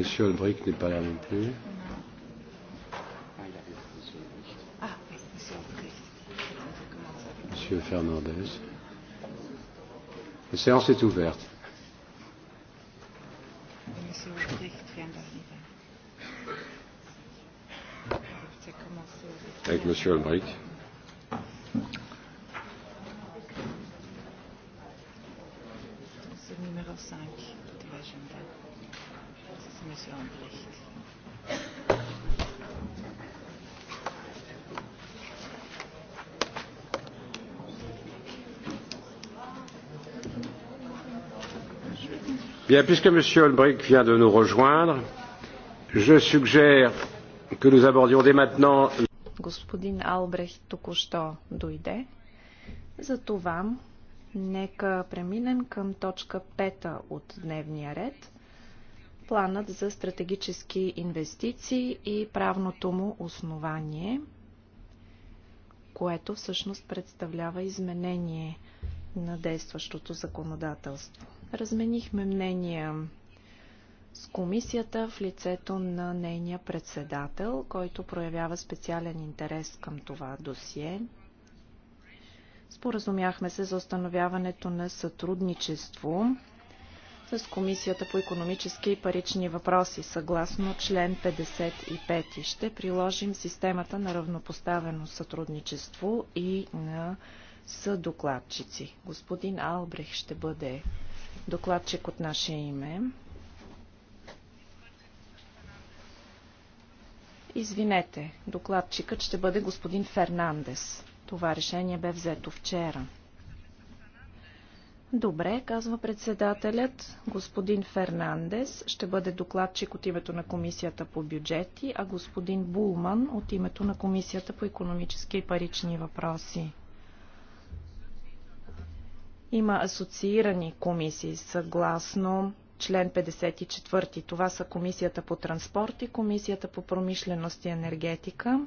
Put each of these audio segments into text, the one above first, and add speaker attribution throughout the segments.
Speaker 1: Monsieur Ulbrich n'est pas là non plus. Monsieur Fernandez. La séance est ouverte. Avec Monsieur Ulbrich.
Speaker 2: Bien, puisque
Speaker 3: M. Olbrich vient de nous rejoindre, je suggère que nous abordions dès maintenant.
Speaker 1: Господин Албрех току-що дойде. Затова нека преминем към точка 5 от дневния ред. Планът за стратегически инвестиции и правното му основание, което всъщност представлява изменение на действащото законодателство. Разменихме мнения с комисията в лицето на нейния председател, който проявява специален интерес към това досие. Споразумяхме се за установяването на сътрудничество с Комисията по економически и парични въпроси, съгласно член 55. Ще приложим системата на равнопоставено сътрудничество и на съдокладчици. Господин Албрех ще бъде докладчик от наше име. Извинете, докладчикът ще бъде господин Фернандес. Това решение бе взето вчера. Добре, казва председателят. Господин Фернандес ще бъде докладчик от името на Комисията по бюджети, а господин Булман от името на Комисията по економически и парични въпроси. Има асоциирани комисии съгласно член 54. Това са Комисията по транспорт и Комисията по промишленост и енергетика.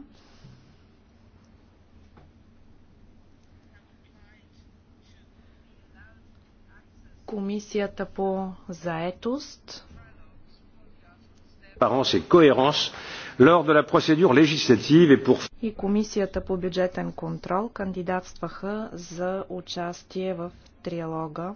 Speaker 1: Комисията по заетост. И Комисията по бюджетен контрол кандидатстваха за участие в триалога.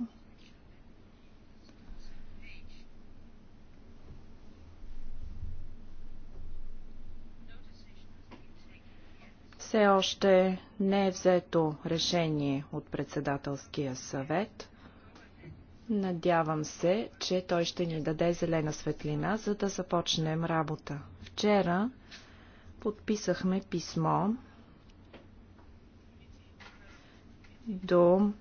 Speaker 1: Все още не е взето решение от председателския съвет. Надявам се, че той ще ни даде зелена светлина, за да започнем работа. Вчера подписахме писмо до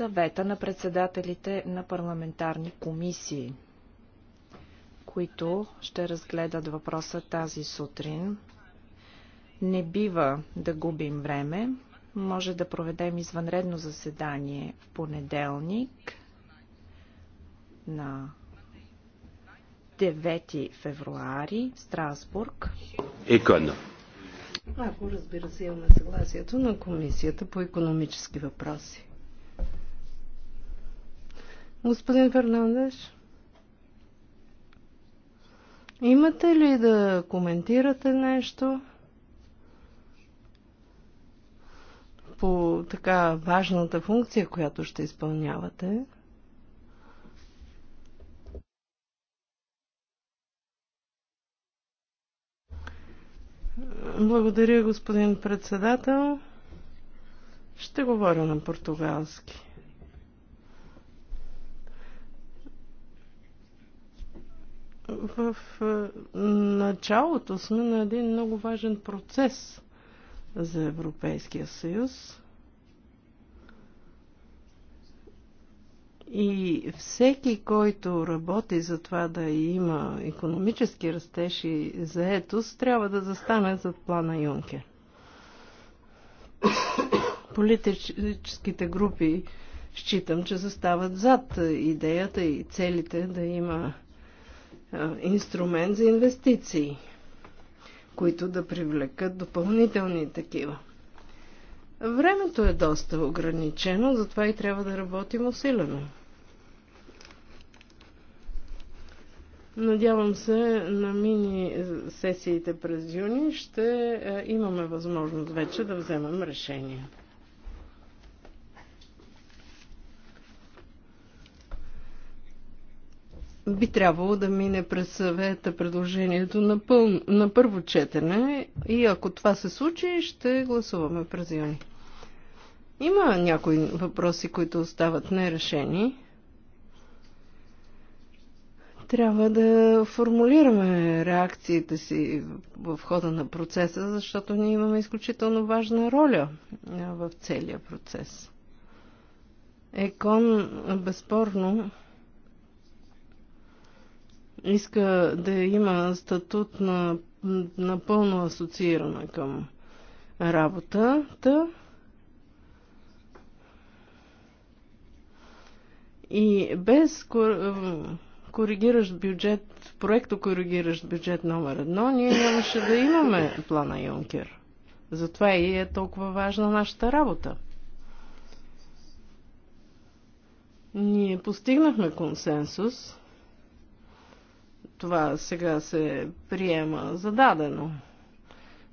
Speaker 1: съвета на председателите на парламентарни комисии, които ще разгледат въпроса тази сутрин. Не бива да губим време. Може да проведем извънредно заседание в понеделник на 9 февруари в Страсбург.
Speaker 2: Екон. Ако разбира се имаме съгласието на Комисията по економически въпроси. Господин Фернандеш, имате ли да коментирате нещо по така важната функция, която ще изпълнявате? Благодаря, господин председател. Ще говоря на португалски. в е, началото сме на един много важен процес за Европейския съюз. И всеки, който работи за това да има економически растеж и заетост, трябва да застане зад плана Юнке. Политическите групи считам, че застават зад идеята и целите да има е, инструмент за инвестиции, които да привлекат допълнителни такива. Времето е доста ограничено, затова и трябва да работим усилено. Надявам се на мини сесиите през юни ще е, имаме възможност вече да вземем решение. би трябвало да мине през съвета предложението на, пъл... на първо четене и ако това се случи, ще гласуваме през юни. Има някои въпроси, които остават нерешени. Трябва да формулираме реакциите си в хода на процеса, защото ние имаме изключително важна роля в целия процес. Екон безспорно иска да има статут на напълно асоциирана към работата. И без коригиращ бюджет, проекто коригиращ бюджет номер едно, ние нямаше да имаме плана Юнкер. Затова и е толкова важна нашата работа. Ние постигнахме консенсус – това сега се приема зададено.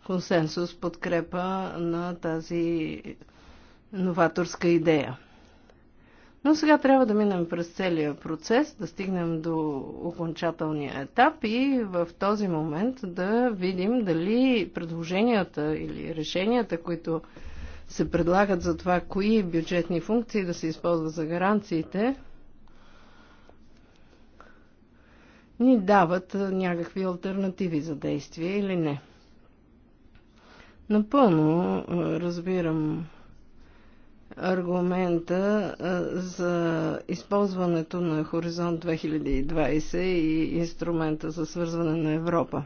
Speaker 2: Консенсус подкрепа на тази новаторска идея. Но сега трябва да минем през целия процес, да стигнем до окончателния етап и в този момент да видим дали предложенията или решенията, които се предлагат за това, кои бюджетни функции да се използват за гаранциите, ни дават някакви альтернативи за действие или не. Напълно разбирам аргумента за използването на Хоризонт 2020 и инструмента за свързване на Европа.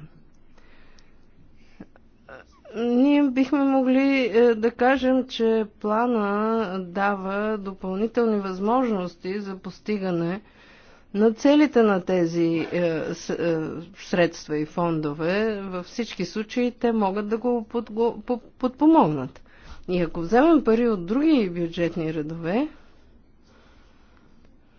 Speaker 2: Ние бихме могли е, да кажем, че плана дава допълнителни възможности за постигане на целите на тези е, е, средства и фондове, във всички случаи те могат да го подпомогнат. И ако вземем пари от други бюджетни редове,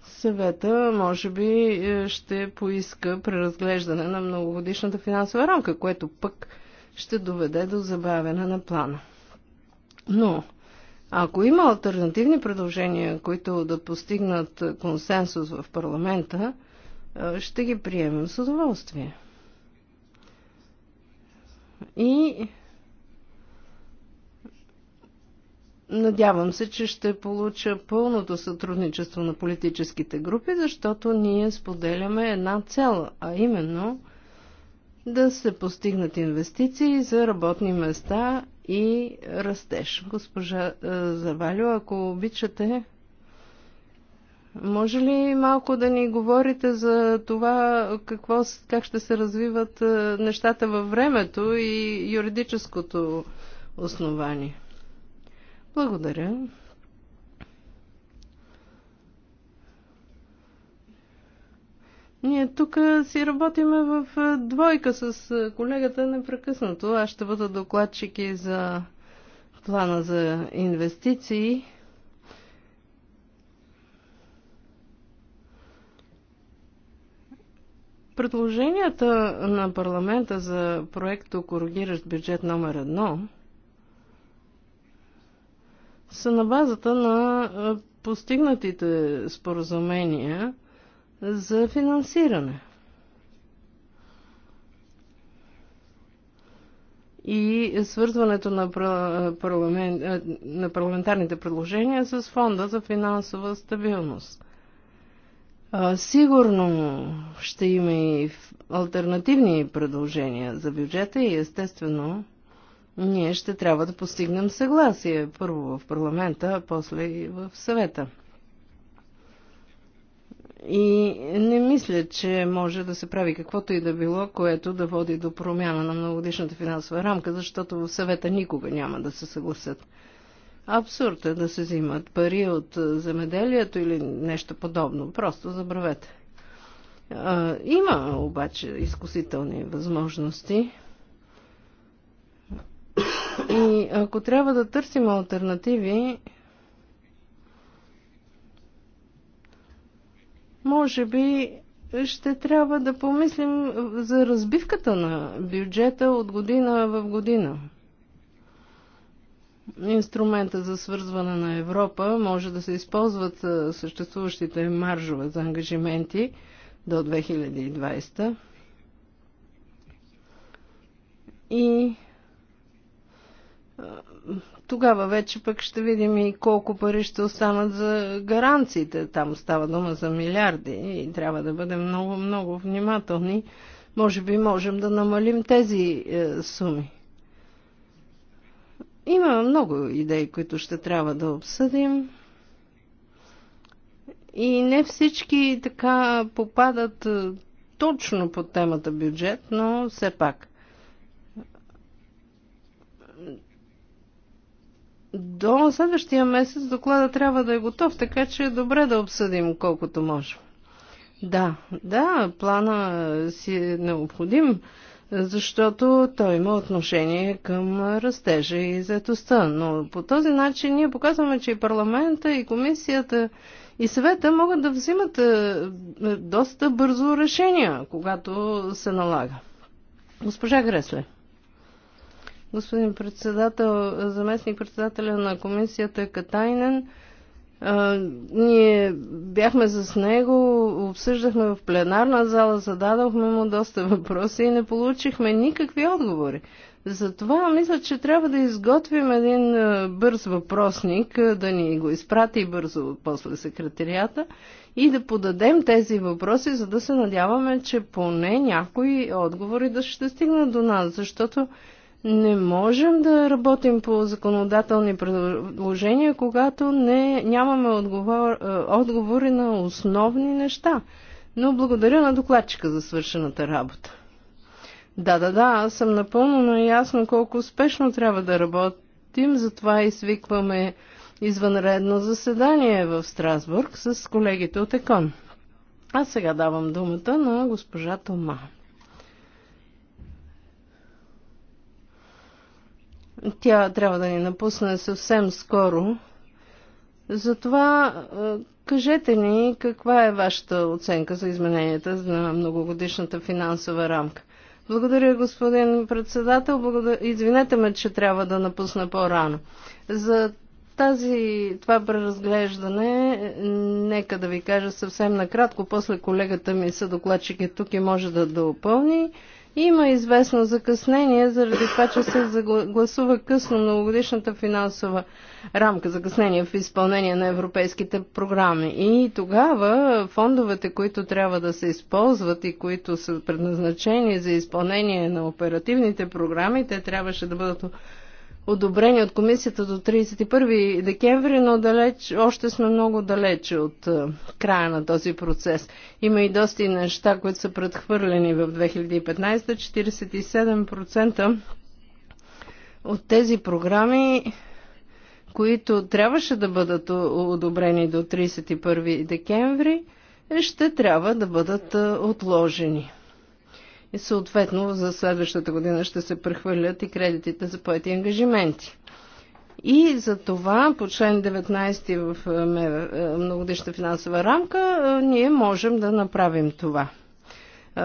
Speaker 2: съвета може би е, ще поиска преразглеждане на многогодишната финансова рамка, което пък ще доведе до забавяне на плана. Но ако има альтернативни предложения, които да постигнат консенсус в парламента, ще ги приемем с удоволствие. И Надявам се, че ще получа пълното сътрудничество на политическите групи, защото ние споделяме една цел, а именно да се постигнат инвестиции за работни места и растеж. Госпожа е, Завалю, ако обичате, може ли малко да ни говорите за това какво, как ще се развиват е, нещата във времето и юридическото основание? Благодаря. Ние тук си работиме в двойка с колегата непрекъснато. Аз ще бъда докладчики за плана за инвестиции. Предложенията на парламента за проекто коригиращ бюджет номер едно са на базата на постигнатите споразумения за финансиране. И свързването на, парламент, е, на парламентарните предложения с фонда за финансова стабилност. Сигурно ще има и альтернативни предложения за бюджета и естествено ние ще трябва да постигнем съгласие първо в парламента, а после и в съвета. И не мисля, че може да се прави каквото и да било, което да води до промяна на многодишната финансова рамка, защото в съвета никога няма да се съгласят. Абсурд е да се взимат пари от е, земеделието или нещо подобно. Просто забравете. Има обаче изкусителни възможности. И ако трябва да търсим альтернативи, Може би ще трябва да помислим за разбивката на бюджета от година в година. Инструмента за свързване на Европа може да се използват съществуващите маржове за ангажименти до 2020. И тогава вече пък ще видим и колко пари ще останат за гаранциите. Там става дума за милиарди и трябва да бъдем много, много внимателни. Може би можем да намалим тези е, суми. Има много идеи, които ще трябва да обсъдим. И не всички така попадат е, точно по темата бюджет, но все пак. до следващия месец доклада трябва да е готов, така че е добре да обсъдим колкото може. Да, да, плана си е необходим, защото той има отношение към растежа и заетостта. Но по този начин ние показваме, че и парламента, и комисията, и съвета могат да взимат е, е, доста бързо решения, когато се налага. Госпожа Гресле господин председател, заместник председателя на комисията Катайнен. А, ние бяхме с него, обсъждахме в пленарна зала, зададохме му доста въпроси и не получихме никакви отговори. Затова мисля, че трябва да изготвим един бърз въпросник, да ни го изпрати бързо после секретарията и да подадем тези въпроси, за да се надяваме, че поне някои отговори да ще стигнат до нас, защото не можем да работим по законодателни предложения, когато не, нямаме отговор, е, отговори на основни неща. Но благодаря на докладчика за свършената работа. Да, да, да, аз съм напълно наясно колко успешно трябва да работим, затова и свикваме извънредно заседание в Страсбург с колегите от ЕКОН. А сега давам думата на госпожа Тома. Тя трябва да ни напусне съвсем скоро. Затова кажете ни каква е вашата оценка за измененията на многогодишната финансова рамка. Благодаря, господин председател. Благодаря... Извинете ме, че трябва да напусна по-рано. За тази, това преразглеждане, нека да ви кажа съвсем накратко, после колегата ми са докладчики е тук и може да допълни. Да има известно закъснение заради това, че се загласува късно новогодишната финансова рамка, закъснение в изпълнение на европейските програми. И тогава фондовете, които трябва да се използват и които са предназначени за изпълнение на оперативните програми, те трябваше да бъдат одобрени от комисията до 31 декември, но далеч, още сме много далече от е, края на този процес. Има и доста неща, които са предхвърлени в 2015. 47% от тези програми, които трябваше да бъдат одобрени до 31 декември, ще трябва да бъдат е, отложени и съответно за следващата година ще се прехвърлят и кредитите за поети ангажименти. И за това по член 19 в е, е, многодишна финансова рамка е, ние можем да направим това.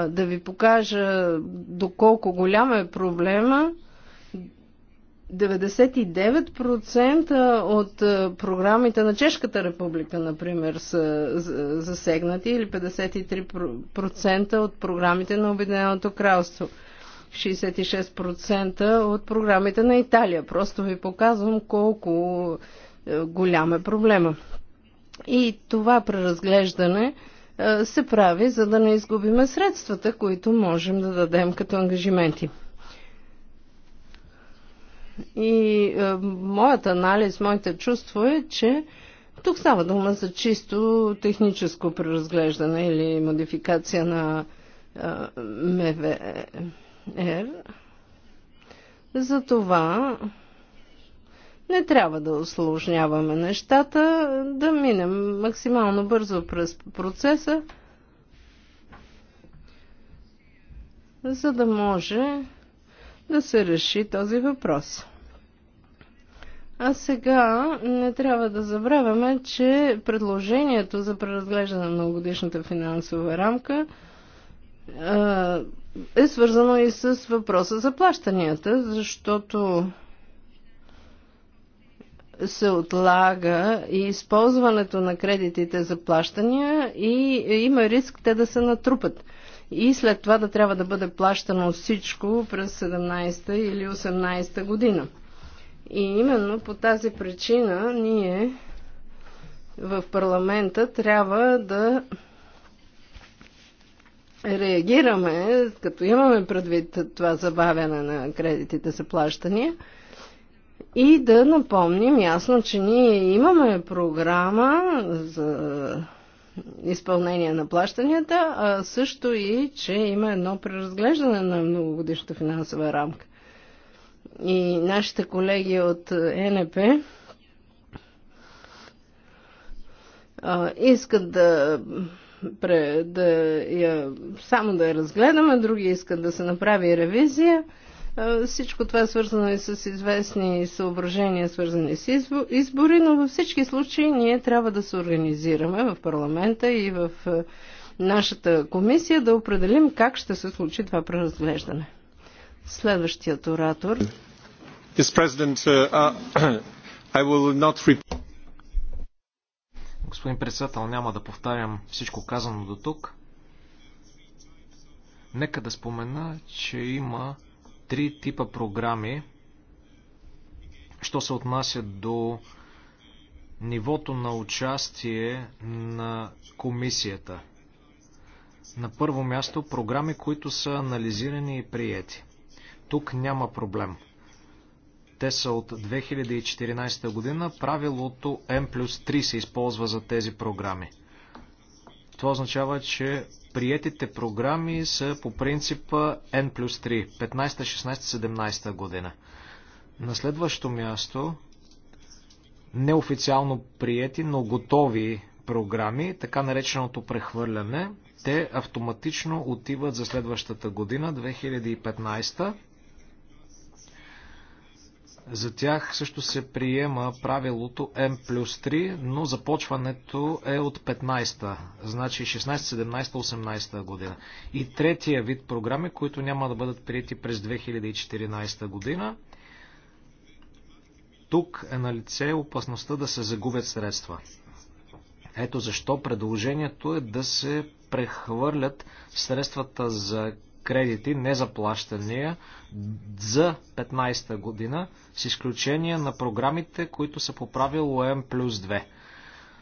Speaker 2: Да ви покажа доколко голям е проблема 99% от е, програмите на Чешката република, например, са засегнати или 53% от програмите на Обединеното кралство. 66% от програмите на Италия. Просто ви показвам колко е, голям е проблема. И това преразглеждане е, се прави, за да не изгубиме средствата, които можем да дадем като ангажименти. И е, моят анализ, моите чувство е, че тук става дума за чисто техническо преразглеждане или модификация на е, МВР. Затова не трябва да осложняваме нещата, да минем максимално бързо през процеса, за да може да се реши този въпрос. А сега не трябва да забравяме, че предложението за преразглеждане на многогодишната финансова рамка е свързано и с въпроса за плащанията, защото се отлага и използването на кредитите за плащания и има риск те да се натрупат и след това да трябва да бъде плащано всичко през 17-та или 18-та година. И именно по тази причина ние в парламента трябва да реагираме, като имаме предвид това забавяне на кредитите за плащания, и да напомним ясно, че ние имаме програма за изпълнение на плащанията, а също и, че има едно преразглеждане на многогодишната финансова рамка. И нашите колеги от е НП искат да, да я, само да я разгледаме, други искат да се направи ревизия – всичко това е свързано и с известни съображения, свързани с избори, но във всички случаи ние трябва да се организираме в парламента и в нашата комисия да определим как ще се случи това преразглеждане. Следващият
Speaker 3: оратор. Uh, uh, Господин председател, няма да повтарям всичко казано до тук. Нека да спомена, че има три типа програми, що се отнася до нивото на участие на комисията. На първо място програми, които са анализирани и приети. Тук няма проблем. Те са от 2014 година. Правилото M плюс 3 се използва за тези програми. Това означава, че приетите програми са по принципа N плюс 3, 15, 16, 17 година. На следващо място, неофициално приети, но готови програми, така нареченото прехвърляне, те автоматично отиват за следващата година, 2015. За тях също се приема правилото М плюс 3, но започването е от 15-та, значи 16, 17, 18 година. И третия вид програми, които няма да бъдат прияти през 2014 година. Тук е на лице опасността да се загубят средства. Ето защо предложението е да се прехвърлят средствата за кредити, незаплащания за 15-та година, с изключение на програмите, които са по правило М плюс 2.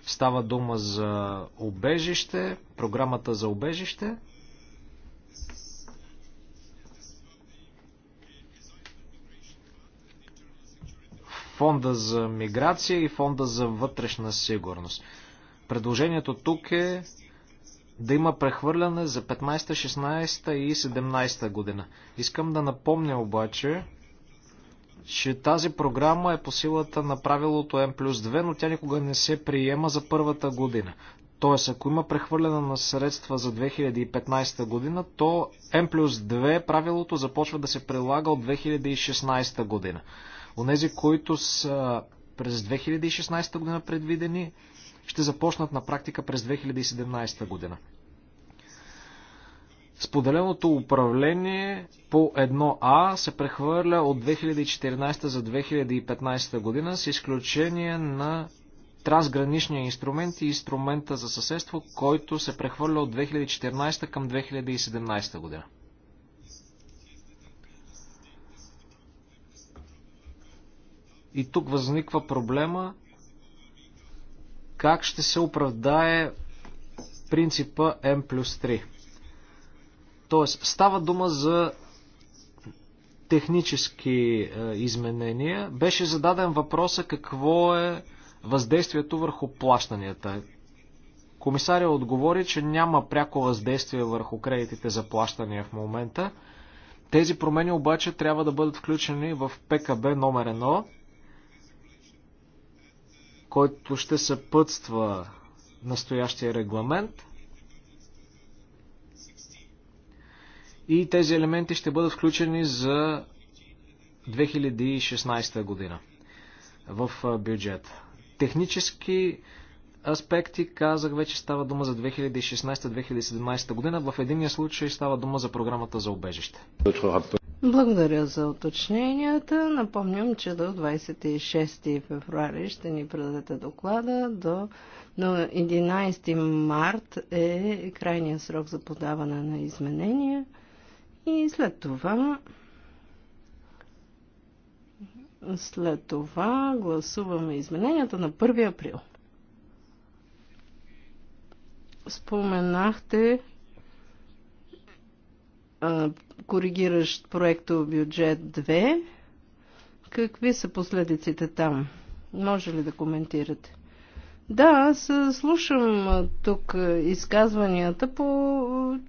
Speaker 3: Става дума за обежище, програмата за обежище. Фонда за миграция и фонда за вътрешна сигурност. Предложението тук е да има прехвърляне за 15, 16 и 17 година. Искам да напомня обаче, че тази програма е по силата на правилото М плюс 2, но тя никога не се приема за първата година. Тоест, ако има прехвърляне на средства за 2015 година, то М плюс 2 правилото започва да се прилага от 2016 година. Онези, които са през 2016 година предвидени, ще започнат на практика през 2017 година. Споделеното управление по 1А се прехвърля от 2014 за 2015 година с изключение на трансграничния инструмент и инструмента за съседство, който се прехвърля от 2014 към 2017 година. И тук възниква проблема как ще се оправдае принципа М плюс 3. Тоест, става дума за технически е, изменения. Беше зададен въпроса какво е въздействието върху плащанията. Комисаря отговори, че няма пряко въздействие върху кредитите за плащания в момента. Тези промени обаче трябва да бъдат включени в ПКБ номер 1 който ще съпътства настоящия регламент. И тези елементи ще бъдат включени за 2016 година в бюджет. Технически аспекти, казах вече става дума за 2016-2017 година. В единия случай става дума за програмата за обежище.
Speaker 2: Благодаря за уточненията. Напомням, че до 26 февруари ще ни предадете доклада. До, 11 март е крайният срок за подаване на изменения. И след това след това гласуваме измененията на 1 април. Споменахте коригиращ проекто бюджет 2. Какви са последиците там? Може ли да коментирате? Да, аз слушам тук изказванията по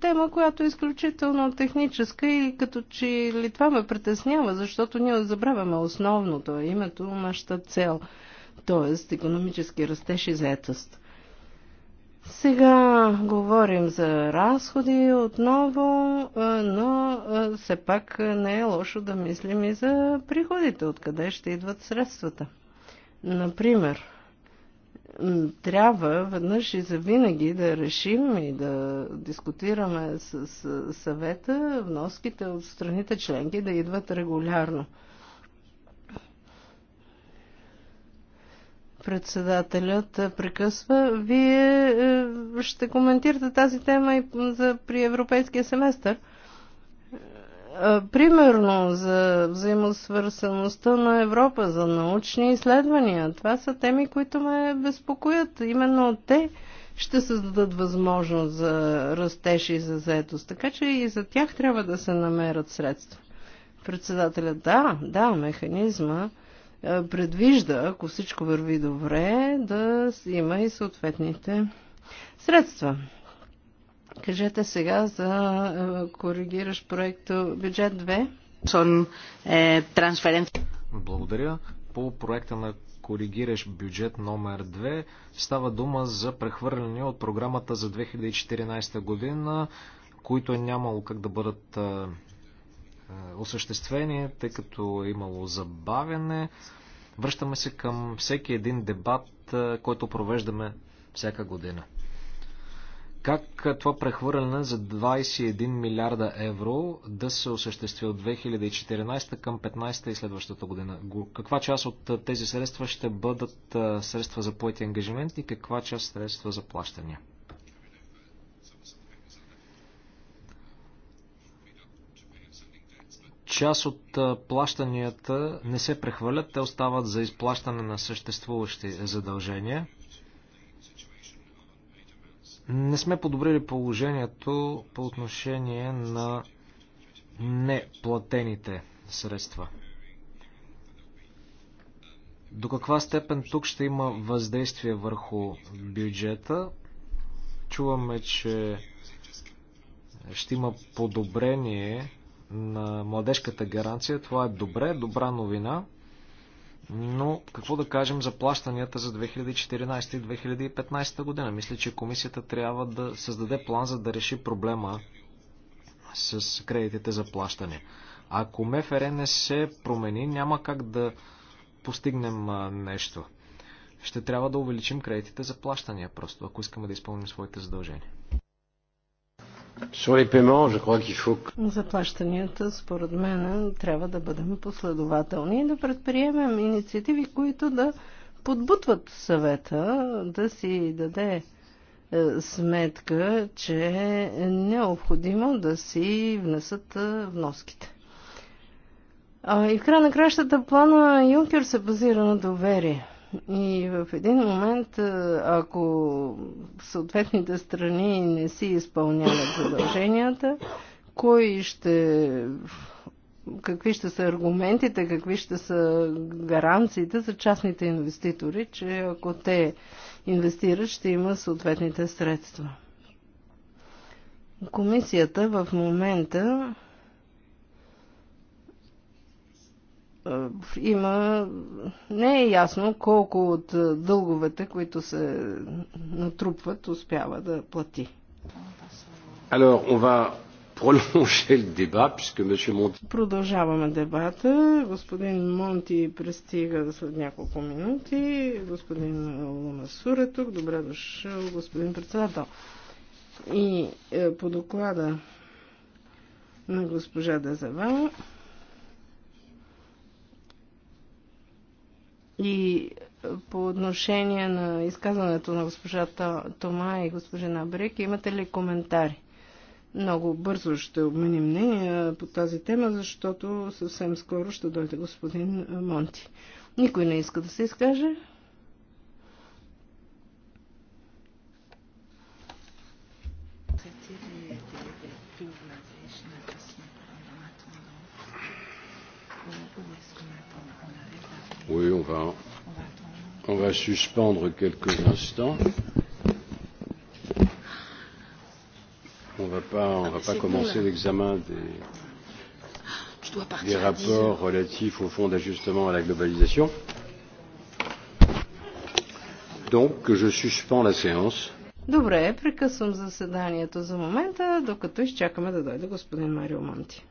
Speaker 2: тема, която е изключително техническа и като че ли това ме притеснява, защото ние забравяме основното, името, нашата цел, т.е. економически растеж и заетост. Сега говорим за разходи отново, но все пак не е лошо да мислим и за приходите, откъде ще идват средствата. Например, трябва веднъж и за винаги да решим и да дискутираме с съвета вноските от страните членки да идват регулярно. Председателят прекъсва. Вие е, ще коментирате тази тема и за, при европейския семестър. Е, примерно за взаимосвързаността на Европа, за научни изследвания. Това са теми, които ме безпокоят. Именно те ще създадат възможност за растеж и за заетост. Така че и за тях трябва да се намерят средства. Председателя, да, да, механизма е, предвижда, ако всичко върви добре, да има и съответните средства. Кажете сега за е, коригираш проект бюджет
Speaker 3: 2. Е, Благодаря. По проекта на коригираш бюджет номер 2 става дума за прехвърляне от програмата за 2014 година, които е нямало как да бъдат е, осъществение, тъй като е имало забавяне. Връщаме се към всеки един дебат, е, който провеждаме всяка година. Как е, това прехвърляне за 21 милиарда евро да се осъществи от 2014 към 15 и следващата година? Каква част от тези средства ще бъдат средства за поети ангажимент и каква част средства за плащания? Част от плащанията не се прехвърлят, те остават за изплащане на съществуващи задължения. Не сме подобрили положението по отношение на неплатените средства. До каква степен тук ще има въздействие върху бюджета? Чуваме, че ще има подобрение на младежката гаранция. Това е добре, добра новина. Но какво да кажем за плащанията за 2014 и 2015 година? Мисля, че комисията трябва да създаде план за да реши проблема с кредитите за плащане. Ако МФР не се промени, няма как да постигнем нещо. Ще трябва да увеличим кредитите за плащания просто, ако искаме да изпълним своите задължения.
Speaker 2: Заплащанията, според мен, трябва да бъдем последователни и да предприемем инициативи, които да подбутват съвета да си даде е, сметка, че е необходимо да си внесат е, вноските. и в края на кращата плана Юнкер се базира на доверие. И в един момент, ако съответните страни не си изпълняват задълженията, кой ще, какви ще са аргументите, какви ще са гаранциите за частните инвеститори, че ако те инвестират, ще има съответните средства. Комисията в момента Е, има, не е ясно колко от е, дълговете, които се натрупват, успява да плати.
Speaker 3: Alors, on va prolonger le débat, puisque Monti...
Speaker 2: Продължаваме дебата. Господин Монти пристига след няколко минути. Господин Ламасур е тук. Добре дошъл, господин председател. И е, по доклада на госпожа Дезавала. И е, по отношение на изказването на госпожа Тома и госпожа Брек, имате ли коментари? Много бързо ще обменим мнение по тази тема, защото съвсем скоро ще дойде господин Монти. Никой не иска да се изкаже. Oui, on va, on va suspendre quelques instants. On va pas,
Speaker 3: on va pas commencer l'examen des,
Speaker 2: des rapports
Speaker 3: relatifs au fonds d'ajustement à la globalisation. Donc, je suspends la séance.
Speaker 2: Добре, прекъсвам заседанието за момента, докато изчакаме да дойде господин Марио Манти.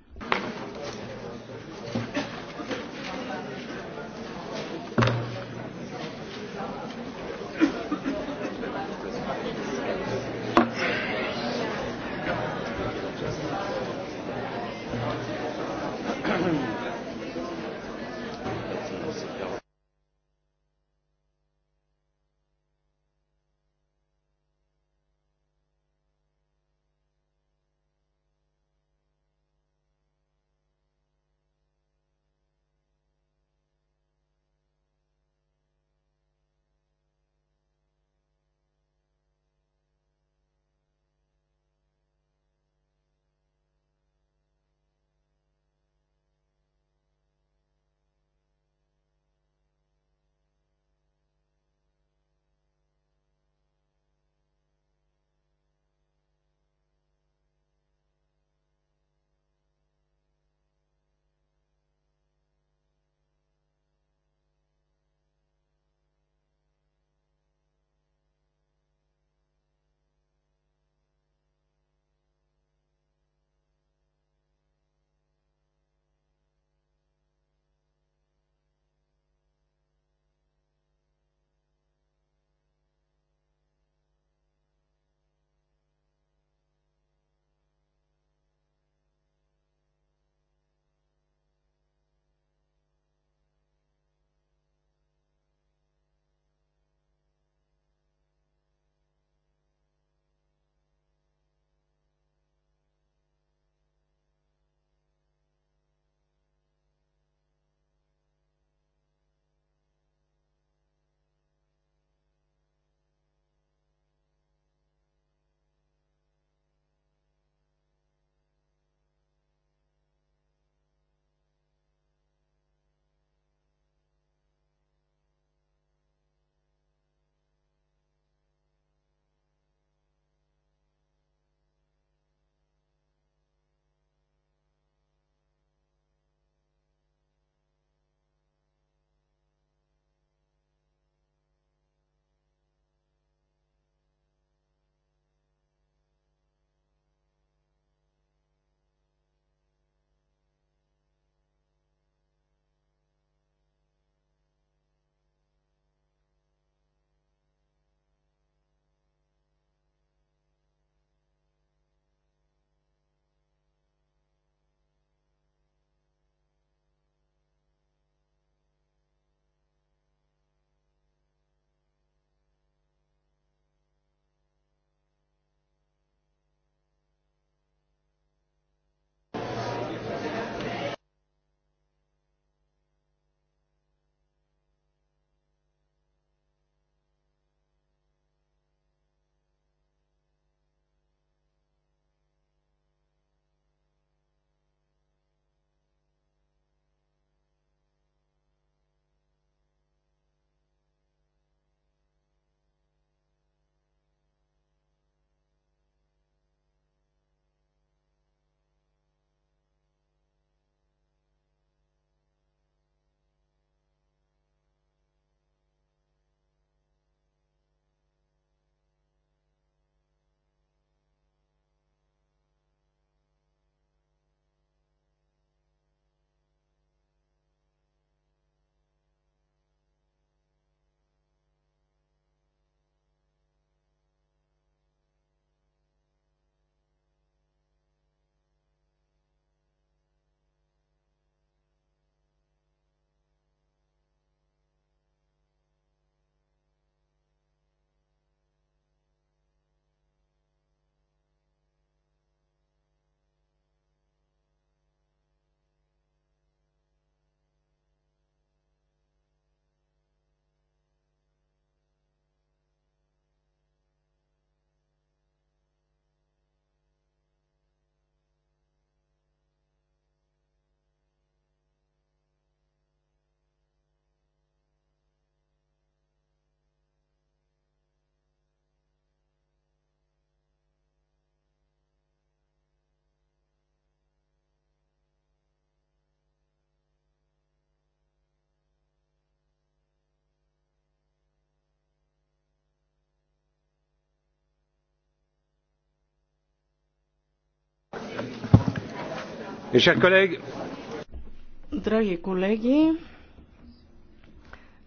Speaker 2: Драги колеги,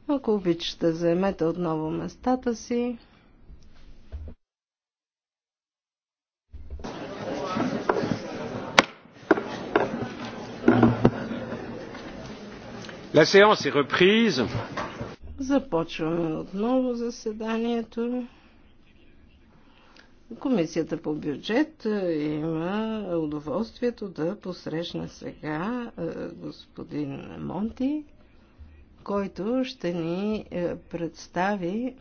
Speaker 2: ако обичате, заемете отново местата си.
Speaker 3: La séance est reprise.
Speaker 2: Започваме отново заседанието. Комисията по бюджет е, има удоволствието да посрещне сега е, господин Монти, който ще ни е, представи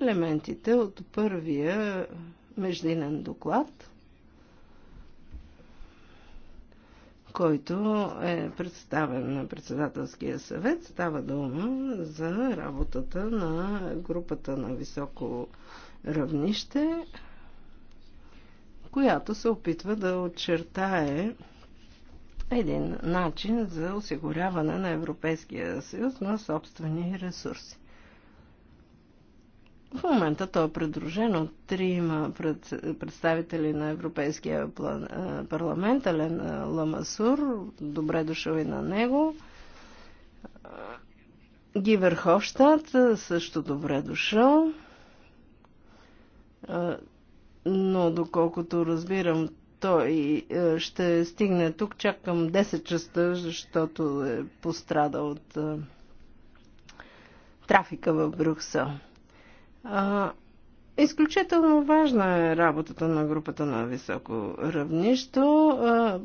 Speaker 2: елементите от първия междинен доклад – който е представен на председателския съвет. Става дума за работата на групата на високо равнище, която се опитва да очертае един начин за осигуряване на Европейския съюз на собствени ресурси. В момента то е придружено от трима пред, представители на Европейския план, парламент, Елен Ламасур, добре дошъл и на него. Гивер Хофштад също добре дошъл. Но доколкото разбирам, той ще стигне тук чак към 10 часа, защото е пострадал от трафика в Брюксел. А, изключително важна е работата на групата на високо равнищо.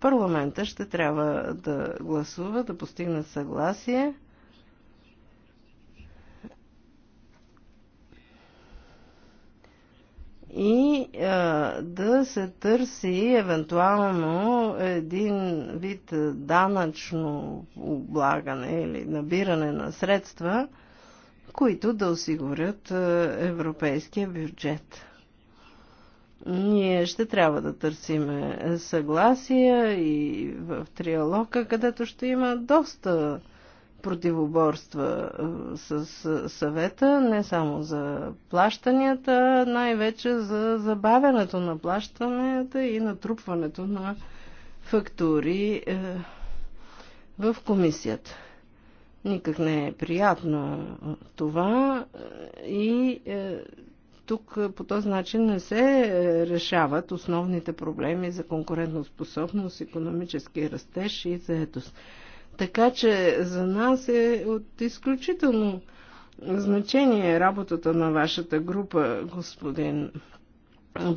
Speaker 2: парламента ще трябва да гласува, да постигне съгласие. и а, да се търси евентуално един вид данъчно облагане или набиране на средства, които да осигурят е, европейския бюджет. Ние ще трябва да търсиме съгласия и в триалога, където ще има доста противоборства е, с е, съвета, не само за плащанията, най-вече за забавянето на плащанията и натрупването на фактури в комисията. Никак не е приятно това и е, тук е, по този начин не се е, решават основните проблеми за конкурентоспособност, економически растеж и заетост. Така че за нас е от изключително значение работата на вашата група, господин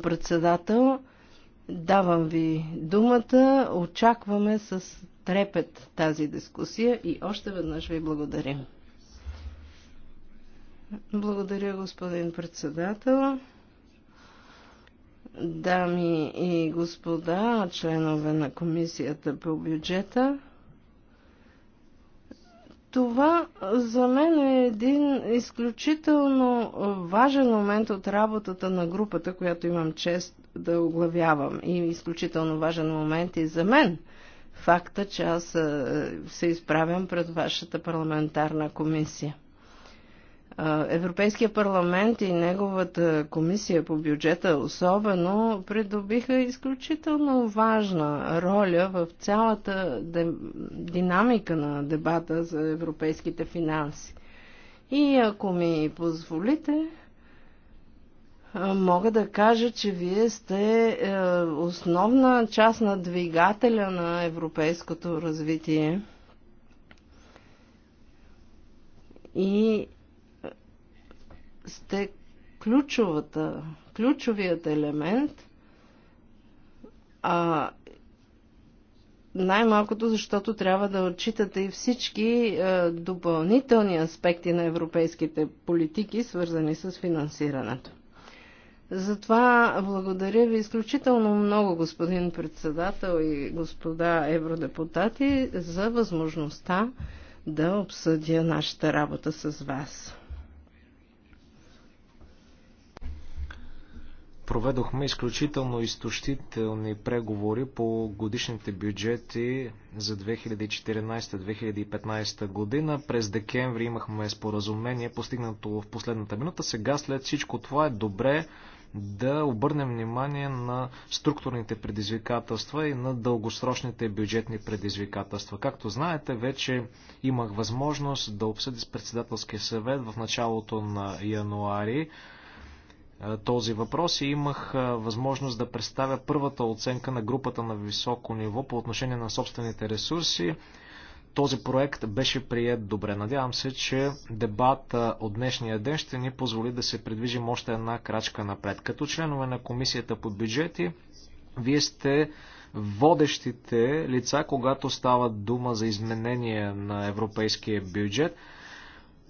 Speaker 2: председател. Давам ви думата. Очакваме с трепет тази дискусия и още веднъж ви благодаря. Благодаря, господин председател. Дами и господа, членове на Комисията по бюджета, това за мен е един изключително важен момент от работата на групата, която имам чест да оглавявам. И изключително важен момент и за мен – факта, че аз е, се изправям пред вашата парламентарна комисия. Е, Европейския парламент и неговата комисия по бюджета особено придобиха изключително важна роля в цялата динамика на дебата за европейските финанси. И ако ми позволите, мога да кажа, че вие сте е, основна част на двигателя на европейското развитие. И е, сте ключовата, ключовият елемент, а най-малкото, защото трябва да отчитате и всички е, допълнителни аспекти на европейските политики, свързани с финансирането. Затова благодаря ви изключително много, господин председател и господа евродепутати, за възможността да обсъдя нашата работа с вас.
Speaker 3: проведохме изключително изтощителни преговори по годишните бюджети за 2014-2015 година. През декември имахме споразумение, постигнато в последната минута. Сега след всичко това е добре да обърнем внимание на структурните предизвикателства и на дългосрочните бюджетни предизвикателства. Както знаете, вече имах възможност да обсъди с председателския съвет в началото на януари е, този въпрос и имах е, възможност да представя първата оценка на групата на високо ниво по отношение на собствените ресурси този проект беше прият добре. Надявам се, че дебата от днешния ден ще ни позволи да се придвижим още една крачка напред. Като членове на Комисията по бюджети, вие сте водещите лица, когато става дума за изменение на европейския бюджет.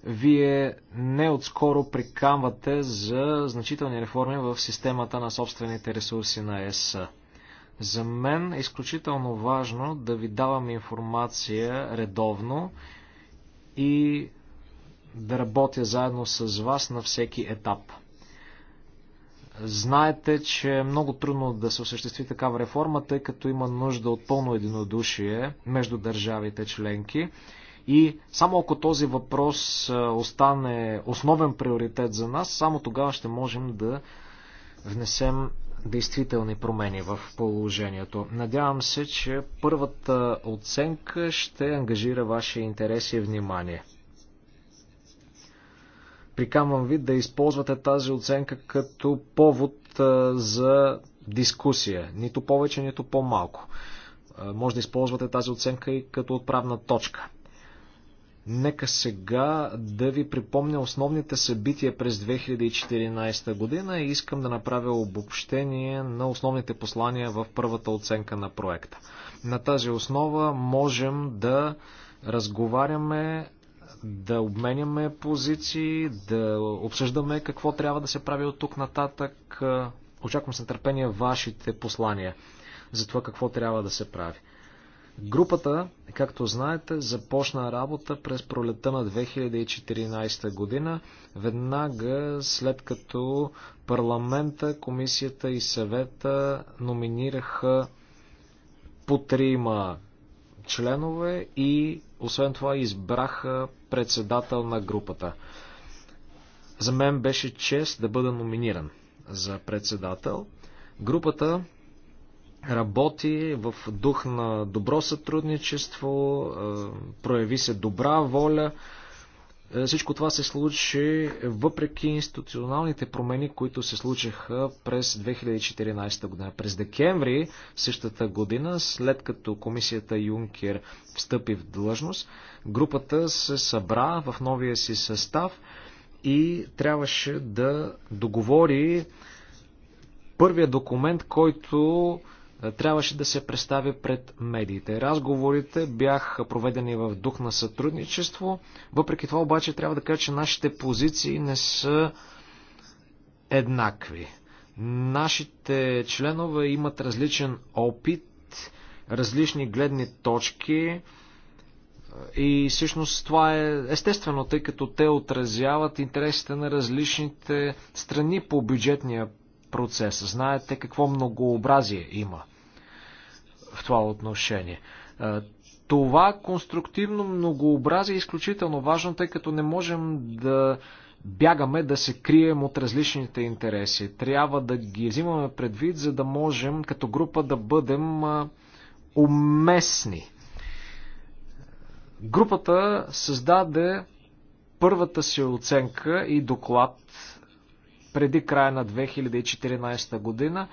Speaker 3: Вие не отскоро прикамвате за значителни реформи в системата на собствените ресурси на ЕС. За мен е изключително важно да ви давам информация редовно и да работя заедно с вас на всеки етап. Знаете, че е много трудно да се осъществи такава реформа, тъй като има нужда от пълно единодушие между държавите членки. И само ако този въпрос остане основен приоритет за нас, само тогава ще можем да внесем действителни промени в положението. Надявам се, че първата оценка ще ангажира ваше интерес и внимание. Прикамвам ви да използвате тази оценка като повод за дискусия. Нито повече, нито по-малко. Може да използвате тази оценка и като отправна точка Нека сега да ви припомня основните събития през 2014 година и искам да направя обобщение на основните послания в първата оценка на проекта. На тази основа можем да разговаряме, да обменяме позиции, да обсъждаме какво трябва да се прави от тук нататък. Очаквам с нетърпение вашите послания за това какво трябва да се прави. Групата, както знаете, започна работа през пролета на 2014 година, веднага след като парламента, комисията и съвета номинираха по трима членове и освен това избраха председател на групата. За мен беше чест да бъда номиниран за председател. Групата работи в дух на добро сътрудничество, е, прояви се добра воля. Е, всичко това се случи въпреки институционалните промени, които се случиха през 2014 година. През декември същата година, след като комисията Юнкер встъпи в длъжност, групата се събра в новия си състав и трябваше да договори първия документ, който е, трябваше да се представи пред медиите. Разговорите бяха проведени в дух на сътрудничество. Въпреки това обаче трябва да кажа, че нашите позиции не са еднакви. Нашите членове имат различен опит, различни гледни точки е, и всъщност това е естествено, тъй като те отразяват интересите на различните страни по бюджетния процес. Знаете какво многообразие има в това отношение. Това конструктивно многообразие е изключително важно, тъй като не можем да бягаме, да се крием от различните интереси. Трябва да ги взимаме предвид, за да можем като група да бъдем уместни. Групата създаде първата си оценка и доклад преди края на 2014 година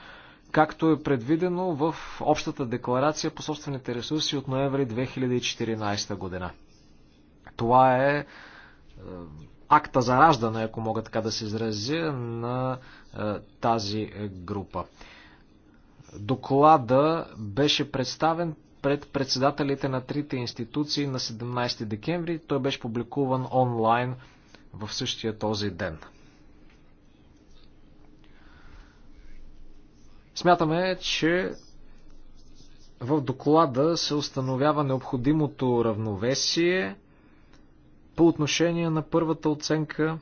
Speaker 3: както е предвидено в Общата декларация по собствените ресурси от ноември 2014 година. Това е, е акта за раждане, ако мога така да се изразя, на е, тази група. Доклада беше представен пред председателите на трите институции на 17 декември. Той беше публикуван онлайн в същия този ден. Смятаме, че в доклада се установява необходимото равновесие по отношение на първата оценка.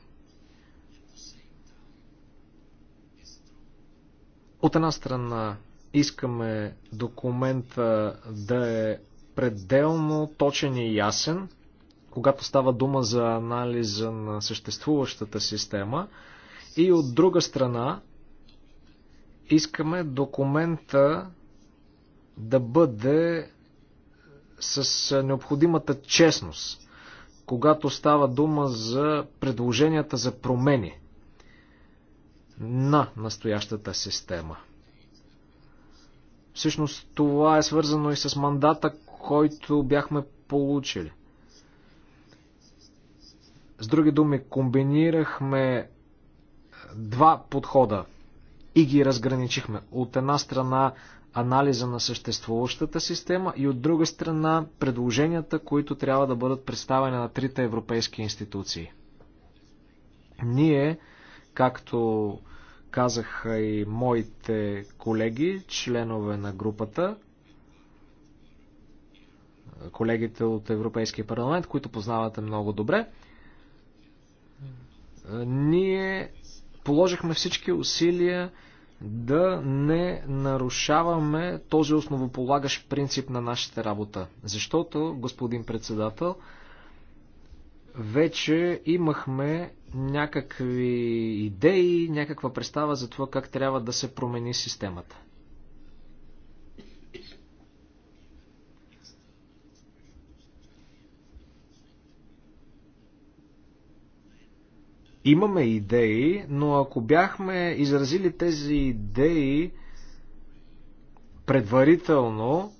Speaker 3: От една страна искаме документа да е пределно точен и ясен, когато става дума за анализа на съществуващата система, и от друга страна Искаме документа да бъде с необходимата честност, когато става дума за предложенията за промени на настоящата система. Всъщност това е свързано и с мандата, който бяхме получили. С други думи, комбинирахме два подхода и ги разграничихме. От една страна анализа на съществуващата система и от друга страна предложенията, които трябва да бъдат представени на трите европейски институции. Ние, както казаха и моите колеги, членове на групата, колегите от Европейския парламент, които познавате много добре, ние положихме всички усилия да не нарушаваме този основополагащ принцип на нашата работа. Защото, господин председател, вече имахме някакви идеи, някаква представа за това как трябва да се промени системата. Имаме идеи, но ако бяхме изразили тези идеи предварително,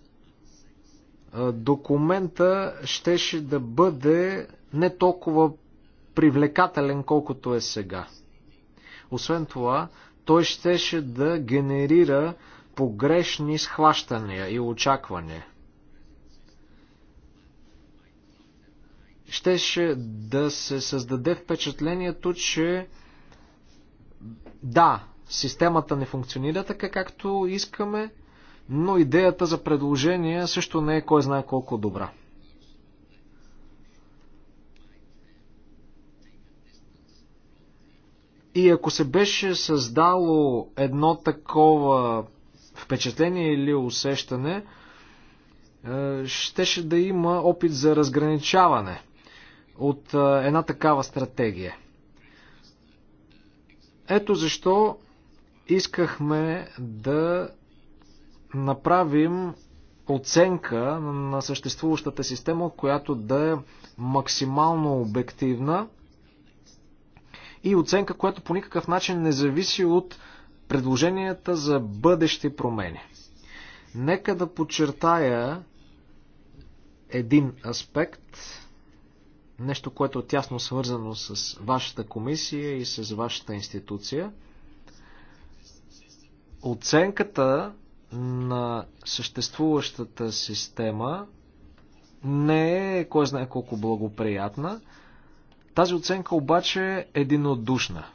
Speaker 3: документа щеше да бъде не толкова привлекателен, колкото е сега. Освен това, той щеше да генерира погрешни схващания и очаквания. щеше да се създаде впечатлението, че да, системата не функционира така както искаме, но идеята за предложение също не е кой знае колко добра. И ако се беше създало едно такова впечатление или усещане, е, щеше да има опит за разграничаване от е, една такава стратегия. Ето защо искахме да направим оценка на съществуващата система, която да е максимално обективна и оценка, която по никакъв начин не зависи от предложенията за бъдещи промени. Нека да подчертая един аспект – нещо, което е тясно свързано с вашата комисия и с вашата институция. Оценката на съществуващата система не е кой знае колко благоприятна. Тази оценка обаче е единодушна.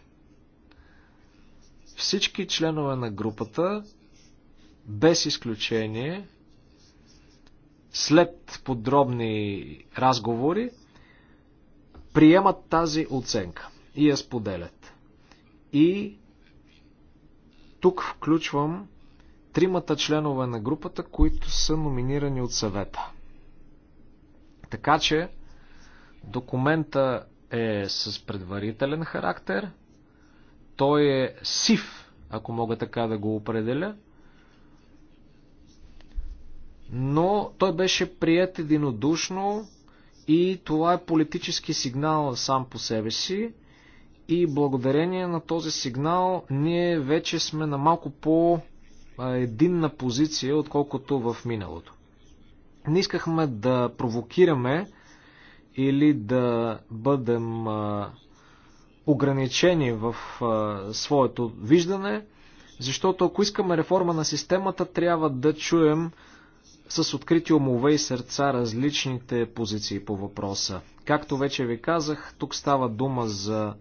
Speaker 3: Всички членове на групата, без изключение, след подробни разговори, приемат тази оценка и я споделят. И тук включвам тримата членове на групата, които са номинирани от съвета. Така че документа е с предварителен характер, той е сив, ако мога така да го определя, но той беше прият единодушно и това е политически сигнал сам по себе си и благодарение на този сигнал ние вече сме на малко по-единна позиция, отколкото в миналото. Не искахме да провокираме или да бъдем ограничени в своето виждане, защото ако искаме реформа на системата, трябва да чуем с открити умове и сърца различните позиции по въпроса. Както вече ви казах, тук става дума за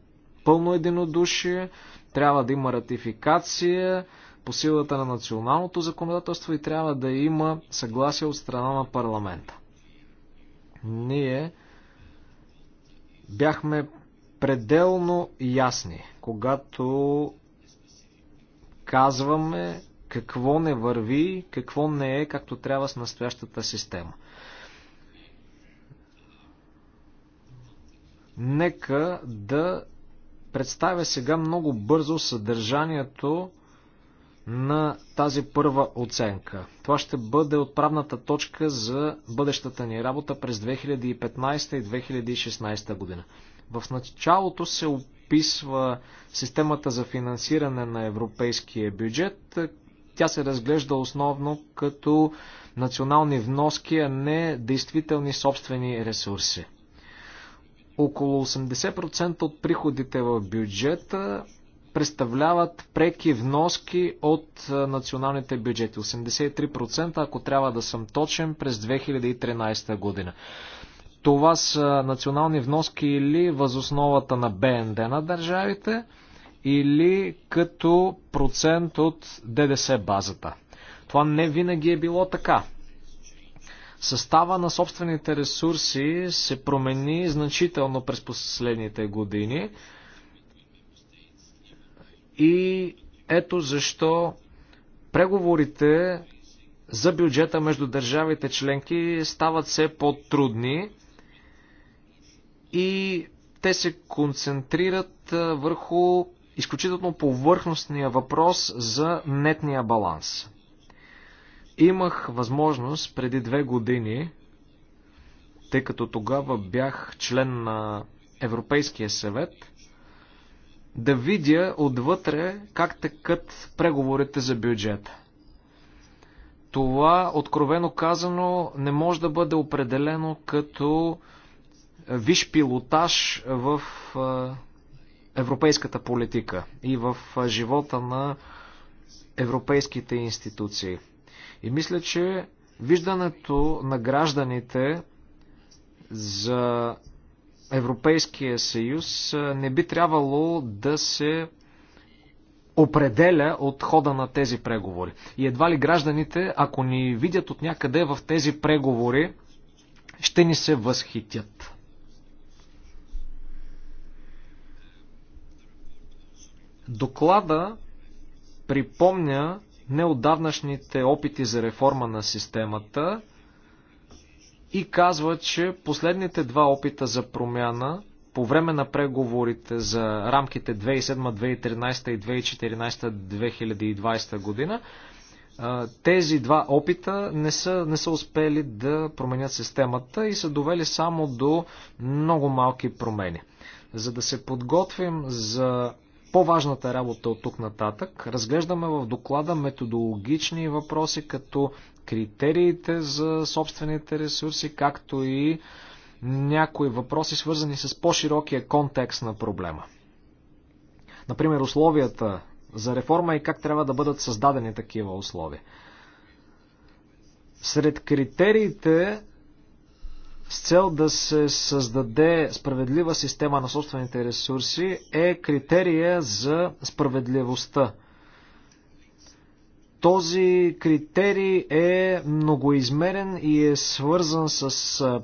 Speaker 3: пълно единодушие, трябва да има ратификация по силата на националното законодателство и трябва да има съгласие от страна на парламента. Ние бяхме пределно ясни, когато казваме какво не върви, какво не е както трябва с настоящата система. Нека да представя сега много бързо съдържанието на тази първа оценка. Това ще бъде отправната точка за бъдещата ни работа през 2015 и 2016 година. В началото се описва системата за финансиране на европейския бюджет, тя се разглежда основно като национални вноски, а не действителни собствени ресурси. Около 80% от приходите в бюджета представляват преки вноски от националните бюджети. 83%, ако трябва да съм точен, през 2013 година. Това са национални вноски или възосновата на БНД на държавите – или като процент от ДДС базата. Това не винаги е било така. Състава на собствените ресурси се промени значително през последните години и ето защо преговорите за бюджета между държавите членки стават все по-трудни и те се концентрират върху изключително повърхностния въпрос за нетния баланс. Имах възможност преди две години, тъй като тогава бях член на Европейския съвет, да видя отвътре как текат преговорите за бюджета. Това, откровено казано, не може да бъде определено като виш пилотаж в европейската политика и в живота на европейските институции. И мисля, че виждането на гражданите за Европейския съюз не би трябвало да се определя от хода на тези преговори. И едва ли гражданите, ако ни видят от някъде в тези преговори, ще ни се възхитят. Доклада припомня неодавнашните опити за реформа на системата и казва, че последните два опита за промяна по време на преговорите за рамките 2007, 2013 и 2014, 2020 година, тези два опита не са, не са успели да променят системата и са довели само до много малки промени. За да се подготвим за по-важната работа от тук нататък. Разглеждаме в доклада методологични въпроси, като критериите за собствените ресурси, както и някои въпроси, свързани с по-широкия контекст на проблема. Например, условията за реформа и как трябва да бъдат създадени такива условия. Сред критериите с цел да се създаде справедлива система на собствените ресурси е критерия за справедливостта. Този критерий е многоизмерен и е свързан с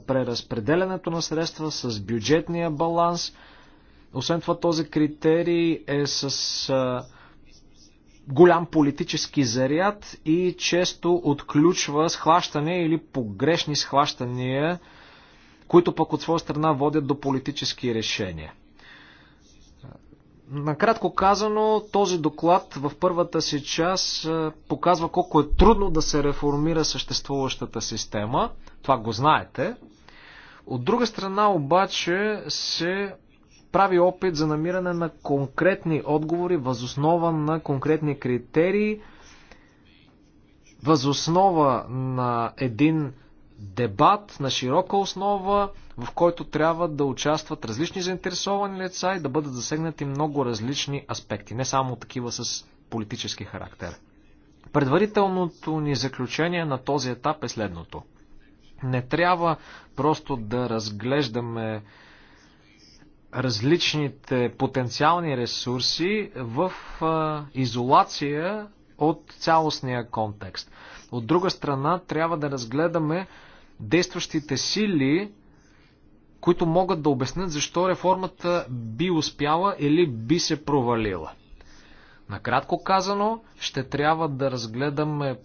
Speaker 3: преразпределянето на средства, с бюджетния баланс. Освен това, този критерий е с голям политически заряд и често отключва схващане или погрешни схващания които пък от своя страна водят до политически решения. Накратко казано, този доклад в първата си част показва колко е трудно да се реформира съществуващата система. Това го знаете. От друга страна обаче се прави опит за намиране на конкретни отговори, възоснова на конкретни критерии, възоснова на един дебат на широка основа, в който трябва да участват различни заинтересовани лица и да бъдат засегнати много различни аспекти, не само такива с политически характер. Предварителното ни заключение на този етап е следното. Не трябва просто да разглеждаме различните потенциални ресурси в изолация от цялостния контекст. От друга страна, трябва да разгледаме действащите сили, които могат да обяснят защо реформата би успяла или би се провалила. Накратко казано, ще трябва да разгледаме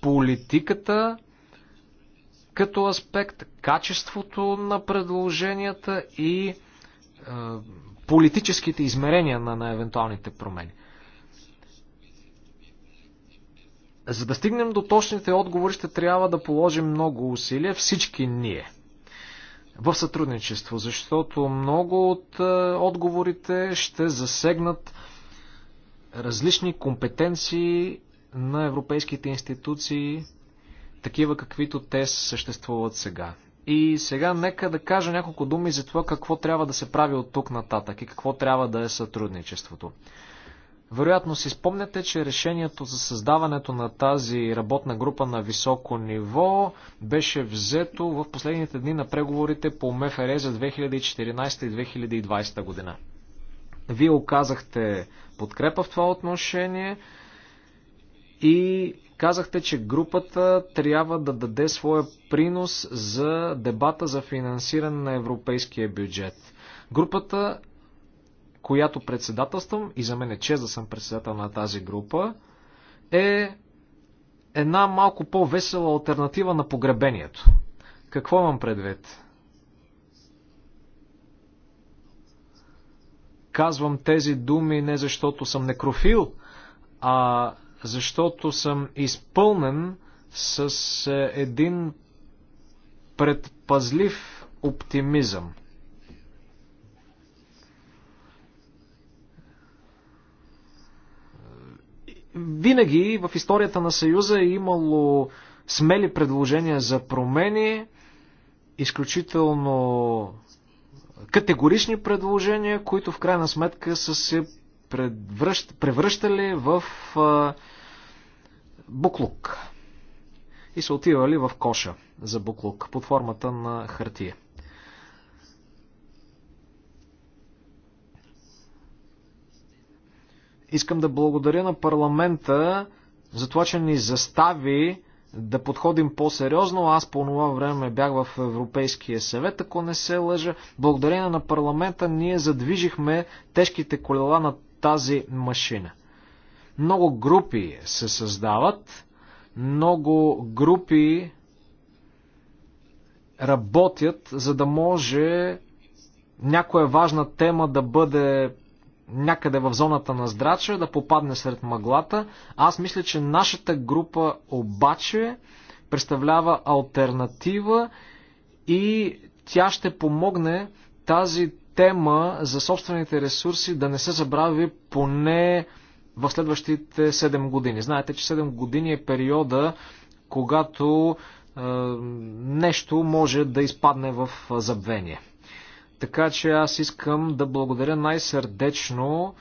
Speaker 3: политиката като аспект, качеството на предложенията и е, политическите измерения на, на евентуалните промени. За да стигнем до точните отговори, ще трябва да положим много усилия всички ние в сътрудничество, защото много от е, отговорите ще засегнат различни компетенции на европейските институции, такива каквито те съществуват сега. И сега нека да кажа няколко думи за това какво трябва да се прави от тук нататък и какво трябва да е сътрудничеството. Вероятно си спомняте, че решението за създаването на тази работна група на високо ниво беше взето в последните дни на преговорите по МФР за 2014 и 2020 година. Вие оказахте подкрепа в това отношение и казахте, че групата трябва да даде своя принос за дебата за финансиране на европейския бюджет. Групата която председателствам, и за мен е чест да съм председател на тази група, е една малко по-весела альтернатива на погребението. Какво имам предвид? Казвам тези думи не защото съм некрофил, а защото съм изпълнен с е, един предпазлив оптимизъм. Винаги в историята на Съюза е имало смели предложения за промени, изключително категорични предложения, които в крайна сметка са се превръщали в буклук и са отивали в коша за буклук под формата на хартия. Искам да благодаря на парламента за това, че ни застави да подходим по-сериозно. Аз по това време бях в Европейския съвет, ако не се лъжа. Благодарение на парламента ние задвижихме тежките колела на тази машина. Много групи се създават, много групи работят, за да може някоя важна тема да бъде някъде в зоната на здрача, да попадне сред мъглата. Аз мисля, че нашата група обаче представлява альтернатива и тя ще помогне тази тема за собствените ресурси да не се забрави поне в следващите 7 години. Знаете, че 7 години е периода, когато е, нещо може да изпадне в забвение. Така че аз искам да благодаря най-сърдечно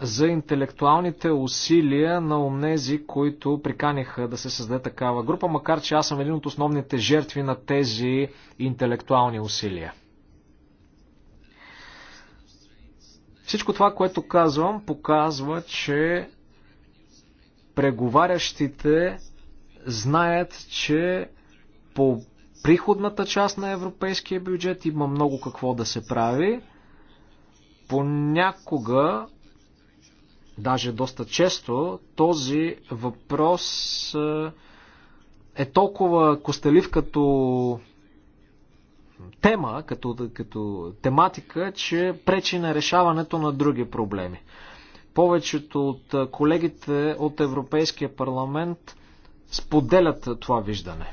Speaker 3: за интелектуалните усилия на онези, които приканиха да се създаде такава група, макар че аз съм един от основните жертви на тези интелектуални усилия. Всичко това, което казвам, показва, че преговарящите знаят, че по приходната част на европейския бюджет има много какво да се прави. Понякога, даже доста често, този въпрос е, е толкова костелив като тема, като, като тематика, че пречи на решаването на други проблеми. Повечето от колегите от Европейския парламент споделят това виждане.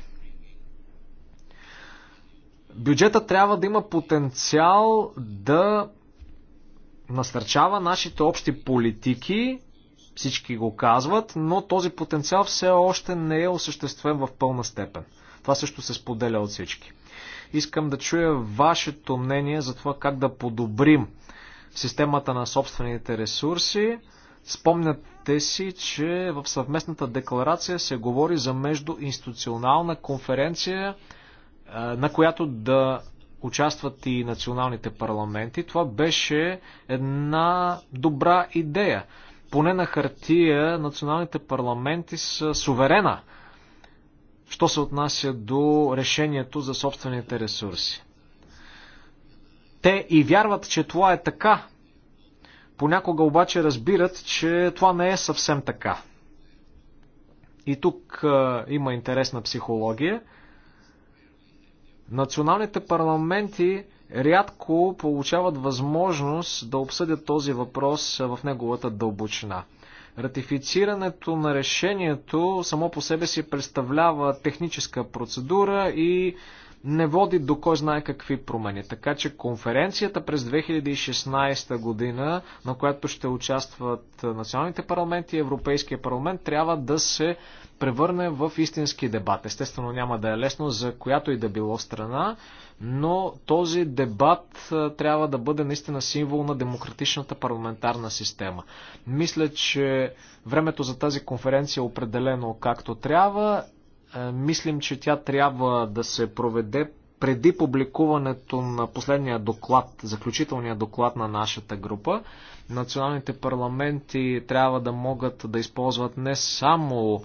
Speaker 3: Бюджета трябва да има потенциал да насърчава нашите общи политики, всички го казват, но този потенциал все още не е осъществен в пълна степен. Това също се споделя от всички. Искам да чуя вашето мнение за това как да подобрим системата на собствените ресурси. Спомняте си, че в съвместната декларация се говори за междуинституционална конференция на която да участват и националните парламенти. Това беше една добра идея. Поне на хартия националните парламенти са суверена, що се отнася до решението за собствените ресурси. Те и вярват, че това е така. Понякога обаче разбират, че това не е съвсем така. И тук а, има интересна психология – Националните парламенти рядко получават възможност да обсъдят този въпрос в неговата дълбочина. Ратифицирането на решението само по себе си представлява техническа процедура и не води до кой знае какви промени. Така че конференцията през 2016 година, на която ще участват националните парламенти и Европейския парламент, трябва да се превърне в истински дебат. Естествено няма да е лесно за която и да било страна, но този дебат трябва да бъде наистина символ на демократичната парламентарна система. Мисля, че времето за тази конференция е определено както трябва. Е, мислим, че тя трябва да се проведе преди публикуването на последния доклад, заключителния доклад на нашата група, националните парламенти трябва да могат да използват не само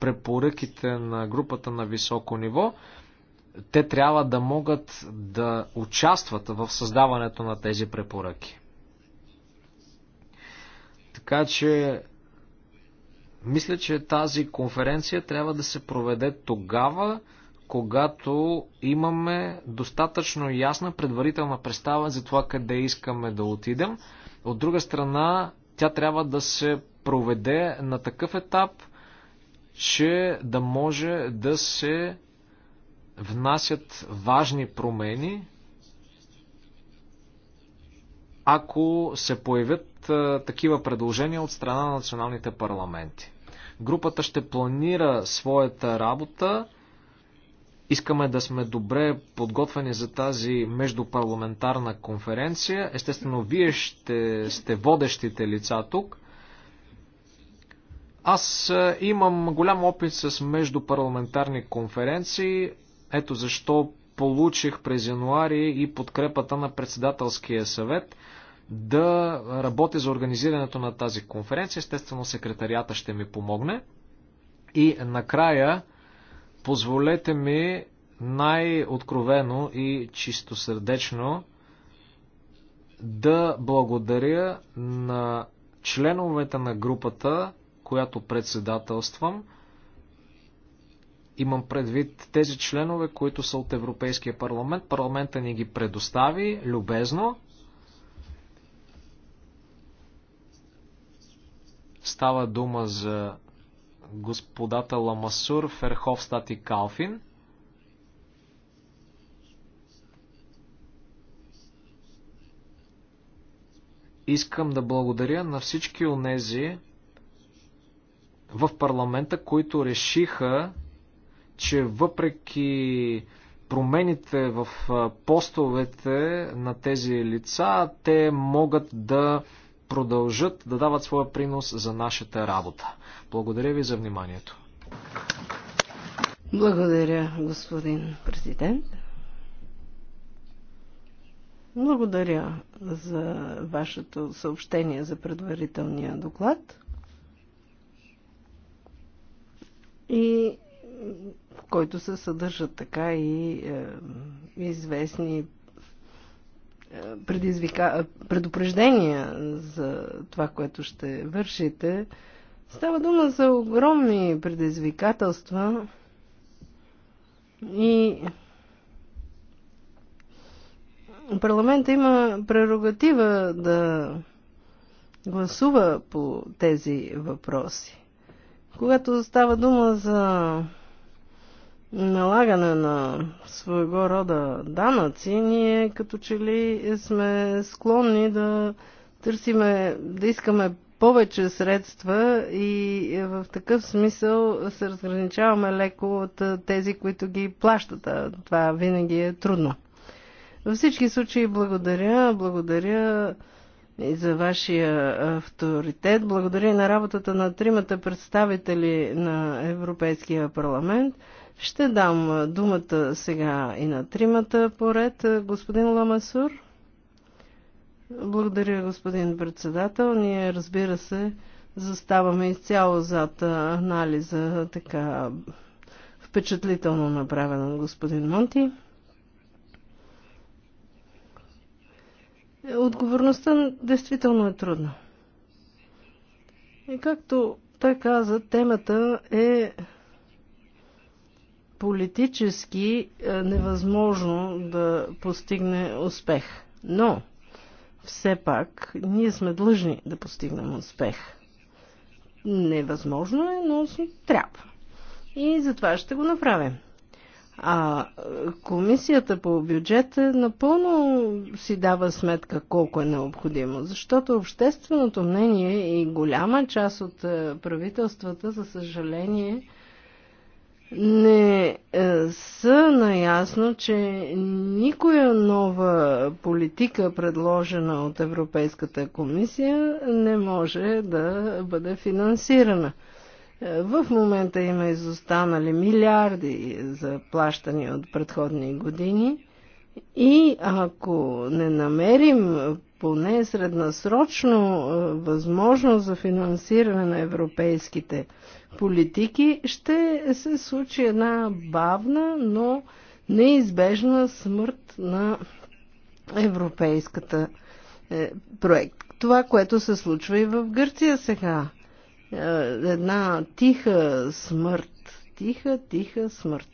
Speaker 3: препоръките на групата на високо ниво, те трябва да могат да участват в създаването на тези препоръки. Така че, мисля, че тази конференция трябва да се проведе тогава, когато имаме достатъчно ясна предварителна представа за това къде искаме да отидем. От друга страна, тя трябва да се проведе на такъв етап – че да може да се внасят важни промени, ако се появят такива предложения от страна на националните парламенти. Групата ще планира своята работа. Искаме да сме добре подготвени за тази междупарламентарна конференция. Естествено, вие ще сте водещите лица тук – аз е, имам голям опит с междупарламентарни конференции. Ето защо получих през януари и подкрепата на председателския съвет да работя за организирането на тази конференция. Естествено, секретарията ще ми помогне. И накрая, позволете ми най-откровено и чистосърдечно да благодаря на членовете на групата, която председателствам. Имам предвид тези членове, които са от Европейския парламент. Парламента ни ги предостави любезно. Става дума за господата Ламасур, Ферховстат и Калфин. Искам да благодаря на всички онези, в парламента, които решиха, че въпреки промените в постовете на тези лица, те могат да продължат да дават своя принос за нашата работа. Благодаря ви за вниманието.
Speaker 2: Благодаря, господин президент. Благодаря за вашето съобщение за предварителния доклад. и в който се съдържат така и е, известни е, предизвика... Е, предупреждения за това, което ще вършите. Става дума за огромни предизвикателства и парламента има прерогатива да гласува по тези въпроси. Когато става дума за налагане на своего рода данъци, ние като че ли сме склонни да търсиме, да искаме повече средства и в такъв смисъл се разграничаваме леко от тези, които ги плащат. А това винаги е трудно. Във всички случаи благодаря, благодаря и за вашия авторитет. Благодаря на работата на тримата представители на Европейския парламент. Ще дам думата сега и на тримата поред. Господин Ламасур. Благодаря, господин председател. Ние, разбира се, заставаме изцяло зад анализа, така впечатлително направен от господин Монти. Отговорността действително е трудна. И както той каза, темата е политически е, невъзможно да постигне успех. Но, все пак, ние сме длъжни да постигнем успех. Невъзможно е, но трябва. И затова ще го направим. А комисията по бюджет е напълно си дава сметка колко е необходимо, защото общественото мнение и голяма част от е, правителствата, за съжаление, не е, са наясно, че никоя нова политика, предложена от Европейската комисия, не може да бъде финансирана. Е, в момента има изостанали милиарди за плащани от предходни години. И ако не намерим поне среднасрочно е, възможност за финансиране на европейските политики, ще се случи една бавна, но неизбежна смърт на европейската е, проект. Това, което се случва и в Гърция сега. Е, една тиха смърт. Тиха, тиха смърт.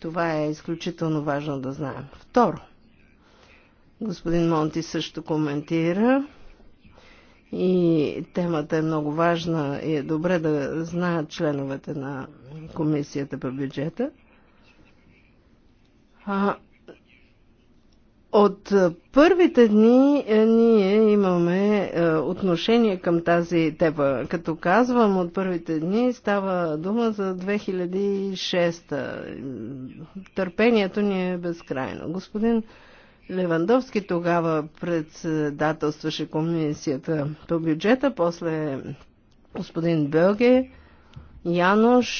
Speaker 2: Това е изключително важно да знаем. Второ, господин Монти също коментира и темата е много важна и е добре да знаят членовете на комисията по бюджета. А, от е, първите дни е, ние имаме е, отношение към тази тема. Като казвам от първите дни, става дума за 2006. Търпението ни е безкрайно. Господин Левандовски тогава председателстваше комисията по бюджета, после господин Белге Янош,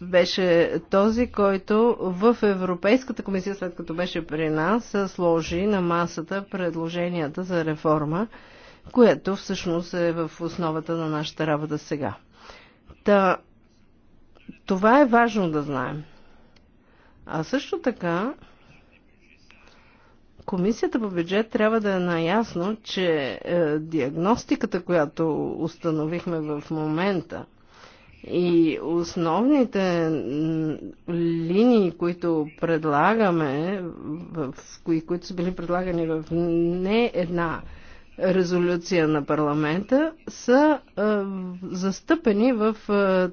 Speaker 2: беше този, който в Европейската комисия, след като беше при нас, сложи на масата предложенията за реформа, което всъщност е в основата на нашата работа сега. Та, това е важно да знаем. А също така, Комисията по бюджет трябва да е наясно, че е, диагностиката, която установихме в момента, и основните линии, които предлагаме, които са били предлагани в не една резолюция на парламента, са застъпени в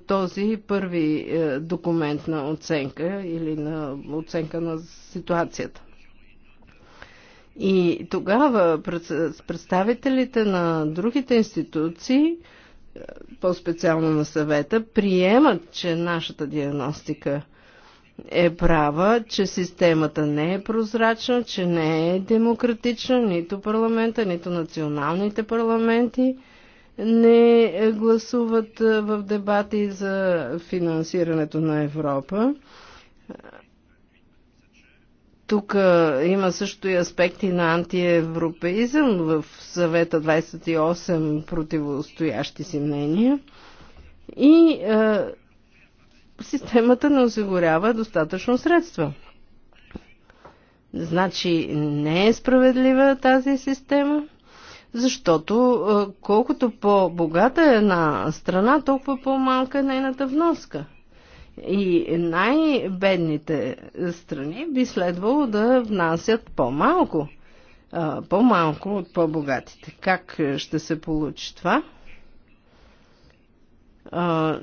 Speaker 2: този първи документ на оценка или на оценка на ситуацията. И тогава представителите на другите институции по-специално на съвета, приемат, че нашата диагностика е права, че системата не е прозрачна, че не е демократична, нито парламента, нито националните парламенти не гласуват в дебати за финансирането на Европа. Тук има също и аспекти на антиевропеизъм в съвета 28 противостоящи си мнения. И е, системата не осигурява достатъчно средства. Значи не е справедлива тази система, защото е, колкото по-богата е една страна, толкова по-малка е нейната вноска. И най-бедните страни би следвало да внасят по-малко, по-малко от по-богатите. Как е, ще се получи това?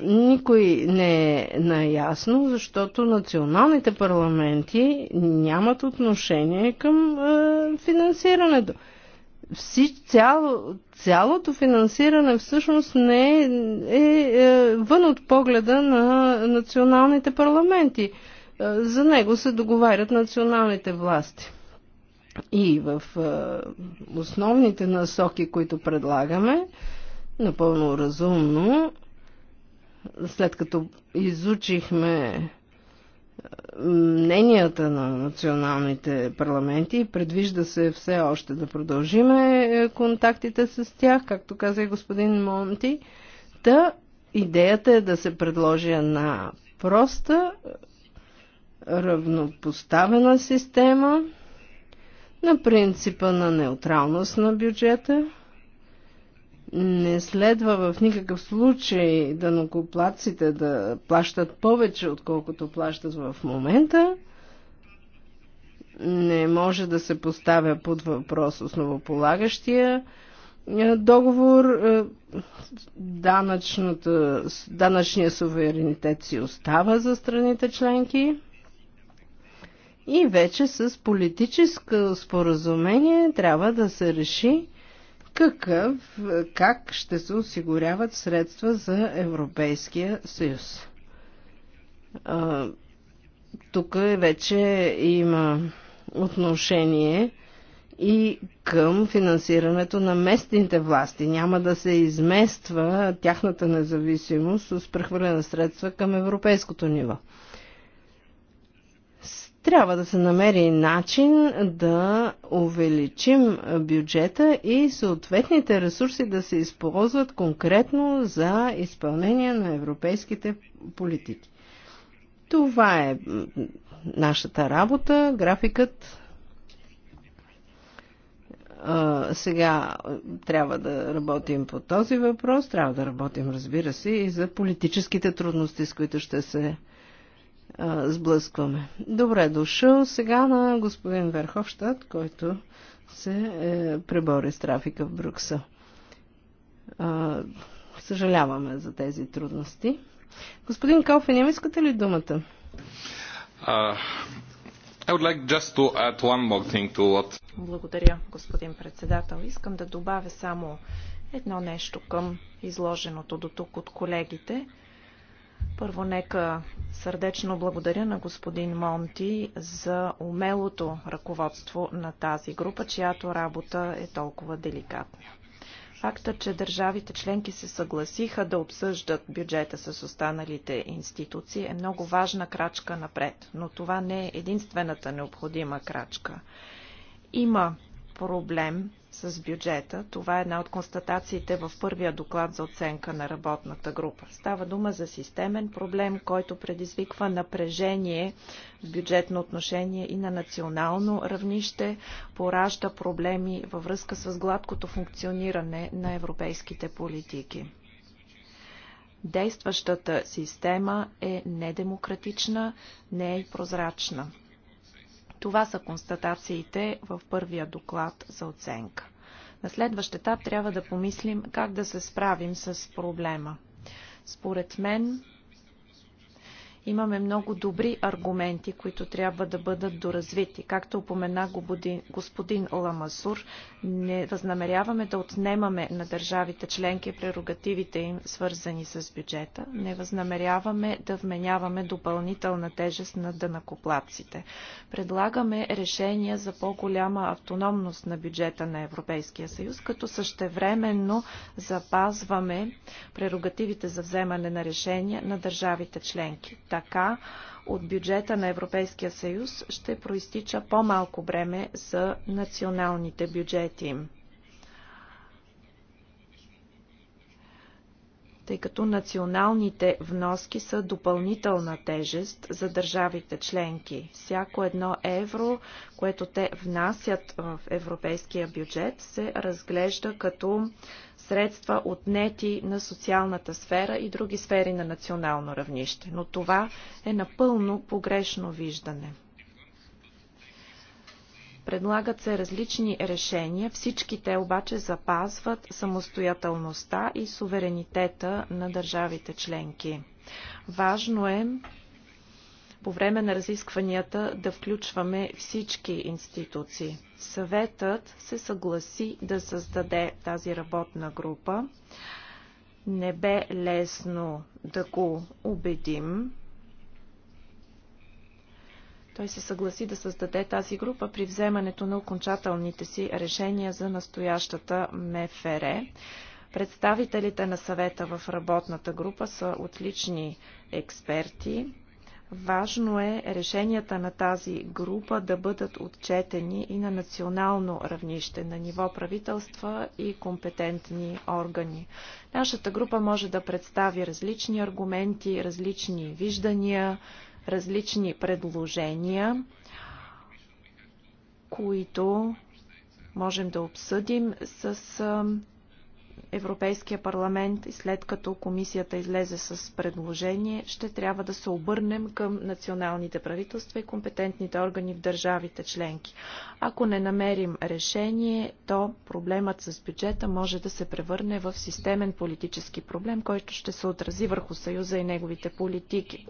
Speaker 2: никой не е наясно, защото националните парламенти нямат отношение към финансирането. Всич, цяло, цялото финансиране всъщност не е, е, е вън от погледа на националните парламенти. Е, за него се договарят националните власти. И в е, основните насоки, които предлагаме, напълно разумно, след като изучихме мненията на националните парламенти. Предвижда се все още да продължиме е, контактите с тях, както каза и господин Монти. Та идеята е да се предложи една проста, равнопоставена система на принципа на неутралност на бюджета – не следва в никакъв случай да накоплаците да плащат повече, отколкото плащат в момента. Не може да се поставя под въпрос основополагащия е, договор. Е, данъчния суверенитет си остава за страните членки. И вече с политическо споразумение трябва да се реши какъв, как ще се осигуряват средства за Европейския съюз. Тук е вече има отношение и към финансирането на местните власти. Няма да се измества тяхната независимост с прехвърлена средства към европейското ниво. Трябва да се намери начин да увеличим бюджета и съответните ресурси да се използват конкретно за изпълнение на европейските политики. Това е нашата работа, графикът. сега трябва да работим по този въпрос, трябва да работим, разбира се, и за политическите трудности, с които ще се сблъскваме. Добре дошъл сега на господин Верховщад, който се е, пребори с трафика в Брюксел. Съжаляваме за тези трудности. Господин Калфин, искате ли думата?
Speaker 1: Благодаря, господин председател. Искам да добавя само едно нещо към изложеното до тук от колегите – първо нека сърдечно благодаря на господин Монти за умелото ръководство на тази група, чиято работа е толкова деликатна. Фактът, че държавите членки се съгласиха да обсъждат бюджета с останалите институции е много важна крачка напред, но това не е единствената необходима крачка. Има проблем с бюджета. Това е една от констатациите в първия доклад за оценка на работната група. Става дума за системен проблем, който предизвиква напрежение в бюджетно отношение и на национално равнище, поражда проблеми във връзка с гладкото функциониране на европейските политики. Действащата система е недемократична, не е и прозрачна. Това са констатациите в първия доклад за оценка. На следващ етап трябва да помислим как да се справим с проблема. Според мен Имаме много добри аргументи, които трябва да бъдат доразвити. Както упомена господин Ламасур, не възнамеряваме да отнемаме на държавите членки прерогативите им, свързани с бюджета. Не възнамеряваме да вменяваме допълнителна тежест на дънакоплаците. Предлагаме решения за по-голяма автономност на бюджета на Европейския съюз, като същевременно запазваме прерогативите за вземане на решения на държавите членки. Така от бюджета на Европейския съюз ще проистича по-малко бреме за националните бюджети. тъй като националните вноски са допълнителна тежест за държавите членки. Всяко едно евро, което те внасят в европейския бюджет, се разглежда като средства отнети на социалната сфера и други сфери на национално равнище. Но това е напълно погрешно виждане. Предлагат се различни решения, всички те обаче запазват самостоятелността и суверенитета на държавите членки. Важно е по време на разискванията да включваме всички институции. Съветът се съгласи да създаде тази работна група. Не бе лесно да го убедим. Той се съгласи да създаде тази група при вземането на окончателните си решения за настоящата МФР. Представителите на съвета в работната група са отлични експерти. Важно е решенията на тази група да бъдат отчетени и на национално равнище, на ниво правителства и компетентни органи. Нашата група може да представи различни аргументи, различни виждания, различни предложения, които можем да обсъдим с Европейския парламент и след като комисията излезе с предложение, ще трябва да се обърнем към националните правителства и компетентните органи в държавите членки. Ако не намерим решение, то проблемът с бюджета може да се превърне в системен политически проблем, който ще се отрази върху Съюза и
Speaker 2: неговите политики.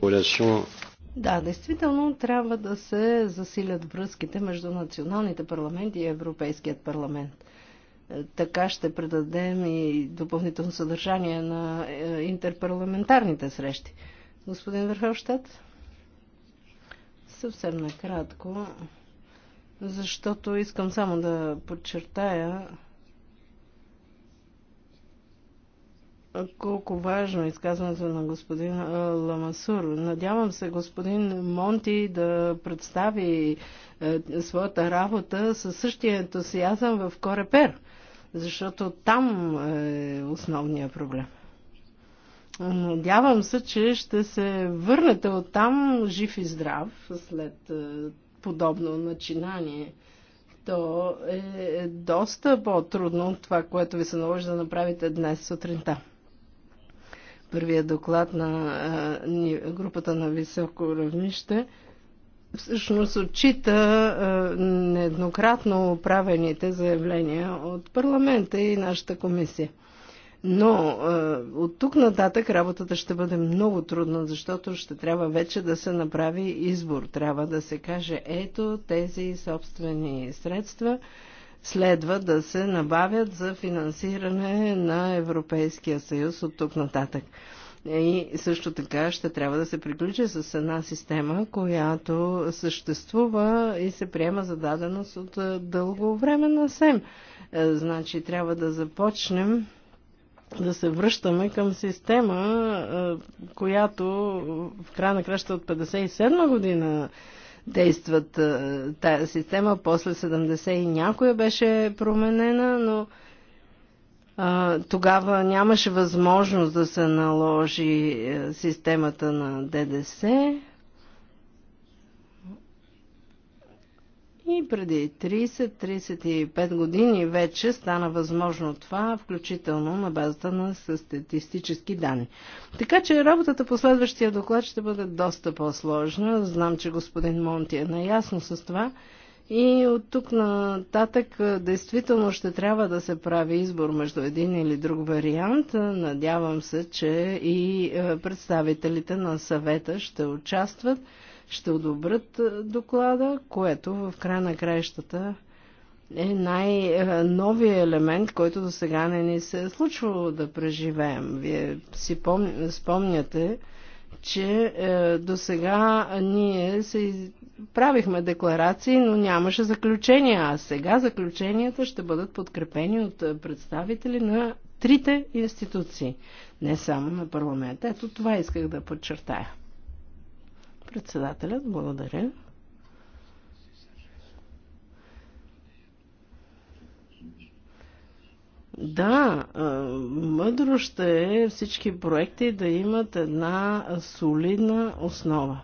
Speaker 2: Да, действително трябва да се засилят връзките между националните парламенти и Европейският парламент. Е, така ще предадем и допълнително съдържание на е, интерпарламентарните срещи. Господин Верховщад, съвсем накратко, защото искам само да подчертая колко важно е изказването на господин Ламасур. Надявам се господин Монти да представи своята работа със същия ентусиазъм в Корепер защото там е основният проблем. Надявам се, че ще се върнете от там жив и здрав след е, подобно начинание. То е доста по-трудно от това, което ви се наложи да направите днес сутринта. Първият доклад на е, групата на високо равнище – всъщност отчита нееднократно правените заявления от парламента и нашата комисия. Но от тук нататък работата ще бъде много трудна, защото ще трябва вече да се направи избор. Трябва да се каже, ето тези собствени средства следва да се набавят за финансиране на Европейския съюз от тук нататък. Е, и също така ще трябва да се приключи с една система, която съществува и се приема за даденост от е, дълго време на СЕМ. Е, значи трябва да започнем да се връщаме към система, която в края на краща от 57 година действат тази система, после 70 и някоя беше променена, но тогава нямаше възможност да се наложи е, системата на ДДС. И преди 30-35 години вече стана възможно това, включително на базата на статистически данни. Така че работата по следващия доклад ще бъде доста по-сложна. Знам, че господин Монти е наясно с това. И от тук нататък действително ще трябва да се прави избор между един или друг вариант. Надявам се, че и представителите на съвета ще участват, ще одобрят доклада, което в край на краищата е най-новия елемент, който до сега не ни се е случвало да преживеем. Вие си спомняте, че е, до сега ние се правихме декларации, но нямаше заключения, а сега заключенията ще бъдат подкрепени от е, представители на трите институции, не само на парламента. Ето това исках да подчертая. Председателят, благодаря. Да, мъдро ще е всички проекти да имат една солидна основа.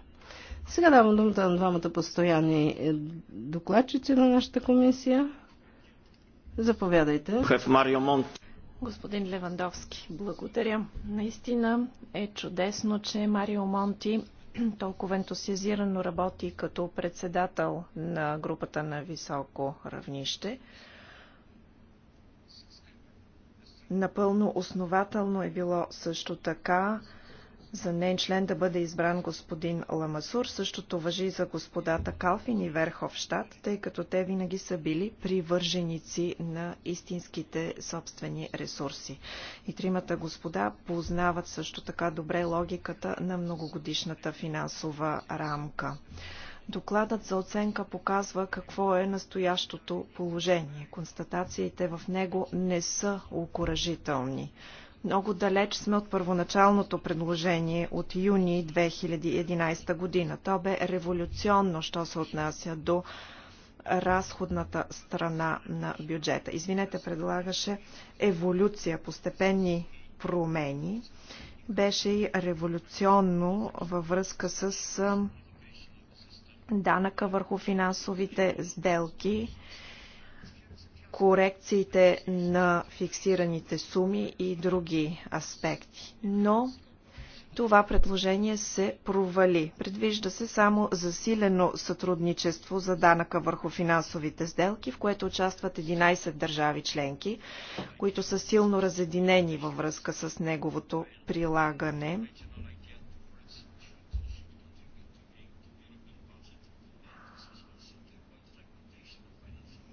Speaker 2: Сега давам думата на двамата постоянни е, докладчици на нашата комисия. Заповядайте. Марио Монт.
Speaker 1: Господин Левандовски, благодаря. Наистина е чудесно, че Марио Монти толкова ентусиазирано работи като председател на групата на високо равнище. Напълно основателно е било също така за нейн член да бъде избран господин Ламасур. Същото въжи и за господата Калфин и Верховщад, тъй като те винаги са били привърженици на истинските собствени ресурси. И тримата господа познават също така добре логиката на многогодишната финансова рамка. Докладът за оценка показва какво е настоящото положение. Констатациите в него не са окоръжителни. Много далеч сме от първоначалното предложение от юни 2011 година. То бе революционно, що се отнася до разходната страна на бюджета. Извинете, предлагаше еволюция, постепенни промени. Беше и революционно във връзка с данъка върху финансовите сделки, корекциите на фиксираните суми и други аспекти. Но това предложение се провали. Предвижда се само засилено сътрудничество за данъка върху финансовите сделки, в което участват 11 държави членки, които са силно разединени във връзка с неговото прилагане.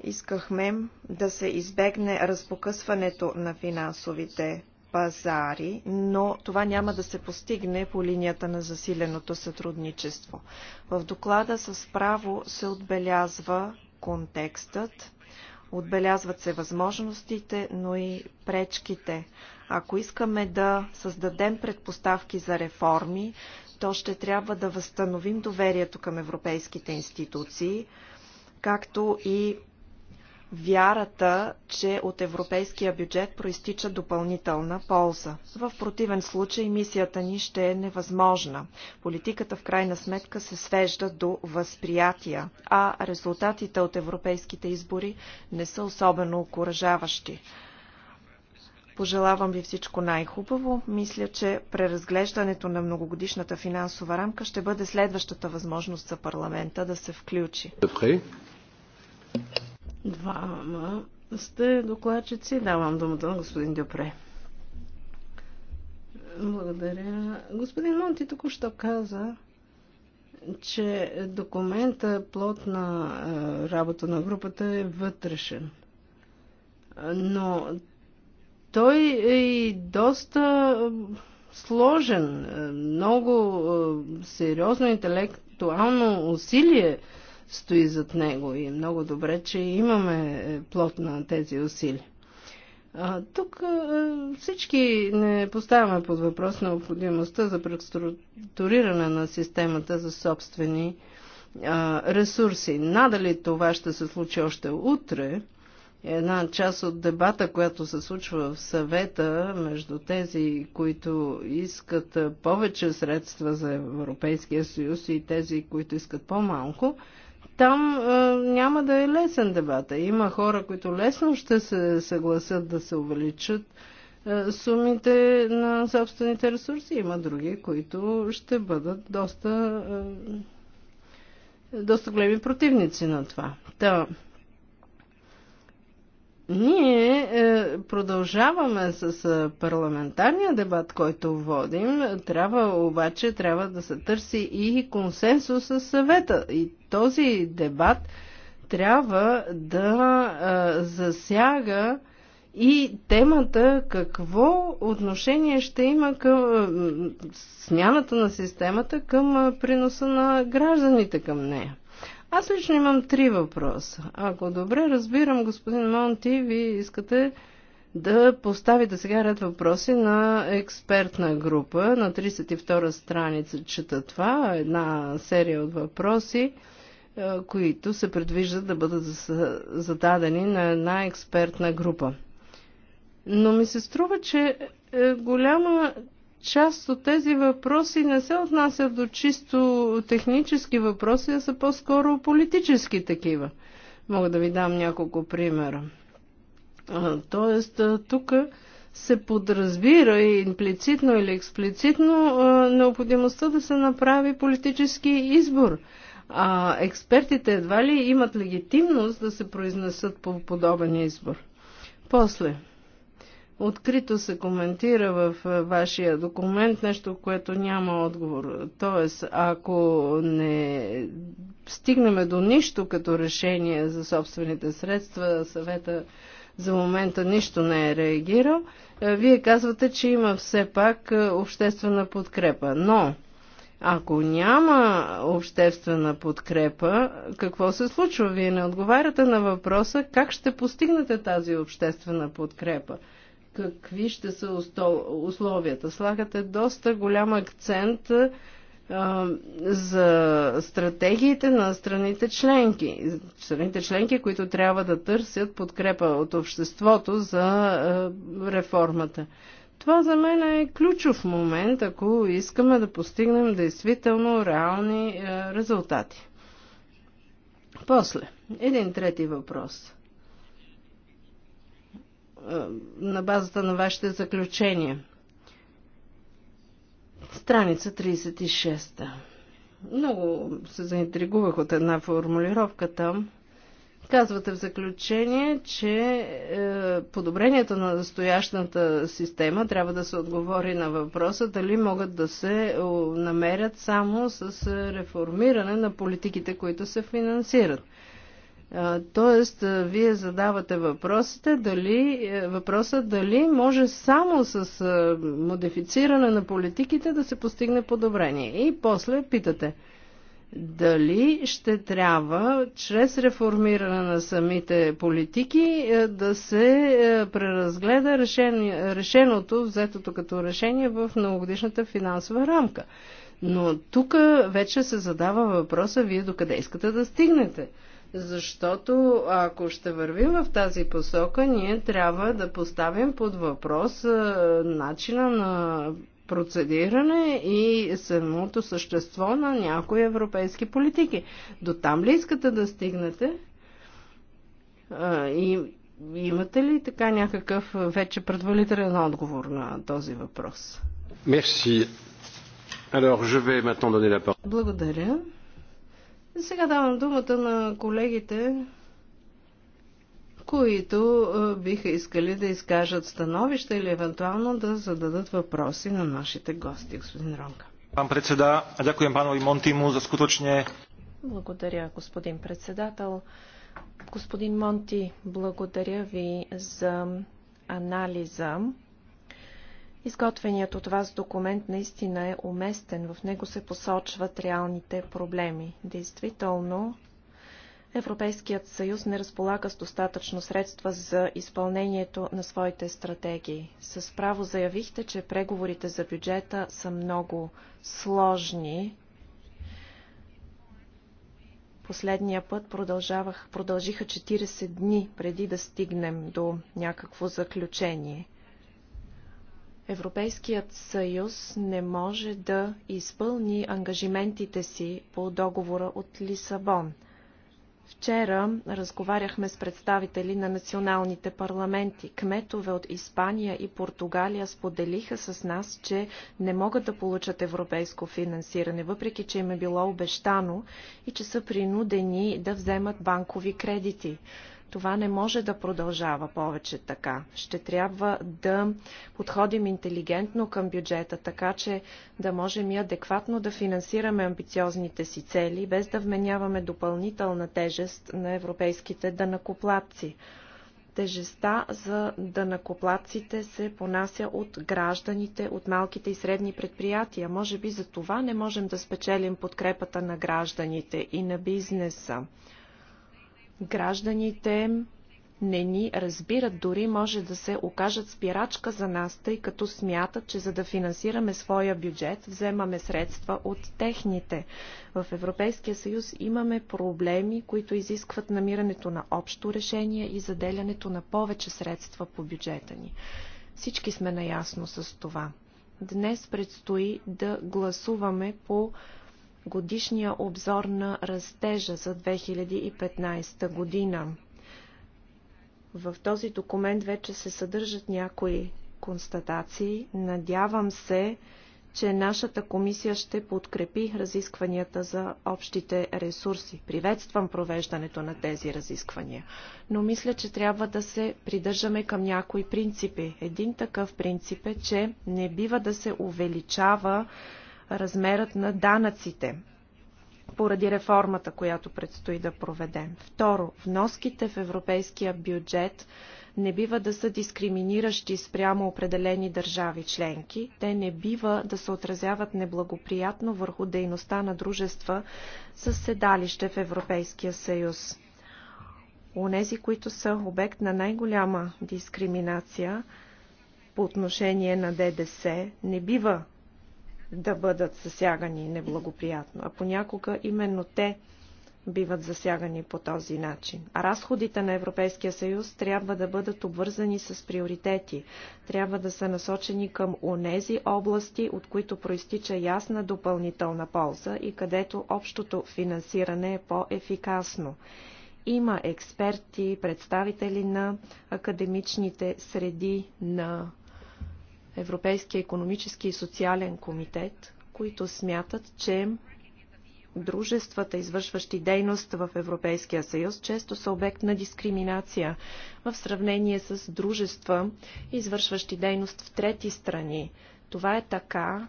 Speaker 1: Искахме да се избегне разпокъсването на финансовите пазари, но това няма да се постигне по линията на засиленото сътрудничество. В доклада с право се отбелязва контекстът, отбелязват се възможностите, но и пречките. Ако искаме да създадем предпоставки за реформи, то ще трябва да възстановим доверието към европейските институции, както и вярата, че от европейския бюджет проистича допълнителна полза. В противен случай мисията ни ще е невъзможна. Политиката в крайна сметка се свежда до възприятия, а резултатите от европейските избори не са особено окоръжаващи. Пожелавам ви всичко най-хубаво. Мисля, че преразглеждането на многогодишната финансова рамка ще бъде следващата възможност за парламента да се включи.
Speaker 2: Добре. Двама сте докладчици. Давам думата на господин Дюпре. Благодаря. Господин Монти току-що каза, че документа плод на е, работа на групата е вътрешен. Но той е и доста е, сложен, е, много сериозно интелектуално усилие стои зад него и е много добре, че имаме е, плод на тези усилия. А, тук а, е, всички не поставяме под въпрос необходимостта за преструктуриране на системата за собствени а, ресурси. Надали това ще се случи още утре, е една част от дебата, която се случва в съвета между тези, които искат повече средства за Европейския съюз и тези, които искат по-малко, там а, няма да е лесен дебата. Има хора, които лесно ще се съгласят да се увеличат а, сумите на собствените ресурси. Има други, които ще бъдат доста, а, доста големи противници на това. Та, ние е, продължаваме с е, парламентарния дебат, който водим. Трябва обаче трябва да се търси и консенсус с съвета. И този дебат трябва да е, засяга и темата какво отношение ще има към смяната на системата към приноса на гражданите към нея. Аз лично имам три въпроса. Ако добре разбирам, господин Монти, ви искате да поставите сега ред въпроси на експертна група. На 32-а страница чета това, една серия от въпроси, е, които се предвиждат да бъдат зададени на една експертна група. Но ми се струва, че е, голяма част от тези въпроси не се отнасят до чисто технически въпроси, а са по-скоро политически такива. Мога да ви дам няколко примера. Тоест, тук се подразбира и имплицитно или експлицитно необходимостта да се направи политически избор. А експертите едва ли имат легитимност да се произнесат по подобен избор. После, Открито се коментира в е, вашия документ нещо, което няма отговор. Тоест, ако не стигнем до нищо като решение за собствените средства, съвета за момента нищо не е реагирал, е, вие казвате, че има все пак е, обществена подкрепа. Но, ако няма обществена подкрепа, какво се случва? Вие не отговаряте на въпроса как ще постигнете тази обществена подкрепа какви ще са условията. Слагате доста голям акцент за стратегиите на страните членки. Страните членки, които трябва да търсят подкрепа от обществото за реформата. Това за мен е ключов момент, ако искаме да постигнем действително реални резултати. После, един трети въпрос. Е, на базата на вашите заключения. Страница 36. Много се заинтригувах от една формулировка там. Казвате в заключение, че е, подобрението на настоящата система трябва да се отговори на въпроса дали могат да се намерят само с е, реформиране на политиките, които се финансират. Тоест, вие задавате въпросите дали, е, въпроса дали може само с модифициране на политиките да се постигне подобрение. И после питате дали ще трябва чрез реформиране на самите политики е, да се е, преразгледа решен, решеното, взетото като решение в многогодишната финансова рамка. Но тук вече се задава въпроса вие докъде искате да стигнете. Защото ако ще вървим в тази посока, ние трябва да поставим под въпрос е, начина на процедиране и самото същество на някои европейски политики. До там ли искате да стигнете? Е, и имате ли така някакъв вече предварителен отговор на този въпрос? Merci. Alors, je vais maintenant donner la parole. Благодаря. Сега давам думата на колегите, които биха искали да изкажат становища или евентуално да зададат въпроси на нашите гости, господин Ронка.
Speaker 3: Пан председа, дякуем Монти Монтиму за скуточне.
Speaker 2: Благодаря, господин
Speaker 1: председател. Господин Монти, благодаря ви за анализа. Изготвеният от вас документ наистина е уместен. В него се посочват реалните проблеми. Действително, Европейският съюз не разполага с достатъчно средства за изпълнението на своите стратегии. С право заявихте, че преговорите за бюджета са много сложни. Последния път продължиха 40 дни преди да стигнем до някакво заключение – Европейският съюз не може да изпълни ангажиментите си по договора от Лисабон. Вчера разговаряхме с представители на националните парламенти. Кметове от Испания и Португалия споделиха с нас, че не могат да получат европейско финансиране, въпреки че им е било обещано и че са принудени да вземат банкови кредити. Това не може да продължава повече така. Ще трябва да подходим интелигентно към бюджета, така че да можем и адекватно да финансираме амбициозните си цели, без да вменяваме допълнителна тежест на европейските данакоплатци тежеста за данакоплатците се понася от гражданите, от малките и средни предприятия. Може би за това не можем да спечелим подкрепата на гражданите и на бизнеса. Гражданите не ни разбират, дори може да се окажат спирачка за нас, тъй като смятат, че за да финансираме своя бюджет, вземаме средства от техните. В Европейския съюз имаме проблеми, които изискват намирането на общо решение и заделянето на повече средства по бюджета ни. Всички сме наясно с това. Днес предстои да гласуваме по годишния обзор на растежа за 2015 година. В този документ вече се съдържат някои констатации. Надявам се, че нашата комисия ще подкрепи разискванията за общите ресурси. Приветствам провеждането на тези разисквания, но мисля, че трябва да се придържаме към някои принципи. Един такъв принцип е, че не бива да се увеличава размерът на данъците поради реформата, която предстои да проведем. Второ, вноските в европейския бюджет не бива да са дискриминиращи спрямо определени държави членки. Те не бива да се отразяват неблагоприятно върху дейността на дружества с седалище в Европейския съюз. Онези, които са обект на най-голяма дискриминация по отношение на ДДС, не бива да бъдат засягани неблагоприятно, а понякога именно те биват засягани по този начин. А разходите на Европейския съюз трябва да бъдат обвързани с приоритети. Трябва да са насочени към онези области, от които проистича ясна допълнителна полза и където общото финансиране е по-ефикасно. Има експерти, представители на академичните среди на Европейския економически и социален комитет, които смятат, че дружествата, извършващи дейност в Европейския съюз, често са обект на дискриминация в сравнение с дружества, извършващи дейност в трети страни. Това е така,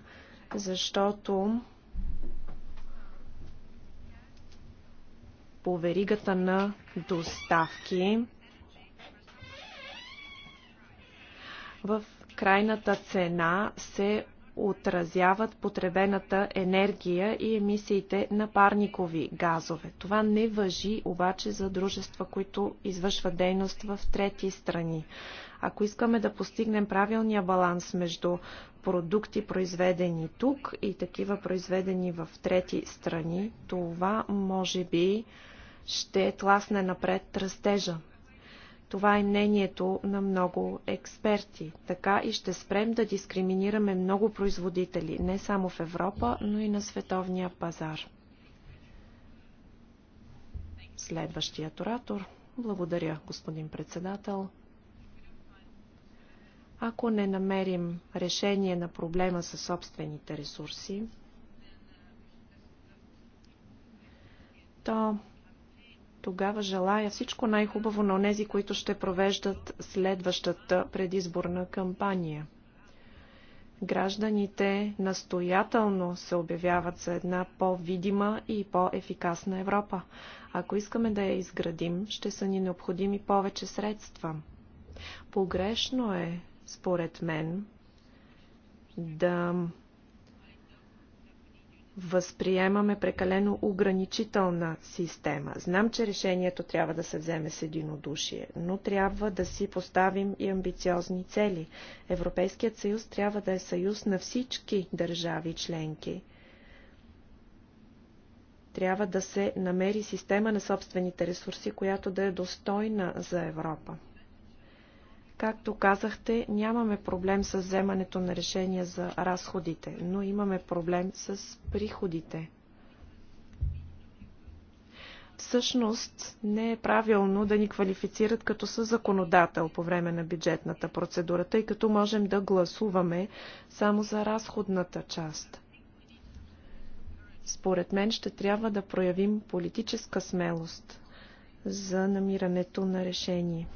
Speaker 1: защото по веригата на доставки в крайната цена се отразяват потребената енергия и емисиите на парникови газове. Това не въжи обаче за дружества, които извършват дейност в трети страни. Ако искаме да постигнем правилния баланс между продукти, произведени тук и такива произведени в трети страни, това може би ще тласне напред растежа това е мнението на много експерти. Така и ще спрем да дискриминираме много производители, не само в Европа, но и на световния пазар. Следващият оратор. Благодаря, господин председател. Ако не намерим решение на проблема със собствените ресурси, то тогава желая всичко най-хубаво на онези, които ще провеждат следващата предизборна кампания. Гражданите настоятелно се обявяват за една по-видима и по-ефикасна Европа. Ако искаме да я изградим, ще са ни необходими повече средства. Погрешно е, според мен, да възприемаме прекалено ограничителна система. Знам, че решението трябва да се вземе с единодушие, но трябва да си поставим и амбициозни цели. Европейският съюз трябва да е съюз на всички държави членки. Трябва да се намери система на собствените ресурси, която да е достойна за Европа. Както казахте, нямаме проблем с вземането на решения за разходите, но имаме проблем с приходите. Всъщност не е правилно да ни квалифицират като със законодател по време на бюджетната процедура, тъй като можем да гласуваме само за разходната част. Според мен ще трябва да проявим политическа смелост за намирането на решение.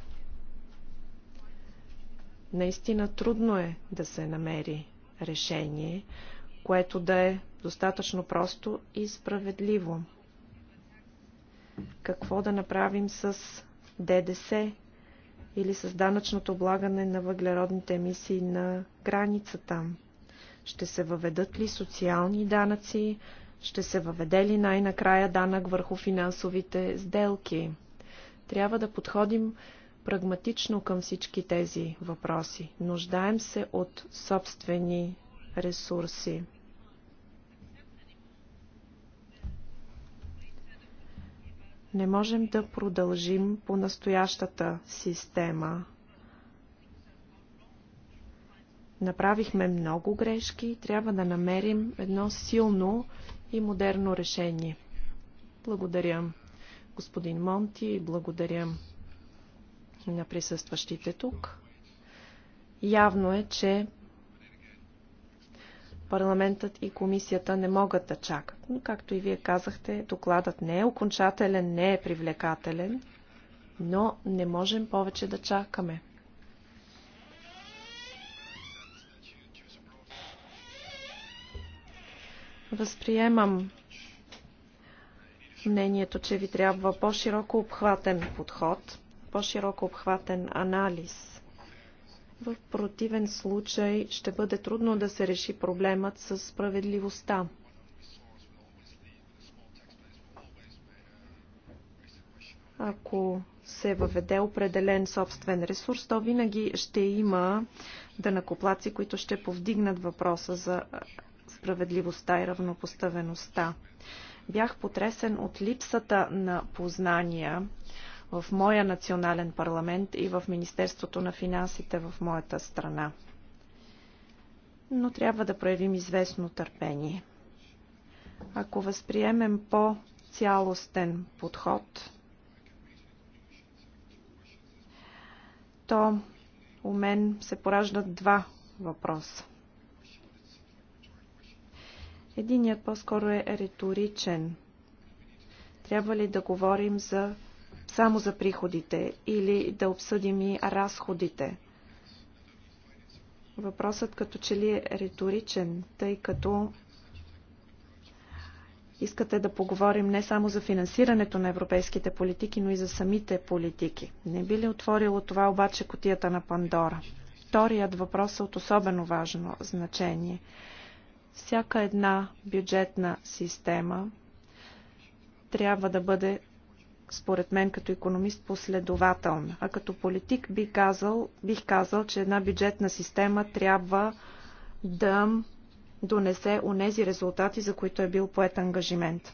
Speaker 1: Наистина трудно е да се намери решение, което да е достатъчно просто и справедливо. Какво да направим с ДДС или с данъчното облагане на въглеродните емисии на границата? Ще се въведат ли социални данъци? Ще се въведе ли най-накрая данък върху финансовите сделки? Трябва да подходим прагматично към всички тези въпроси. Нуждаем се от собствени ресурси. Не можем да продължим по настоящата система. Направихме много грешки, трябва да намерим едно силно и модерно решение. Благодаря, господин Монти, и благодаря и на присъстващите тук. Явно е, че парламентът и комисията не могат да чакат. Но, както и вие казахте, докладът не е окончателен, не е привлекателен, но не можем повече да чакаме. Възприемам мнението, че ви трябва по-широко обхватен подход по-широко обхватен анализ. В противен случай ще бъде трудно да се реши проблемът с справедливостта. Ако се въведе определен собствен ресурс, то винаги ще има дънакоплаци, които ще повдигнат въпроса за справедливостта и равнопоставеността. Бях потресен от липсата на познания в моя национален парламент и в Министерството на финансите в моята страна. Но трябва да проявим известно търпение. Ако възприемем по-цялостен подход, то у мен се пораждат два въпроса. Единият по-скоро е риторичен. Трябва ли да говорим за само за приходите или да обсъдим и разходите. Въпросът като че ли е риторичен, тъй като искате да поговорим не само за финансирането на европейските политики, но и за самите политики. Не би ли отворило това обаче котията на Пандора? Вторият въпрос е от особено важно значение. Всяка една бюджетна система трябва да бъде според мен като економист последователна. А като политик би казал, бих казал, че една бюджетна система трябва да донесе онези резултати, за които е бил поет ангажимент.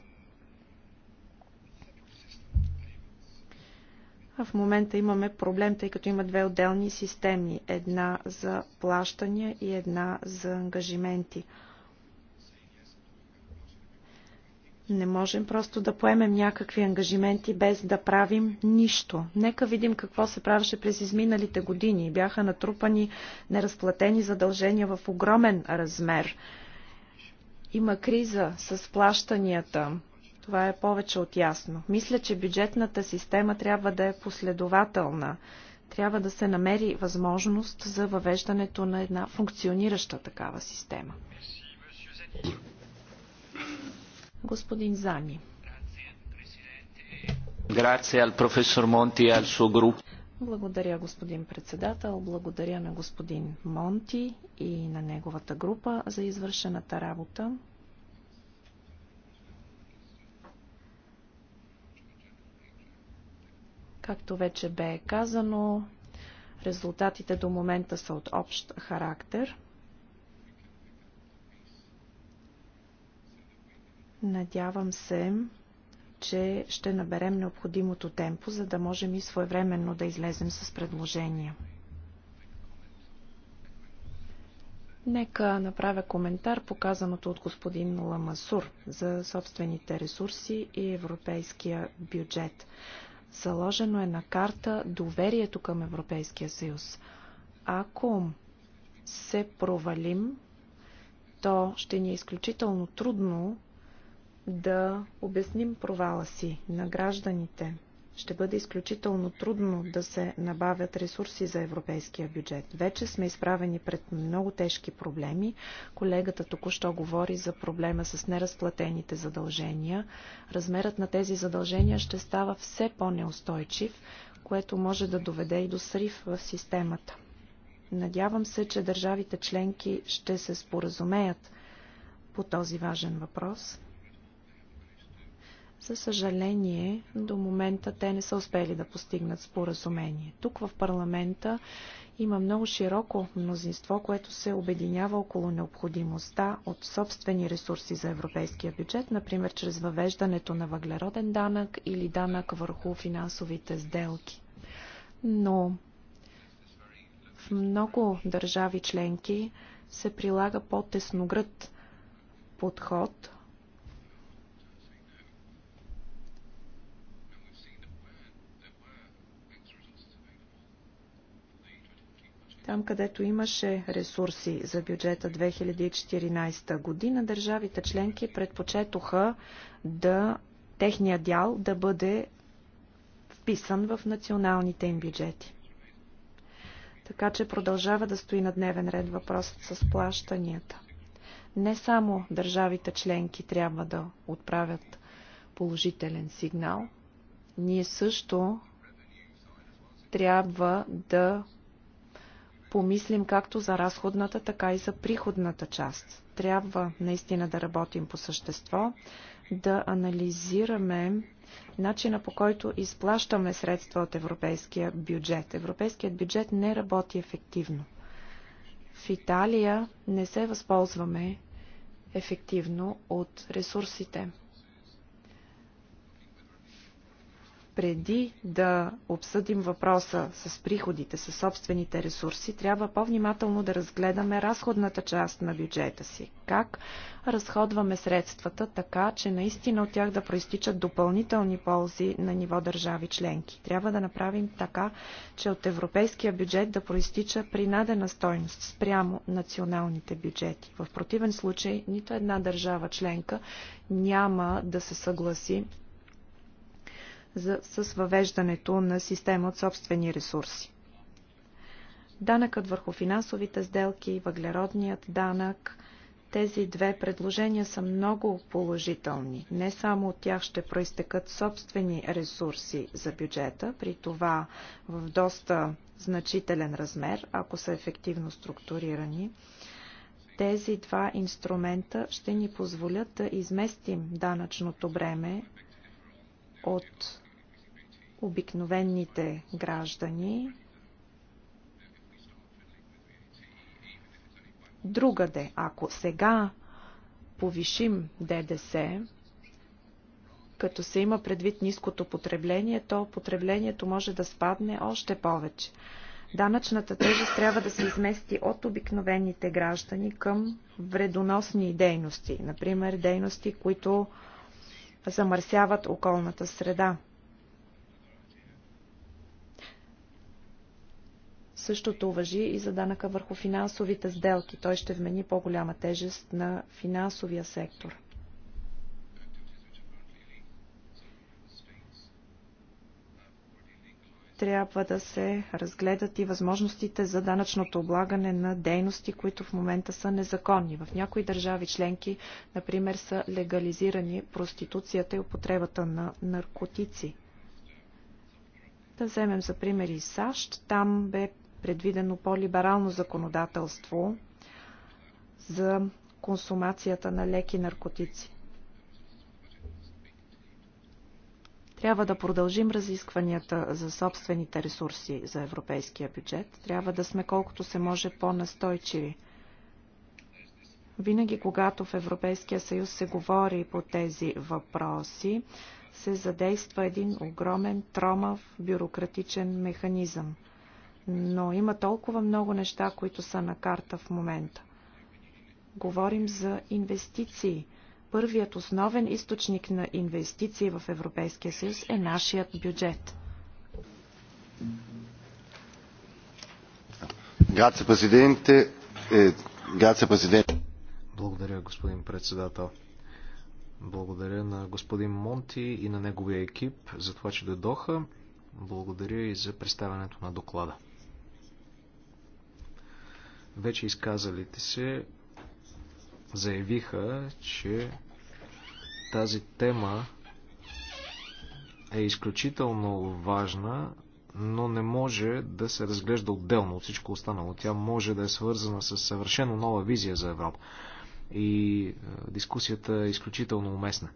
Speaker 1: В момента имаме проблем, тъй като има две отделни системи. Една за плащания и една за ангажименти. Не можем просто да поемем някакви ангажименти без да правим нищо. Нека видим какво се правеше през изминалите години. Бяха натрупани неразплатени задължения в огромен размер. Има криза с плащанията. Това е повече от ясно. Мисля, че бюджетната система трябва да е последователна. Трябва да се намери възможност за въвеждането на една функционираща такава система. Господин Зани. E Благодаря, господин председател. Благодаря на господин Монти и на неговата група за извършената работа. Както вече бе казано, резултатите до момента са от общ характер – Надявам се, че ще наберем необходимото темпо, за да можем и своевременно да излезем с предложения. Нека направя коментар показаното от господин Ламасур за собствените ресурси и европейския бюджет. Заложено е на карта доверието към Европейския съюз. Ако се провалим, то ще ни е изключително трудно да обясним провала си на гражданите. Ще бъде изключително трудно да се набавят ресурси за европейския бюджет. Вече сме изправени пред много тежки проблеми. Колегата току-що говори за проблема с неразплатените задължения. Размерът на тези задължения ще става все по-неустойчив, което може да доведе и до срив в системата. Надявам се, че държавите членки ще се споразумеят по този важен въпрос – за съжаление, до момента те не са успели да постигнат споразумение. Тук в парламента има много широко мнозинство, което се обединява около необходимостта от собствени ресурси за европейския бюджет, например чрез въвеждането на въглероден данък или данък върху финансовите сделки. Но в много държави членки се прилага по-тесногръд подход – Там, където имаше ресурси за бюджета 2014 година, държавите членки предпочетоха да техния дял да бъде вписан в националните им бюджети. Така че продължава да стои на дневен ред въпросът с плащанията. Не само държавите членки трябва да отправят положителен сигнал, ние също трябва да помислим както за разходната, така и за приходната част. Трябва наистина да работим по същество, да анализираме начина по който изплащаме средства от европейския бюджет. Европейският бюджет не работи ефективно. В Италия не се възползваме ефективно от ресурсите. преди да обсъдим въпроса с приходите, с собствените ресурси, трябва по-внимателно да разгледаме разходната част на бюджета си. Как разходваме средствата така, че наистина от тях да проистичат допълнителни ползи на ниво държави членки. Трябва да направим така, че от европейския бюджет да проистича принадена стойност спрямо националните бюджети. В противен случай нито една държава членка няма да се съгласи за, с въвеждането на система от собствени ресурси. Данъкът върху финансовите сделки, въглеродният данък, тези две предложения са много положителни. Не само от тях ще проистекат собствени ресурси за бюджета, при това в доста значителен размер, ако са ефективно структурирани. Тези два инструмента ще ни позволят да изместим данъчното бреме от обикновените граждани другаде. Ако сега повишим ДДС, като се има предвид ниското потребление, то потреблението може да спадне още повече. Данъчната тежест трябва да се измести от обикновените граждани към вредоносни дейности, например дейности, които замърсяват околната среда. Същото въжи и за данъка върху финансовите сделки. Той ще вмени по-голяма тежест на финансовия сектор. трябва да се разгледат и възможностите за данъчното облагане на дейности, които в момента са незаконни. В някои държави членки, например, са легализирани проституцията и употребата на наркотици. Да вземем за пример и САЩ. Там бе предвидено по-либерално законодателство за консумацията на леки наркотици. Трябва да продължим разискванията за собствените ресурси за европейския бюджет. Трябва да сме колкото се може по-настойчиви. Винаги, когато в Европейския съюз се говори по тези въпроси, се задейства един огромен тромав бюрократичен механизъм – но има толкова много неща, които са на карта в момента. Говорим за инвестиции. Първият основен източник на инвестиции в Европейския съюз е нашият бюджет.
Speaker 3: Е, Благодаря, господин председател. Благодаря на господин Монти и на неговия екип за това, че дойдоха. Благодаря и за представянето на доклада. Вече изказалите се заявиха, че тази тема е изключително важна, но не може да се разглежда отделно от всичко останало. Тя може да е свързана с съвършено нова визия за Европа. И е, дискусията е изключително уместна.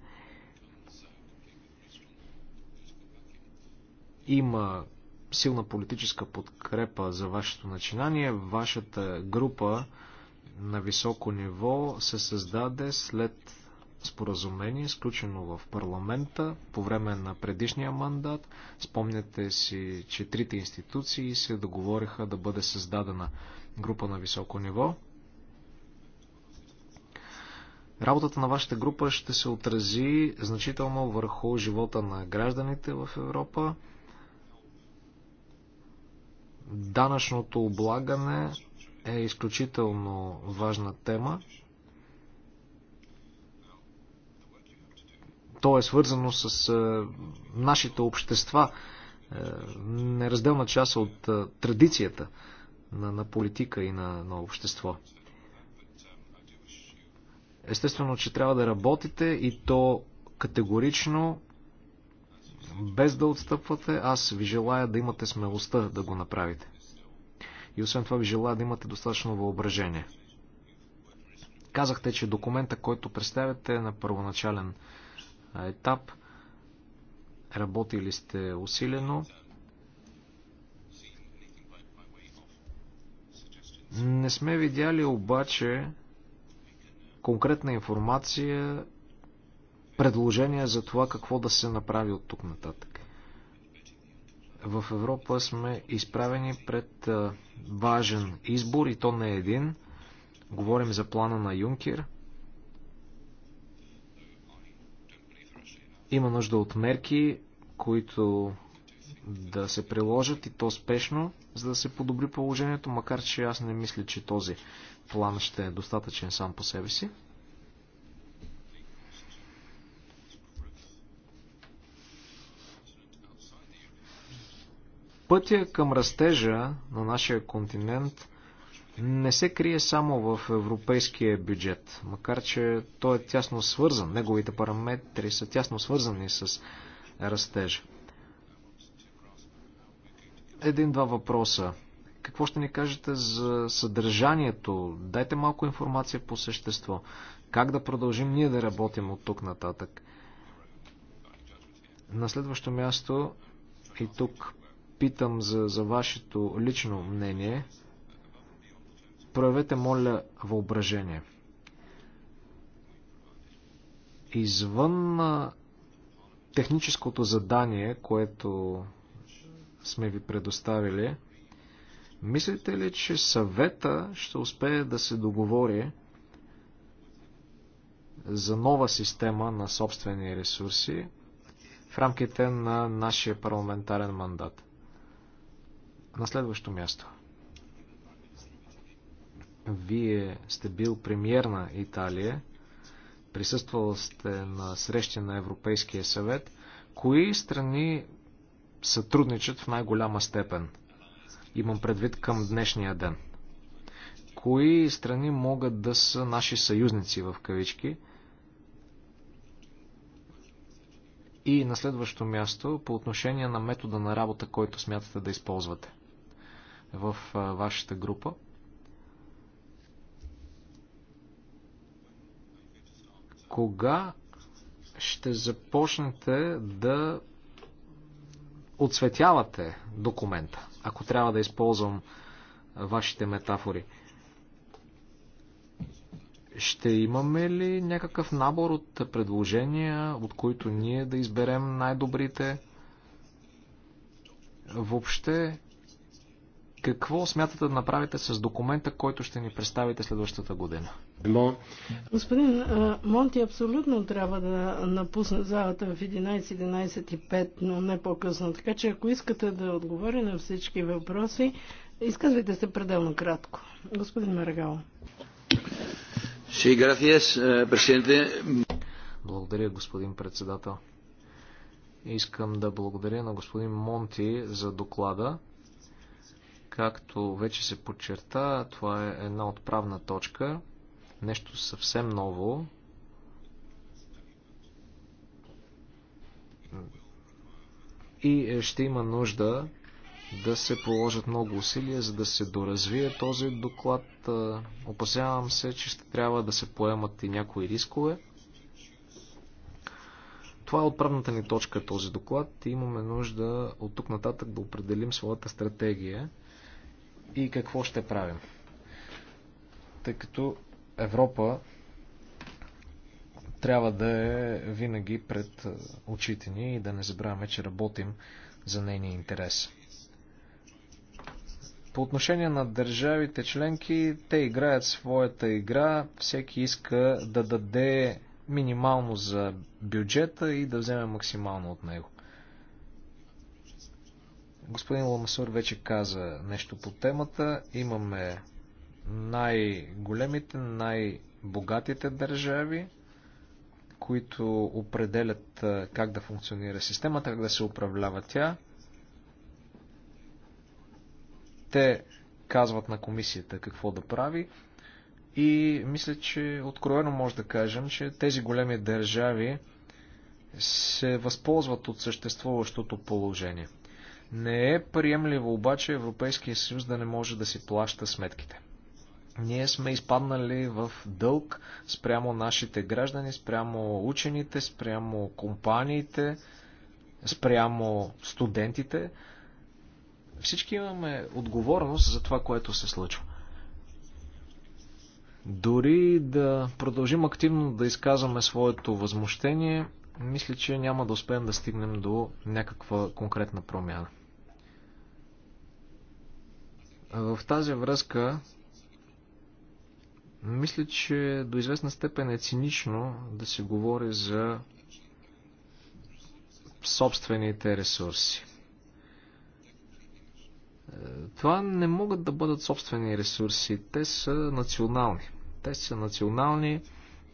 Speaker 3: Има силна политическа подкрепа за вашето начинание. Вашата група на високо ниво се създаде след споразумение, сключено в парламента по време на предишния мандат. Спомняте си, че трите институции се договориха да бъде създадена група на високо ниво. Работата на вашата група ще се отрази значително върху живота на гражданите в Европа. Данъчното облагане е изключително важна тема. То е свързано с е, нашите общества, е, неразделна част от е, традицията на, на политика и на, на общество. Естествено, че трябва да работите и то категорично без да отстъпвате. Аз ви желая да имате смелостта да го направите. И освен това ви желая да имате достатъчно въображение. Казахте, че документа, който представяте е на първоначален етап, работили сте усилено. Не сме видяли обаче конкретна информация предложения за това какво да се направи от тук нататък. В Европа сме изправени пред важен избор и то не е един. Говорим за плана на Юнкер. Има нужда от мерки, които да се приложат и то спешно, за да се подобри положението, макар че аз не мисля, че този план ще е достатъчен сам по себе си. Пътя към растежа на нашия континент не се крие само в европейския бюджет, макар че той е тясно свързан, неговите параметри са тясно свързани с растежа. Един-два въпроса. Какво ще ни кажете за съдържанието? Дайте малко информация по същество. Как да продължим ние да работим от тук нататък? На следващо място и тук Питам за, за вашето лично мнение. Проявете, моля, въображение. Извън техническото задание, което сме ви предоставили, мислите ли, че съвета ще успее да се договори за нова система на собствени ресурси в рамките на нашия парламентарен мандат? На следващо място. Вие сте бил премьер на Италия, присъствал сте на срещи на Европейския съвет. Кои страни сътрудничат в най-голяма степен? Имам предвид към днешния ден. Кои страни могат да са наши съюзници в кавички? И на следващо място, по отношение на метода на работа, който смятате да използвате в вашата група. Кога ще започнете да отсветявате документа, ако трябва да използвам вашите метафори? Ще имаме ли някакъв набор от предложения, от които ние да изберем най-добрите? Въобще, какво смятате да направите с документа, който ще ни представите следващата година?
Speaker 2: Господин Монти абсолютно трябва да напусне залата в 11.11.5, но не по-късно. Така че ако искате да отговори на всички въпроси, изказвайте се пределно кратко. Господин Марагал.
Speaker 3: Eh, благодаря, господин председател. Искам да благодаря на господин Монти за доклада. Както вече се подчерта, това е една отправна точка, нещо съвсем ново. И е, ще има нужда да се положат много усилия, за да се доразвие този доклад. Е, опасявам се, че ще трябва да се поемат и някои рискове. Това е отправната ни точка този доклад и имаме нужда от тук нататък да определим своята стратегия и какво ще правим. Тъй като Европа трябва да е винаги пред очите ни и да не забравяме, че работим за нейния интерес. По отношение на държавите членки, те играят своята игра, всеки иска да даде минимално за бюджета и да вземе максимално от него. Господин Ламасор вече каза нещо по темата. Имаме най-големите, най-богатите държави, които определят как да функционира системата, как да се управлява тя. Те казват на комисията какво да прави. И мисля, че откровено може да кажем, че тези големи държави се възползват от съществуващото положение – не е приемливо обаче Европейския съюз да не може да си плаща сметките. Ние сме изпаднали в дълг спрямо нашите граждани, спрямо учените, спрямо компаниите, спрямо студентите. Всички имаме отговорност за това, което се случва. Дори да продължим активно да изказваме своето възмущение, мисля, че няма да успеем да стигнем до някаква конкретна промяна. В тази връзка, мисля, че до известна степен е цинично да се говори за собствените ресурси. Това не могат да бъдат собствени ресурси. Те са национални. Те са национални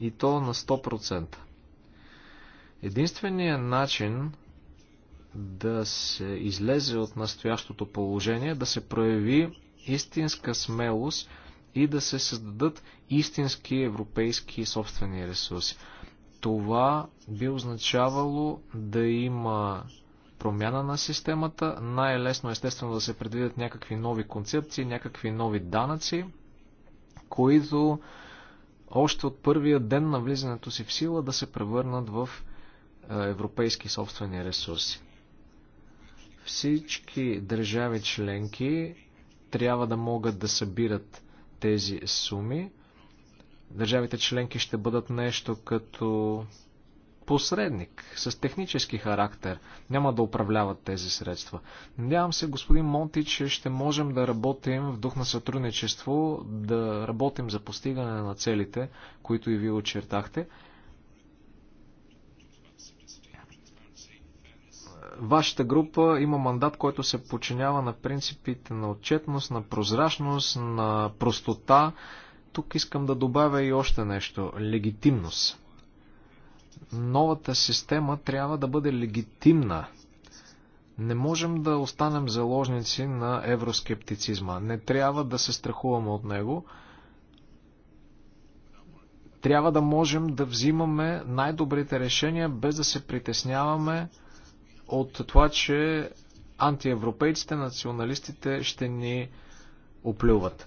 Speaker 3: и то на 100%. Единственият начин да се излезе от настоящото положение, да се прояви истинска смелост и да се създадат истински европейски собствени ресурси. Това би означавало да има промяна на системата. Най-лесно естествено да се предвидят някакви нови концепции, някакви нови данъци, които още от първия ден на влизането си в сила да се превърнат в е, европейски собствени ресурси. Всички държави членки трябва да могат да събират тези суми. Държавите членки ще бъдат нещо като посредник с технически характер. Няма да управляват тези средства. Надявам се, господин Монти, че ще можем да работим в дух на сътрудничество, да работим за постигане на целите, които и ви очертахте. Вашата група има мандат, който се подчинява на принципите на отчетност, на прозрачност, на простота. Тук искам да добавя и още нещо – легитимност. Новата система трябва да бъде легитимна. Не можем да останем заложници на евроскептицизма. Не трябва да се страхуваме от него трябва да можем да взимаме най-добрите решения, без да се притесняваме от това, че антиевропейците, националистите ще ни оплюват.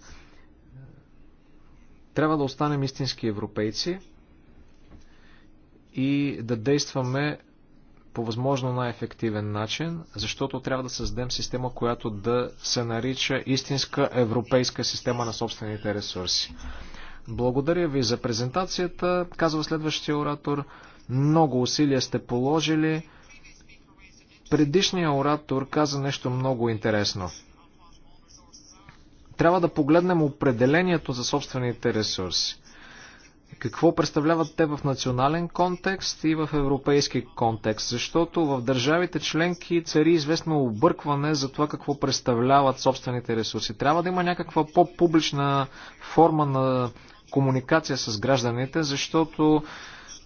Speaker 3: Трябва да останем истински европейци и да действаме по възможно най-ефективен начин, защото трябва да създадем система, която да се нарича истинска европейска система на собствените ресурси. Благодаря ви за презентацията, казва следващия оратор. Много усилия сте положили. Предишният оратор каза нещо много интересно. Трябва да погледнем определението за собствените ресурси. Какво представляват те в национален контекст и в европейски контекст? Защото в държавите членки цари известно объркване за това какво представляват собствените ресурси. Трябва да има някаква по-публична форма на комуникация с гражданите, защото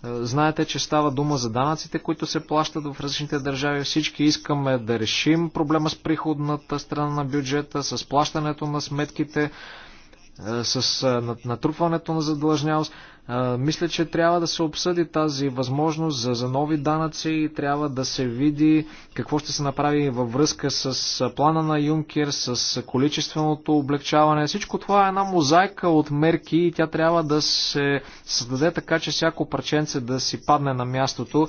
Speaker 3: е, знаете, че става дума за данъците, които се плащат в различните държави. Всички искаме да решим проблема с приходната страна на бюджета, с плащането на сметките, е, с е, натрупването на задлъжнялост мисля, че трябва да се обсъди тази възможност за, за нови данъци и трябва да се види какво ще се направи във връзка с плана на Юнкер, с количественото облегчаване. Всичко това е една мозайка от мерки и тя трябва да се създаде така, че всяко парченце да си падне на мястото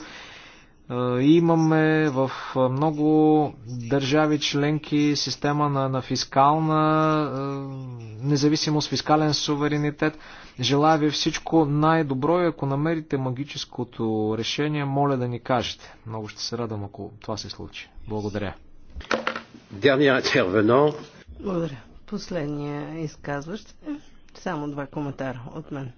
Speaker 3: е, имаме в много държави членки система на, на фискална е, независимост, фискален суверенитет. Желая ви всичко най-добро и ако намерите магическото решение, моля да ни кажете. Много ще се радвам, ако това се случи. Благодаря.
Speaker 2: Благодаря. Последния изказващ. Само два коментара от мен.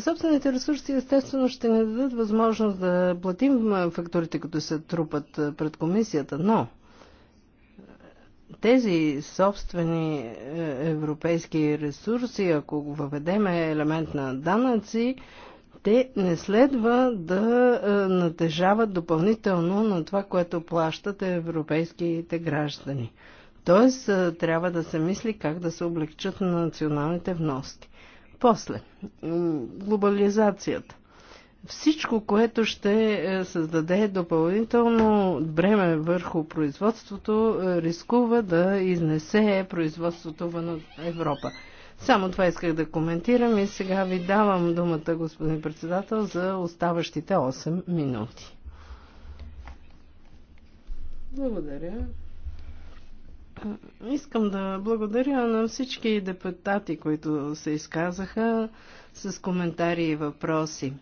Speaker 2: Собствените ресурси естествено ще ни дадат възможност да платим факторите, които се трупат пред комисията, но тези собствени европейски ресурси, ако го въведеме елемент на данъци, те не следва да натежават допълнително на това, което плащат европейските граждани. Тоест, трябва да се мисли как да се облегчат на националните вноски. После, глобализацията. Всичко, което ще е, създаде допълнително бреме върху производството, е, рискува да изнесе производството вън от Европа. Само това исках да коментирам и сега ви давам думата, господин председател, за оставащите 8 минути. Благодаря. Искам да благодаря на всички депутати, които се изказаха с коментари и въпроси.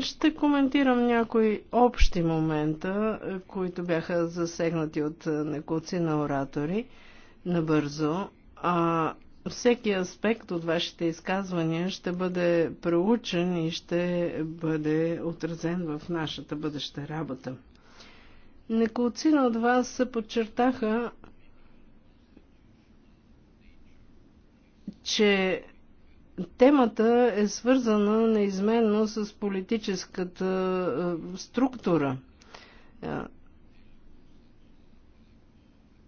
Speaker 2: Ще коментирам някои общи момента, които бяха засегнати от некоци на оратори набързо. А всеки аспект от вашите изказвания ще бъде проучен и ще бъде отразен в нашата бъдеща работа. Неколцина от вас се подчертаха, че темата е свързана неизменно с политическата е, структура. Е,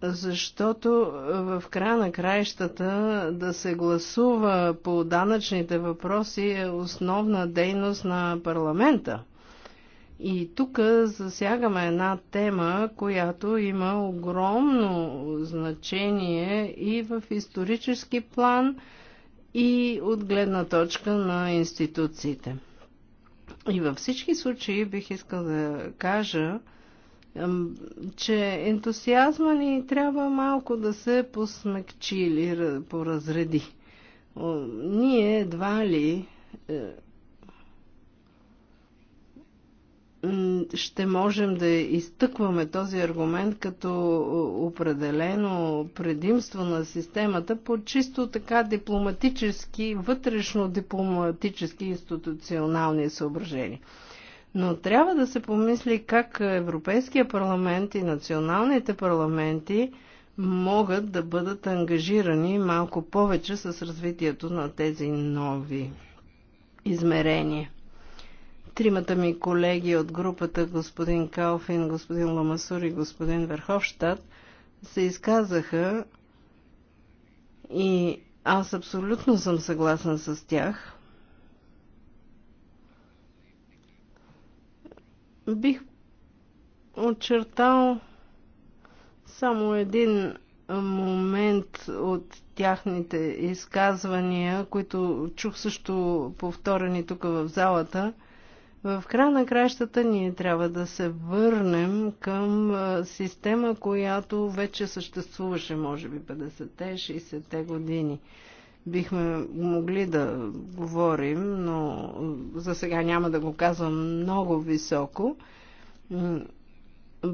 Speaker 2: защото в края на краищата да се гласува по данъчните въпроси е основна дейност на парламента – и тук засягаме една тема, която има огромно значение и в исторически план, и от гледна точка на институциите. И във всички случаи бих искал да кажа, че ентусиазма ни трябва малко да се посмекчи или поразреди. Ние едва ли е, ще можем да изтъкваме този аргумент като определено предимство на системата по чисто така дипломатически, вътрешно дипломатически институционални съображения. Но трябва да се помисли как Европейския парламент и националните парламенти могат да бъдат ангажирани малко повече с развитието на тези нови измерения. Тримата ми колеги от групата, господин Калфин, господин Ламасур и господин Верховщад, се изказаха и аз абсолютно съм съгласен с тях. Бих очертал само един момент от тяхните изказвания, които чух също повторени тук в залата – в края на кращата ние трябва да се върнем към система, която вече съществуваше, може би 50-те, 60-те години. Бихме могли да говорим, но за сега няма да го казвам много високо.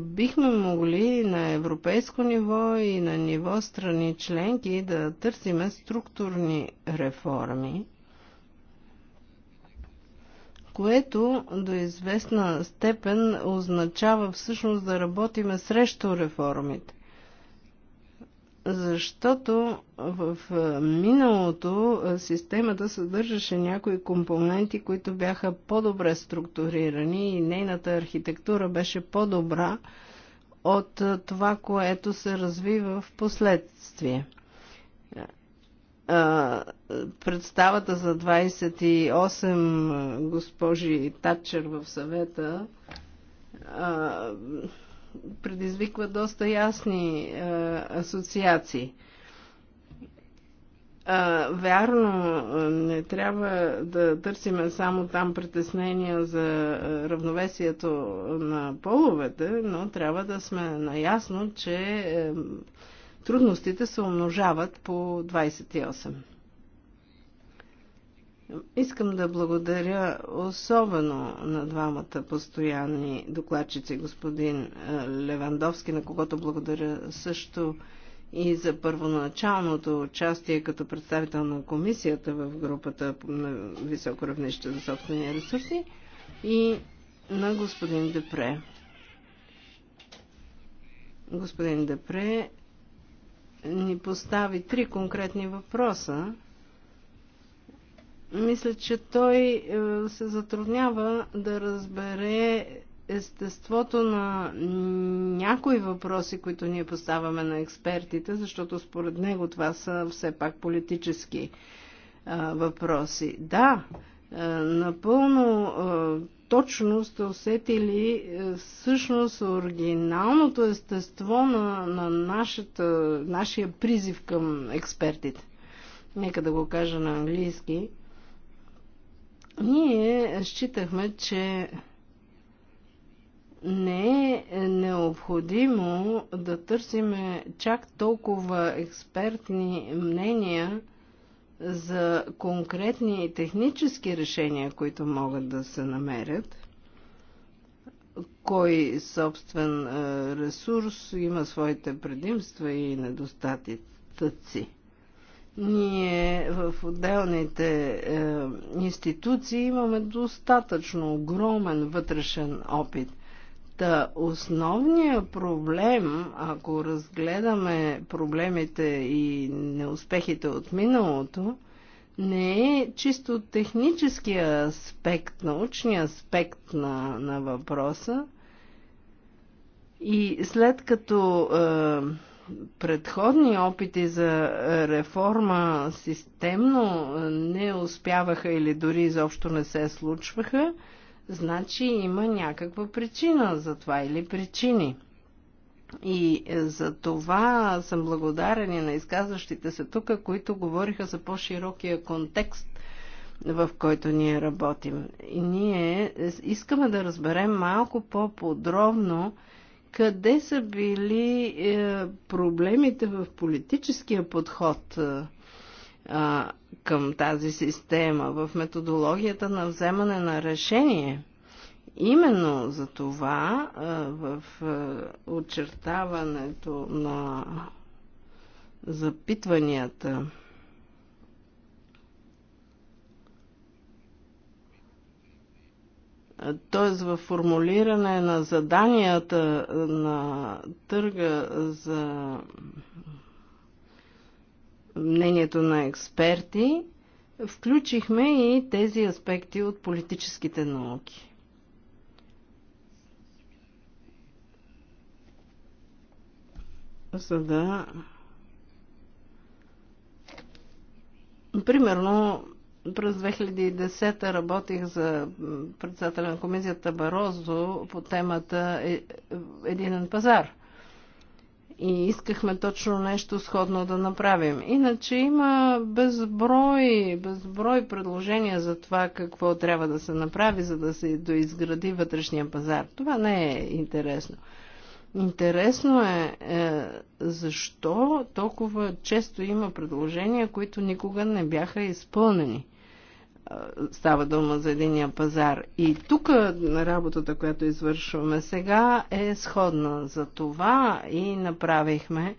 Speaker 2: Бихме могли на европейско ниво и на ниво страни членки да търсиме структурни реформи – което до известна степен означава всъщност да работиме срещу реформите. Защото в е, миналото е, системата съдържаше някои компоненти, които бяха по-добре структурирани и нейната архитектура беше по-добра от е, това, което се развива в последствие представата за 28 госпожи Татчер в съвета предизвиква доста ясни асоциации. А, вярно, не трябва да търсиме само там притеснения за равновесието на половете, но трябва да сме наясно, че трудностите се умножават по 28. Искам да благодаря особено на двамата постоянни докладчици, господин е, Левандовски, на когото благодаря също и за първоначалното участие като представител на комисията в групата на високо равнище за собствени ресурси и на господин Депре. Господин Депре ни постави три конкретни въпроса, мисля, че той е, се затруднява да разбере естеството на някои въпроси, които ние поставяме на експертите, защото според него това са все пак политически въпроси. Да, е, напълно е, точно сте усетили е, всъщност оригиналното естество на, на нашата, нашия призив към експертите. Нека да го кажа на английски. Ние считахме, че не е необходимо да търсиме чак толкова експертни мнения, за конкретни технически решения, които могат да се намерят. Кой собствен е, ресурс има своите предимства и недостатъци. Ние в отделните е, институции имаме достатъчно огромен вътрешен опит Та основният проблем, ако разгледаме проблемите и неуспехите от миналото, не е чисто техническия аспект, научния аспект на, на въпроса. И след като е, предходни опити за реформа системно е, не успяваха или дори изобщо не се случваха, значи има някаква причина за това или причини. И за това съм благодарен и на изказващите се тук, които говориха за по-широкия контекст, в който ние работим. И ние искаме да разберем малко по-подробно къде са били е, проблемите в политическия подход е, а, към тази система, в методологията на вземане на решение. Именно за това а, в а, очертаването на запитванията т.е. в формулиране на заданията на търга за мнението на експерти, включихме и тези аспекти от политическите науки. За да. Примерно, през 2010 работих за председателя на комисията Барозо по темата «Е, е, Единен пазар. И искахме точно нещо сходно да направим. Иначе има безброй, безброй предложения за това какво трябва да се направи, за да се доизгради вътрешния пазар. Това не е интересно. Интересно е, е защо толкова често има предложения, които никога не бяха изпълнени става дума за единия пазар. И тук работата, която извършваме сега, е сходна. За това и направихме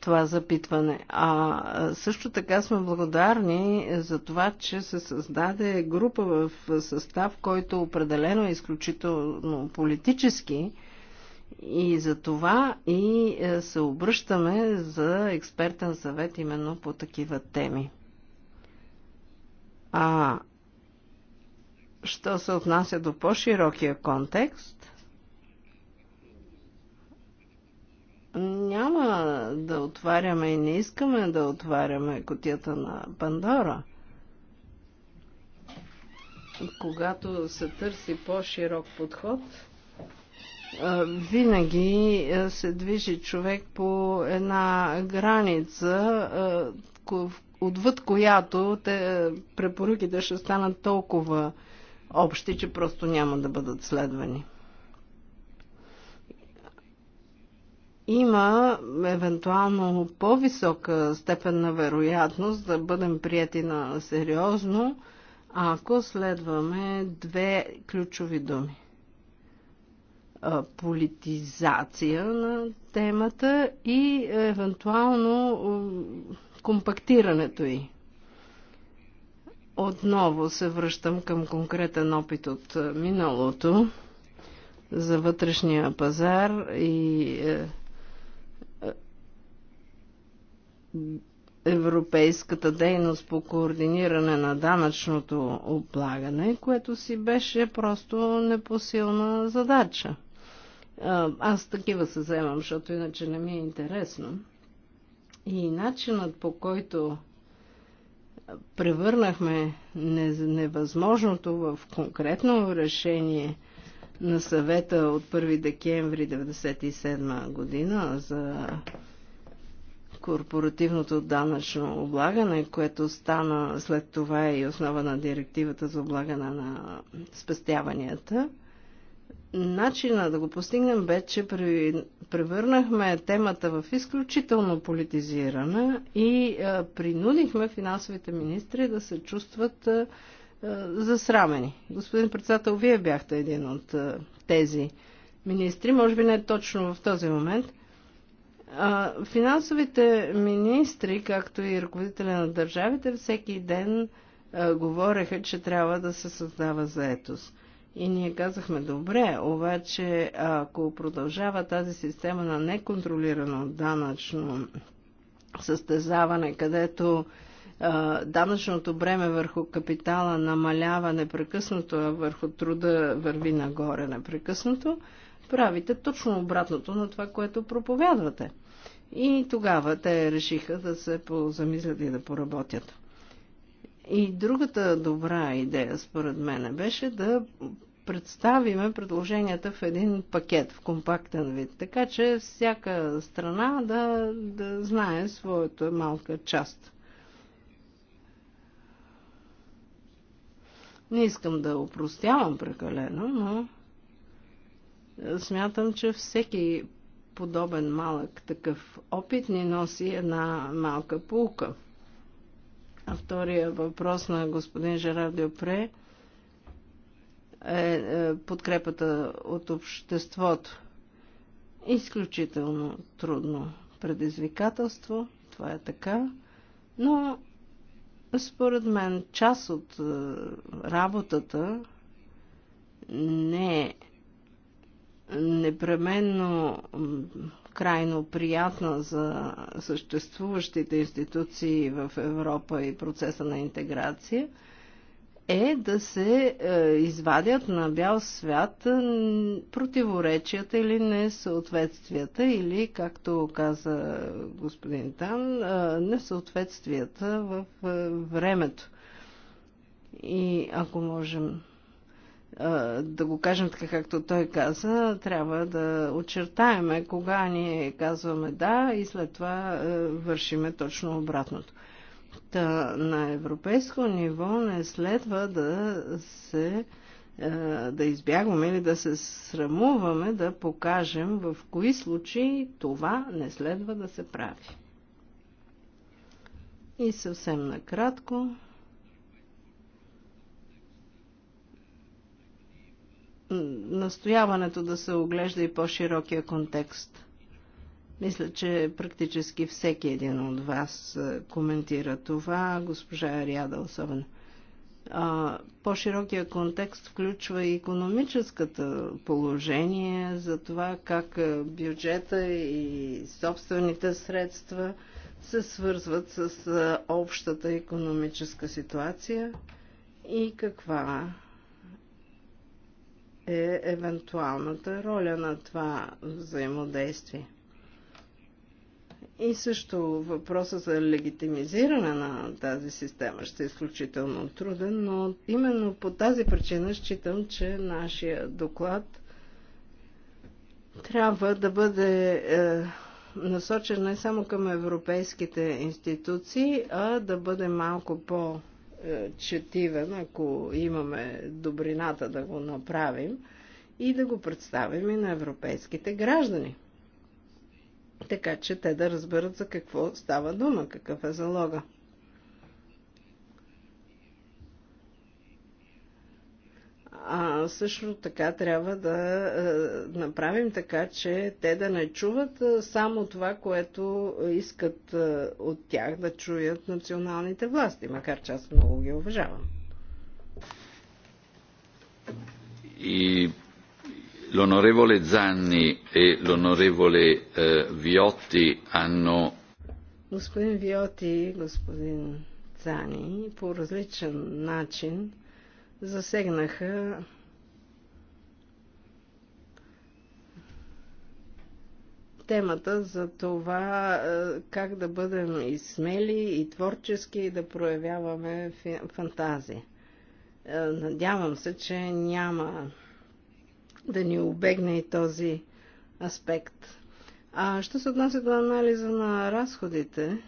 Speaker 2: това запитване. А също така сме благодарни за това, че се създаде група в състав, който определено е изключително политически. И за това и е, се обръщаме за експертен съвет именно по такива теми. А що се отнася до по-широкия контекст, няма да отваряме и не искаме да отваряме котията на Пандора. Когато се търси по-широк подход, винаги се движи човек по една граница, в отвъд която те, препоръките ще станат толкова общи, че просто няма да бъдат следвани. Има евентуално по-висока степен на вероятност да бъдем прияти на сериозно, ако следваме две ключови думи. Политизация на темата и евентуално компактирането й. Отново се връщам към конкретен опит от е, миналото за вътрешния пазар и е, е, европейската дейност по координиране на данъчното облагане, което си беше просто непосилна задача. Аз такива се вземам, защото иначе не ми е интересно. И начинът по който превърнахме невъзможното в конкретно решение на съвета от 1 декември 1997 година за корпоративното данъчно облагане, което стана след това е и основа на директивата за облагане на спестяванията, начина да го постигнем бе, че превърнахме темата в изключително политизирана и принудихме финансовите министри да се чувстват засрамени. Господин председател, вие бяхте един от тези министри, може би не точно в този момент. Финансовите министри, както и ръководителя на държавите, всеки ден говореха, че трябва да се създава заетост. И ние казахме, добре, обаче ако продължава тази система на неконтролирано данъчно състезаване, където а, данъчното бреме върху капитала намалява непрекъснато, а върху труда върви нагоре непрекъснато, правите точно обратното на това, което проповядвате. И тогава те решиха да се позамислят и да поработят. И другата добра идея, според мен, беше да представиме предложенията в един пакет, в компактен вид. Така че всяка страна да, да знае своята малка част. Не искам да опростявам прекалено, но смятам, че всеки подобен малък такъв опит ни носи една малка полука. А втория въпрос на господин Жерар Диопре е, е подкрепата от обществото. Изключително трудно предизвикателство, това е така, но според мен част от е, работата не е непременно крайно приятна за съществуващите институции в Европа и процеса на интеграция, е да се е, извадят на бял свят противоречията или несъответствията, или, както каза господин Тан, е, несъответствията в е, времето. И ако можем да го кажем така, както той каза, трябва да очертаеме кога ние казваме да и след това вършиме точно обратното. Та, на европейско ниво не следва да се да избягваме или да се срамуваме да покажем в кои случаи това не следва да се прави. И съвсем накратко, настояването да се оглежда и по-широкия контекст. Мисля, че практически всеки един от вас коментира това, госпожа Ариада особено. по-широкия контекст включва и економическата положение за това как бюджета и собствените средства се свързват с общата економическа ситуация и каква е евентуалната роля на това взаимодействие. И също въпроса за легитимизиране на тази система ще е изключително труден, но именно по тази причина считам, че нашия доклад трябва да бъде е, насочен не само към европейските институции, а да бъде малко по- е, четивен, ако имаме добрината да го направим и да го представим и на европейските граждани. Така че те да разберат за какво става дума, какъв е залога. А също така трябва да е, направим така, че те да не чуват е, само това, което искат е, от тях да чуят националните власти, макар че аз много ги уважавам.
Speaker 1: И Лонореволе Занни и Лонореволе Виоти hanno.
Speaker 2: Господин Виоти и господин Цани по различен начин засегнаха темата за това е, как да бъдем и смели, и творчески, и да проявяваме фантазия. Е, надявам се, че няма да ни обегне и този аспект. А що се отнася до анализа на разходите,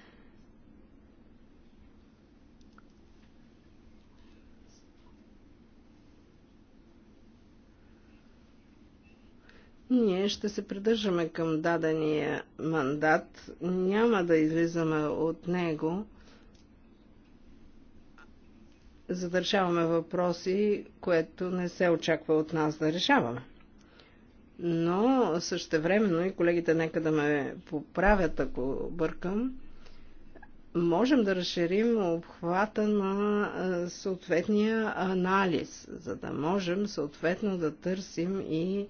Speaker 2: Ние ще се придържаме към дадения мандат, няма да излизаме от него. Задържаваме въпроси, което не се очаква от нас да решаваме. Но същевременно, и колегите нека да ме поправят, ако бъркам, можем да разширим обхвата на съответния анализ, за да можем съответно да търсим и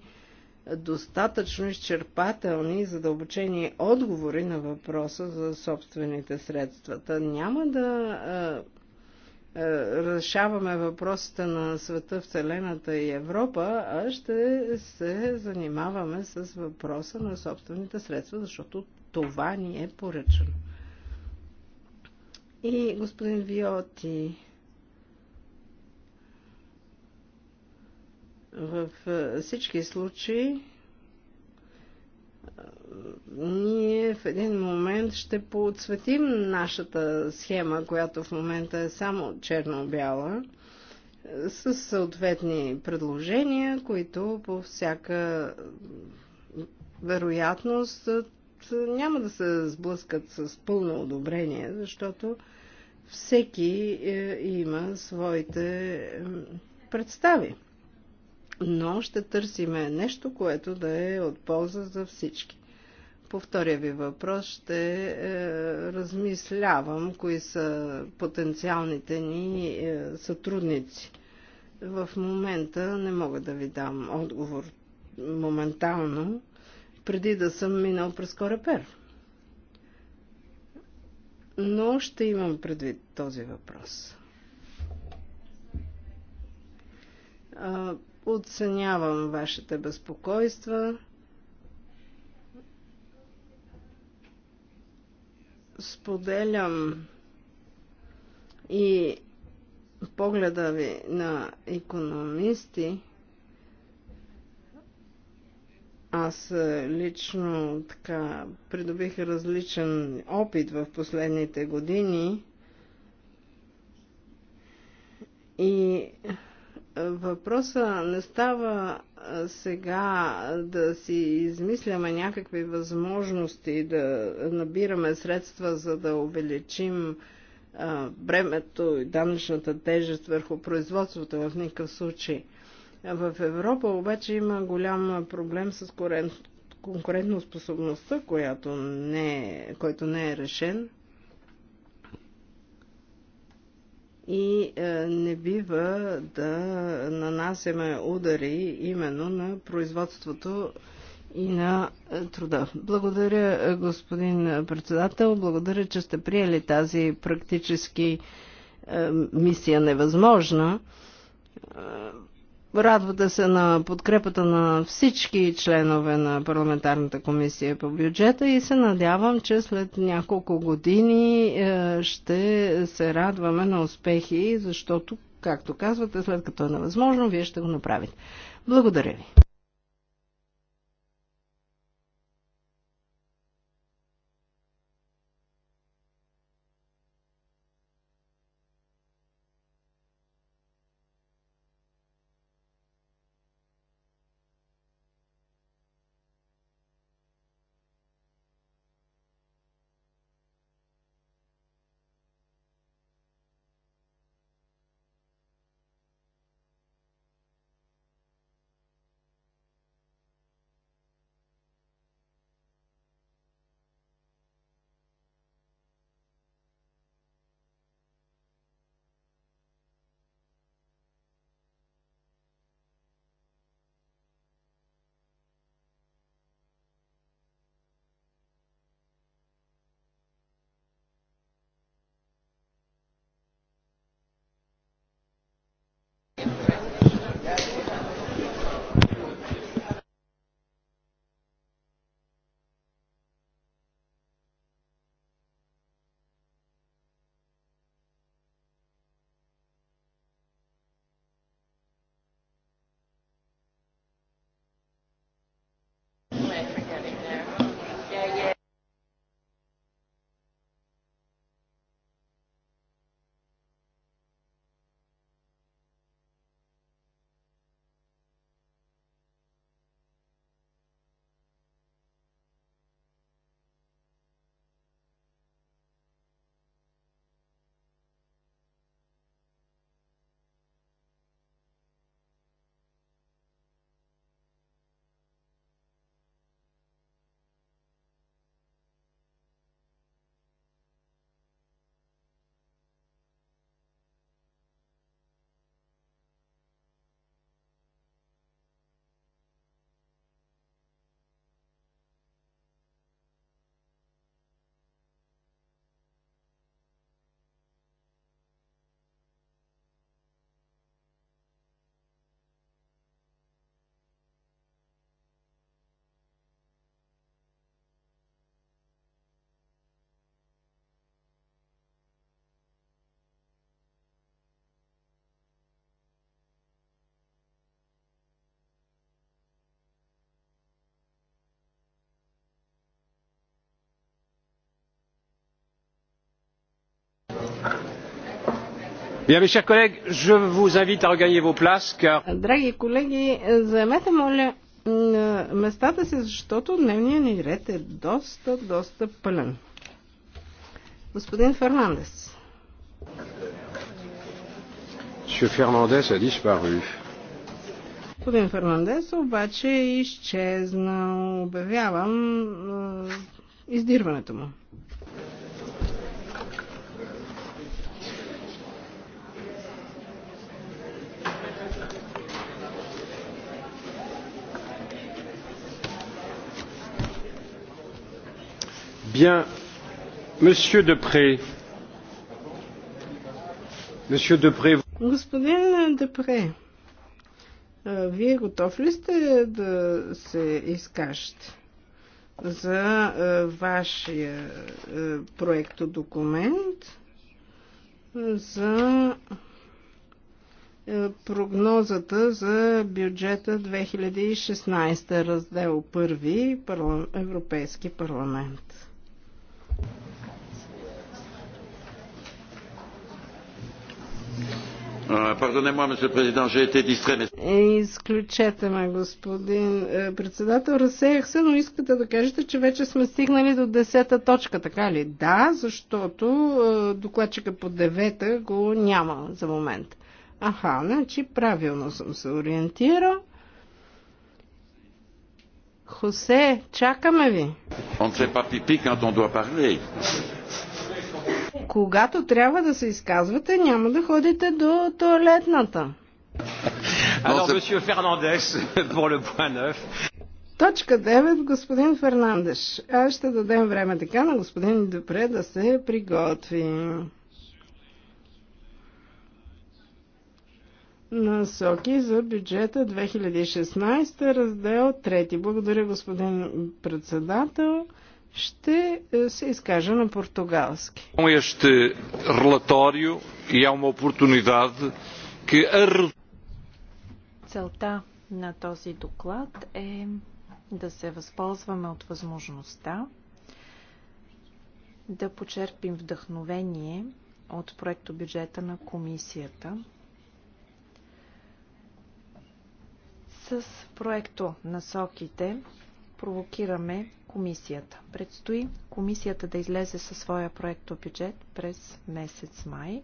Speaker 2: достатъчно изчерпателни и задълбочени отговори на въпроса за собствените средства. Та няма да решаваме въпросите на света, Вселената и Европа, а ще се занимаваме с въпроса на собствените средства, защото това ни е поръчано. И господин Виоти, В всички случаи ние в един момент ще подсветим нашата схема, която в момента е само черно-бяла, с съответни предложения, които по всяка вероятност няма да се сблъскат с пълно одобрение, защото всеки е, има своите представи но ще търсиме нещо, което да е от полза за всички. По втория ви въпрос ще е, размислявам кои са потенциалните ни е, сътрудници. В момента не мога да ви дам отговор моментално, преди да съм минал през Корепер. Но ще имам предвид този въпрос оценявам вашите безпокойства. Споделям и погледа ви на економисти. Аз е, лично така придобих различен опит в последните години и въпроса не става сега да си измисляме някакви възможности да набираме средства, за да увеличим бремето и данъчната тежест върху производството в никакъв случай. В Европа обаче има голям проблем с конкурентоспособността, която не е, който не е решен. и е, не бива да нанасяме удари именно на производството и на е, труда. Благодаря, е, господин председател. Благодаря, че сте приели тази практически мисия невъзможна Радвате се на подкрепата на всички членове на парламентарната комисия по бюджета и се надявам, че след няколко години е, ще се радваме на успехи, защото, както казвате, след като е невъзможно, вие ще го направите. Благодаря ви. Драги колеги, заемете, моля, местата си, защото дневният ни ред е доста, доста пълен. Господин Фернандес. Monsieur Fernandez a disparu. Господин Фернандес обаче е изчезнал. Обявявам издирването му.
Speaker 3: Bien. Monsieur Depré. Monsieur Depré.
Speaker 2: Господин Депре, вие готов ли сте да се изкажете за вашия проектодокумент за прогнозата за бюджета 2016 раздел 1 Европейски парламент?
Speaker 1: Euh, pardonnez-moi,
Speaker 2: Изключете ме, господин е, председател. Разсеях се, но искате да кажете, че вече сме стигнали до 10-та точка, така ли? Да, защото е, докладчика по 9-та го няма за момент. Аха, значи правилно съм се ориентирал. Хосе, чакаме ви.
Speaker 1: Он се па пипи, когато он дуа doit
Speaker 2: когато трябва да се изказвате, няма да ходите до туалетната. Точка 9, господин Фернандеш. Аз ще дадем време така на господин Дупре да се приготви. Насоки за бюджета 2016, раздел 3. Благодаря, господин председател ще е, се изкажа на португалски.
Speaker 3: Este relatório e é uma oportunidade que a...
Speaker 1: Целта на този доклад е да се възползваме от възможността да почерпим вдъхновение от проекто бюджета на комисията с проекто насоките провокираме комисията. Предстои комисията да излезе със своя проекто бюджет през месец май.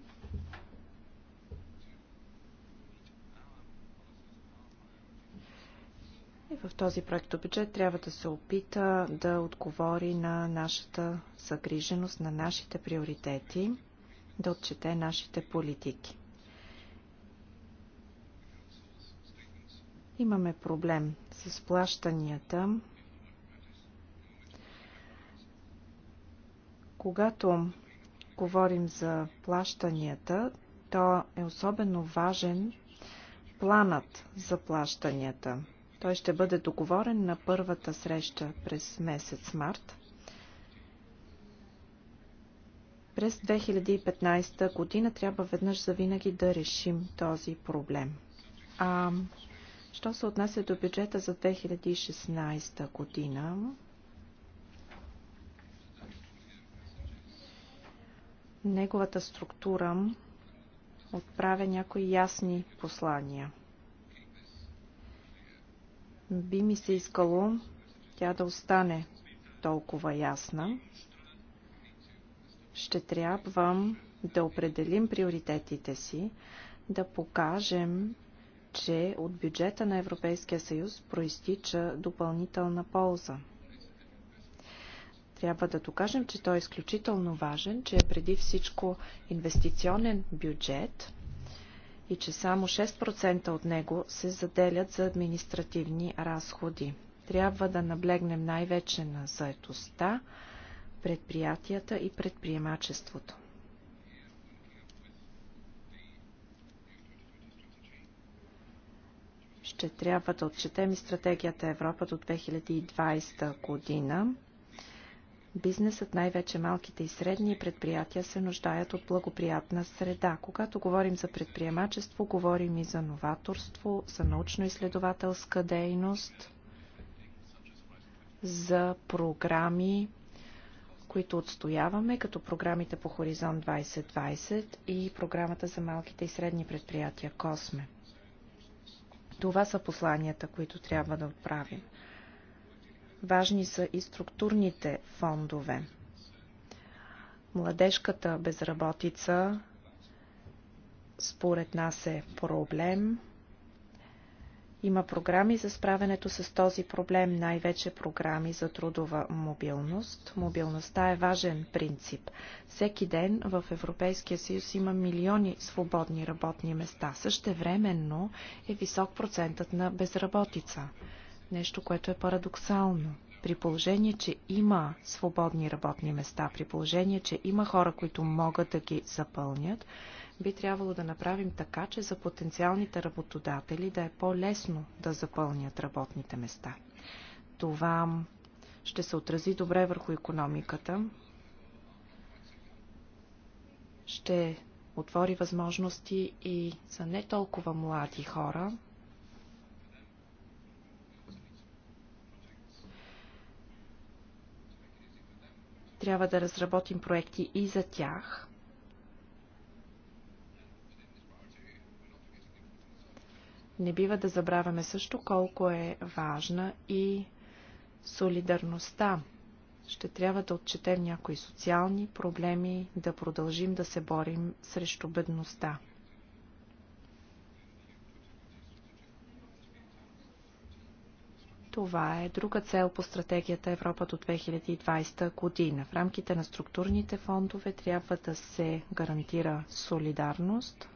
Speaker 1: И в този бюджет трябва да се опита да отговори на нашата загриженост, на нашите приоритети, да отчете нашите политики. Имаме проблем с плащанията Когато говорим за плащанията, то е особено важен планът за плащанията. Той ще бъде договорен на първата среща през месец март. През 2015 година трябва веднъж за винаги да решим този проблем. А що се отнася до бюджета за 2016 година, неговата структура отправя някои ясни послания. Би ми се искало тя да остане толкова ясна. Ще трябва да определим приоритетите си, да покажем, че от бюджета на Европейския съюз проистича допълнителна полза – трябва да докажем, че той е изключително важен, че е преди всичко инвестиционен бюджет и че само 6% от него се заделят за административни разходи. Трябва да наблегнем най-вече на заетостта, предприятията и предприемачеството. ще трябва да отчетем и стратегията Европа до 2020 година. Бизнесът, най-вече малките и средни предприятия, се нуждаят от благоприятна среда. Когато говорим за предприемачество, говорим и за новаторство, за научно-изследователска дейност, за програми, които отстояваме, като програмите по Хоризонт 2020 и програмата за малките и средни предприятия Косме. Това са посланията, които трябва да отправим. Важни са и структурните фондове. Младежката безработица според нас е проблем. Има програми за справянето с този проблем, най-вече програми за трудова мобилност. Мобилността е важен принцип. Всеки ден в Европейския съюз има милиони свободни работни места. Същевременно е висок процентът на безработица. Нещо, което е парадоксално. При положение, че има свободни работни места, при положение, че има хора, които могат да ги запълнят, би трябвало да направим така, че за потенциалните работодатели да е по-лесно да запълнят работните места. Това ще се отрази добре върху економиката, ще отвори възможности и за не толкова млади хора, Трябва да разработим проекти и за тях. Не бива да забравяме също колко е важна и солидарността. Ще трябва да отчетем някои социални проблеми, да продължим да се борим срещу бедността. Това е друга цел по стратегията Европа до 2020 година. В рамките на структурните фондове трябва да се гарантира солидарност.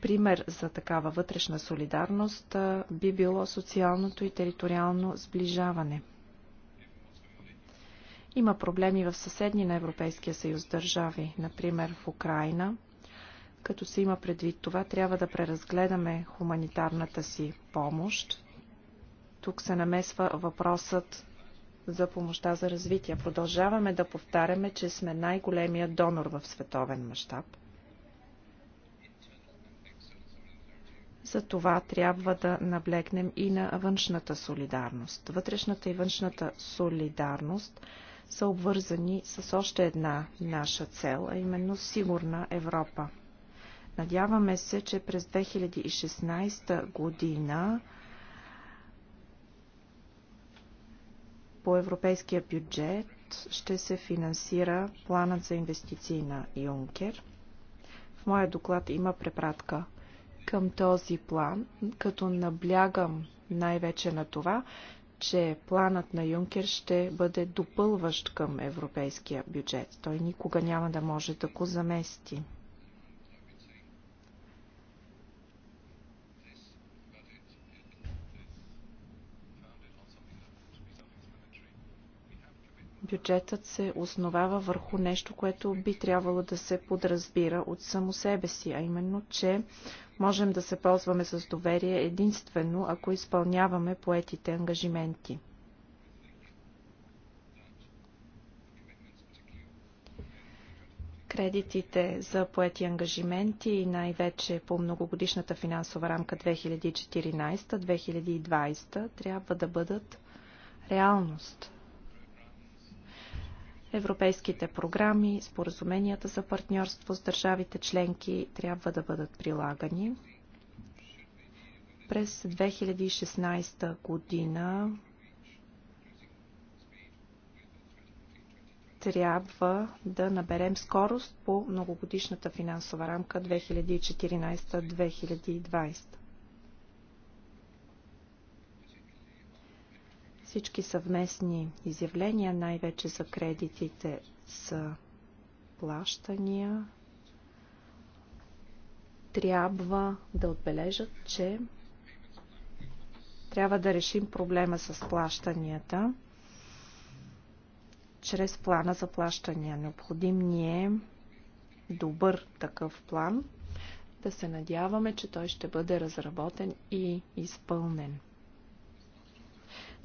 Speaker 1: Пример за такава вътрешна солидарност би било социалното и териториално сближаване. Има проблеми в съседни на Европейския съюз държави, например в Украина – като се има предвид това, трябва да преразгледаме хуманитарната си помощ. Тук се намесва въпросът за помощта за развитие. Продължаваме да повтаряме, че сме най-големия донор в световен мащаб. За това трябва да наблегнем и на външната солидарност. Вътрешната и външната солидарност са обвързани с още една наша цел, а именно сигурна Европа. Надяваме се, че през 2016 година по европейския бюджет ще се финансира планът за инвестиции на Юнкер. В моя доклад има препратка към този план, като наблягам най-вече на това, че планът на Юнкер ще бъде допълващ към европейския бюджет. Той никога няма да може да го замести. бюджетът се основава върху нещо, което би трябвало да се подразбира от само себе си, а именно, че можем да се ползваме с доверие единствено, ако изпълняваме поетите ангажименти. Кредитите за поети ангажименти и най-вече по многогодишната финансова рамка 2014-2020 трябва да бъдат реалност Европейските програми, споразуменията за партньорство с държавите членки трябва да бъдат прилагани. През 2016 година трябва да наберем скорост по многогодишната финансова рамка 2014-2020. Всички съвместни изявления, най-вече за кредитите, са плащания. Трябва да отбележат, че трябва да решим проблема с плащанията чрез плана за плащания. Необходим ни е добър такъв план. Да се надяваме, че той ще бъде разработен и изпълнен.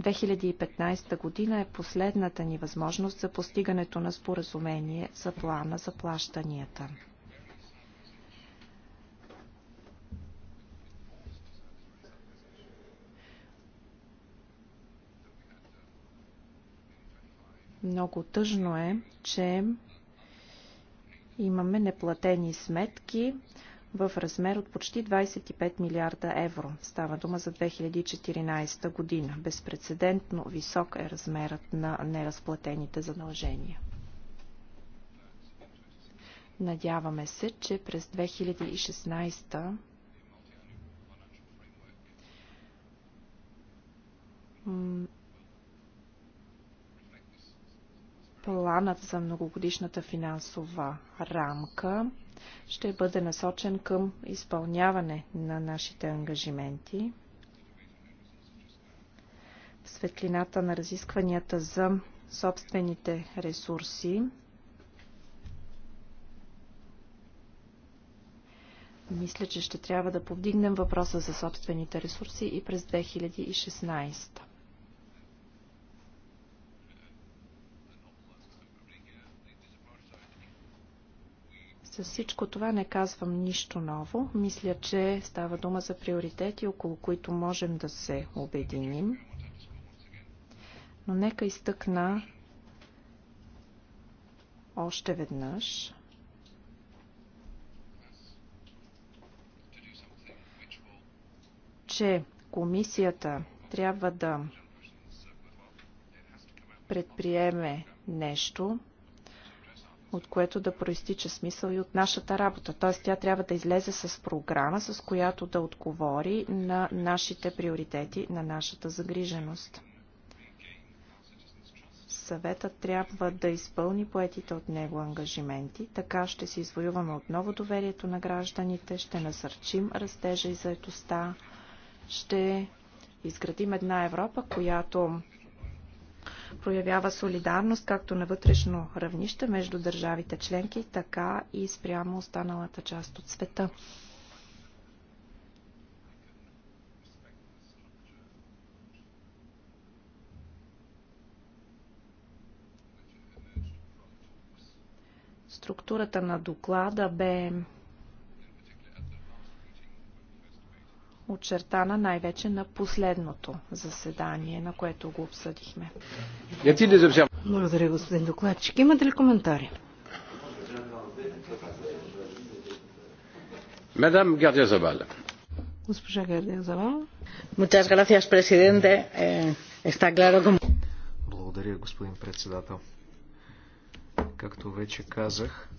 Speaker 1: 2015 година е последната ни възможност за постигането на споразумение за плана за плащанията. Много тъжно е, че имаме неплатени сметки, в размер от почти 25 милиарда евро. Става дума за 2014 година. Безпредседентно висок е размерът на неразплатените задължения. Надяваме се, че през 2016 планът за многогодишната финансова рамка ще бъде насочен към изпълняване на нашите ангажименти. В светлината на разискванията за собствените ресурси мисля, че ще трябва да повдигнем въпроса за собствените ресурси и през 2016. За всичко това не казвам нищо ново. Мисля, че става дума за приоритети, около които можем да се обединим. Но нека изтъкна още веднъж, че комисията трябва да предприеме нещо, от което да проистича смисъл и от нашата работа. Т.е. тя трябва да излезе с програма, с която да отговори на нашите приоритети, на нашата загриженост. Съветът трябва да изпълни поетите от него ангажименти, така ще си извоюваме отново доверието на гражданите, ще насърчим растежа и заетостта, ще изградим една Европа, която проявява солидарност както на вътрешно равнище между държавите членки, така и спрямо останалата част от света. Структурата на доклада бе очертана най-вече на последното заседание, на което го обсъдихме.
Speaker 2: Благодаря, господин докладчик. Имате ли коментари?
Speaker 3: Мадам Гардия Забал.
Speaker 2: Госпожа Гардия Забал. Muchas gracias, presidente. Eh, está claro como...
Speaker 3: Благодаря, господин председател. Както вече казах,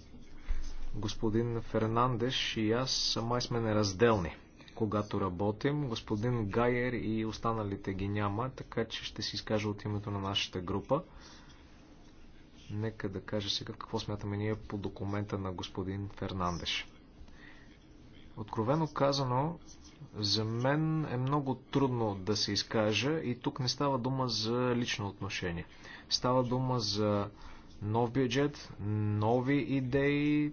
Speaker 3: господин Фернандеш и аз сама сме неразделни когато работим. Господин Гайер и останалите ги няма, така че ще си изкажа от името на нашата група. Нека да кажа сега какво смятаме ние по документа на господин Фернандеш. Откровено казано, за мен е много трудно да се изкажа и тук не става дума за лично отношение. Става дума за нов бюджет, нови идеи,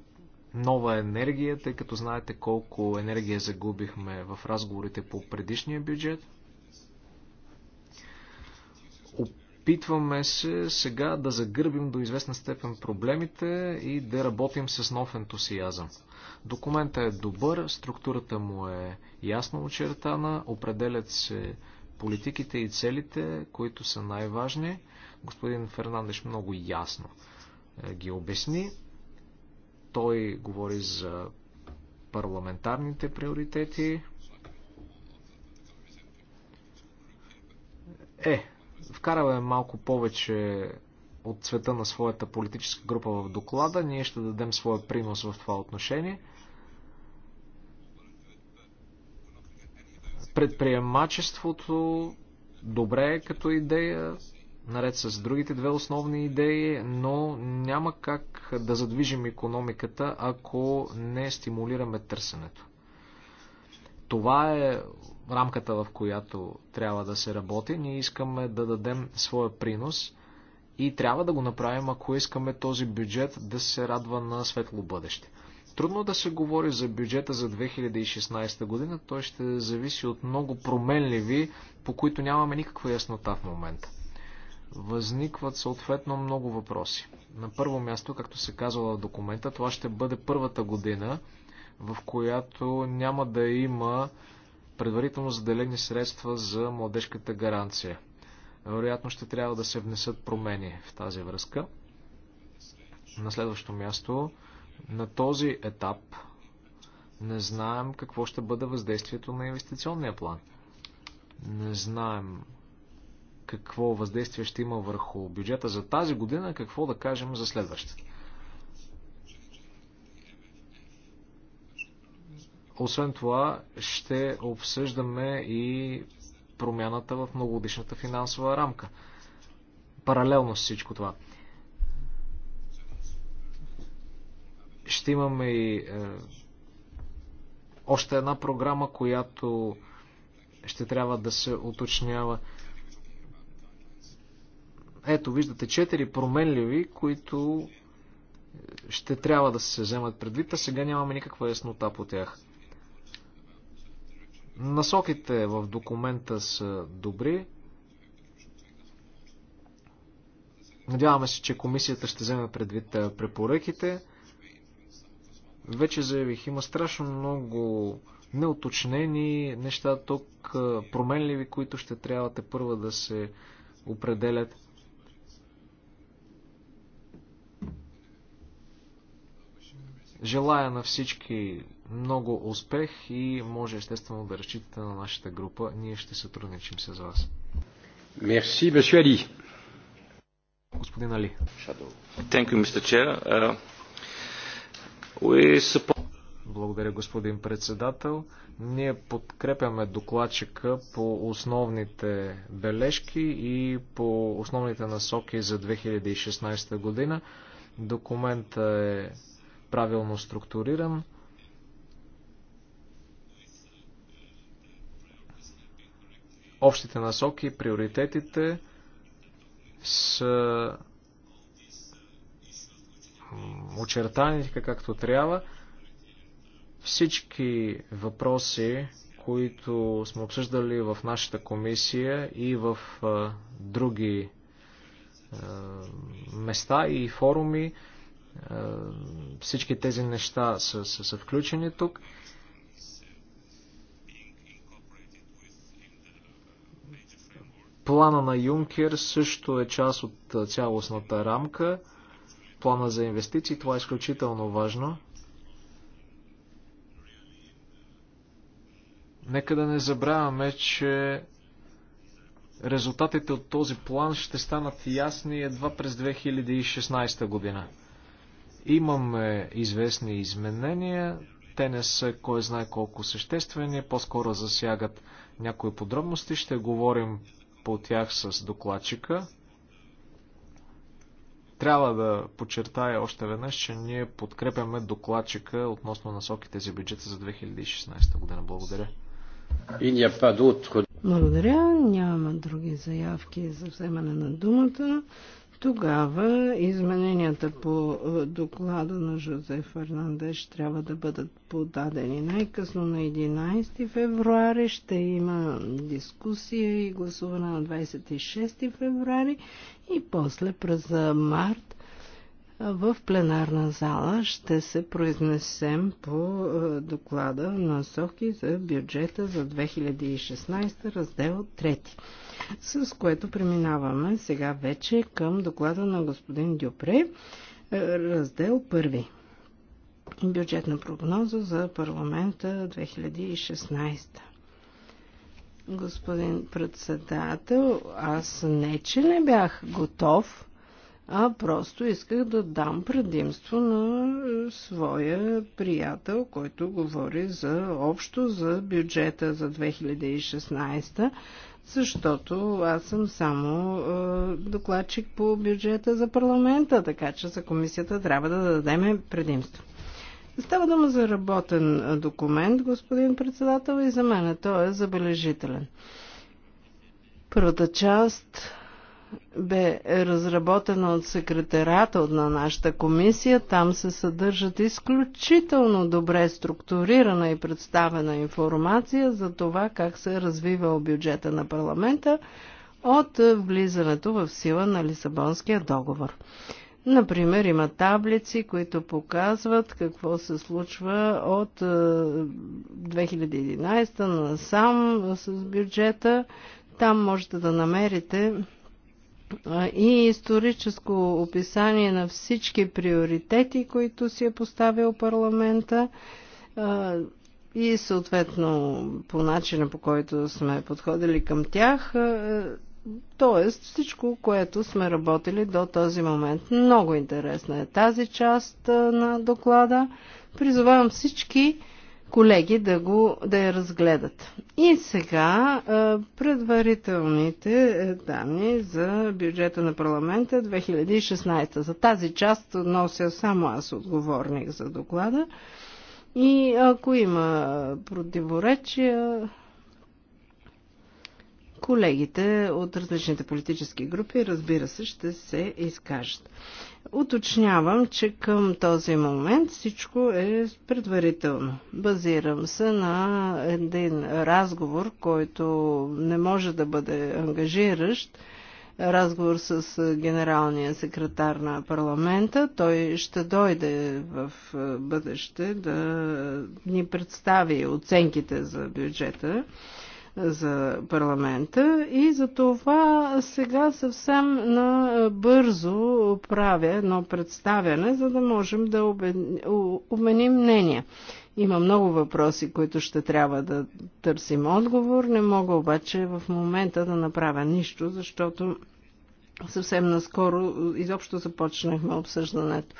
Speaker 3: нова енергия, тъй като знаете колко енергия загубихме в разговорите по предишния бюджет. Опитваме се сега да загърбим до известна степен проблемите и да работим с нов ентусиазъм. Документа е добър, структурата му е ясно очертана, определят се политиките и целите, които са най-важни. Господин Фернандеш много ясно е, ги обясни. Той говори за парламентарните приоритети. Е, вкараме малко повече от цвета на своята политическа група в доклада. Ние ще дадем своя принос в това отношение. Предприемачеството добре е като идея наред с другите две основни идеи, но няма как да задвижим економиката, ако не стимулираме търсенето. Това е рамката, в която трябва да се работи. Ние искаме да дадем своя принос и трябва да го направим, ако искаме този бюджет да се радва на светло бъдеще. Трудно да се говори за бюджета за 2016 година, той ще зависи от много променливи, по които нямаме никаква яснота в момента възникват съответно много въпроси. На първо място, както се казва в документа, това ще бъде първата година, в която няма да има предварително заделени средства за младежката гаранция. Вероятно ще трябва да се внесат промени в тази връзка. На следващо място, на този етап не знаем какво ще бъде въздействието на инвестиционния план. Не знаем какво въздействие ще има върху бюджета за тази година, какво да кажем за следващата. Освен това, ще обсъждаме и промяната в многогодишната финансова рамка. Паралелно с всичко това. Ще имаме и е, още една програма, която ще трябва да се уточнява. Ето, виждате четири променливи, които ще трябва да се вземат предвид, а сега нямаме никаква яснота по тях. Насоките в документа са добри. Надяваме се, че комисията ще вземе предвид препоръките. Вече заявих, има страшно много неуточнени неща тук, променливи, които ще трябва те първа да се определят. Желая на всички много успех и може естествено да разчитате на нашата група. Ние ще сътрудничим с вас. Мерси, месье Али. Господин Али. Thank you, Mr. Chair. Uh, we support... Благодаря, господин председател. Ние подкрепяме докладчика по основните бележки и по основните насоки за 2016 година. Документът е правилно структуриран. Общите насоки, приоритетите са очертани така както трябва. Всички въпроси, които сме обсъждали в нашата комисия и в други места и форуми, е, всички тези неща са, са, са включени тук. Плана на Юнкер също е част от е, цялостната рамка. Плана за инвестиции, това е изключително важно. Нека да не забравяме, че резултатите от този план ще станат ясни едва през 2016 година. Имаме известни изменения, те не са кой знае колко съществени, по-скоро засягат някои подробности, ще говорим по тях с докладчика. Трябва да подчертая още веднъж, че ние подкрепяме докладчика относно насоките за бюджета за 2016 година. Благодаря.
Speaker 2: Благодаря. нямаме други заявки за вземане на думата. Тогава измененията по е, доклада на Жозе Фернандеш трябва да бъдат подадени най-късно на 11 февруари. Ще има дискусия и гласуване на 26 февруари и после през март е, в пленарна зала ще се произнесем по е, доклада на СОКИ за бюджета за 2016 раздел 3. С което преминаваме сега вече към доклада на господин Дюпре, е, раздел първи. Бюджетна прогноза за парламента 2016. Господин председател, аз не, че не бях готов, а просто исках да дам предимство на своя приятел, който говори за общо за бюджета за 2016 защото аз съм само е, докладчик по бюджета за парламента, така че за комисията трябва да дадем предимство. Става дума за работен е, документ, господин председател, и за мен той е забележителен. Първата част бе разработена от секретарата на нашата комисия. Там се съдържат изключително добре структурирана и представена информация за това как се е развивал бюджета на парламента от влизането в сила на Лисабонския договор. Например, има таблици, които показват какво се случва от 2011 е, насам с бюджета. Там можете да намерите и историческо описание на всички приоритети, които си е поставил парламента и съответно по начина по който сме подходили към тях, т.е. всичко, което сме работили до този момент. Много интересна е тази част на доклада. Призовавам всички колеги да, го, да я разгледат. И сега предварителните е, данни за бюджета на парламента 2016. За тази част нося само аз отговорник за доклада. И ако има противоречия, колегите от различните политически групи, разбира се, ще се изкажат. Уточнявам, че към този момент всичко е предварително. Базирам се на един разговор, който не може да бъде ангажиращ. Разговор с генералния секретар на парламента. Той ще дойде в е, бъдеще да ни представи оценките за бюджета за парламента и за това сега съвсем набързо правя едно представяне, за да можем да обменим мнения. Има много въпроси, които ще трябва да търсим отговор. Не мога обаче в момента да направя нищо, защото съвсем наскоро изобщо започнахме обсъждането.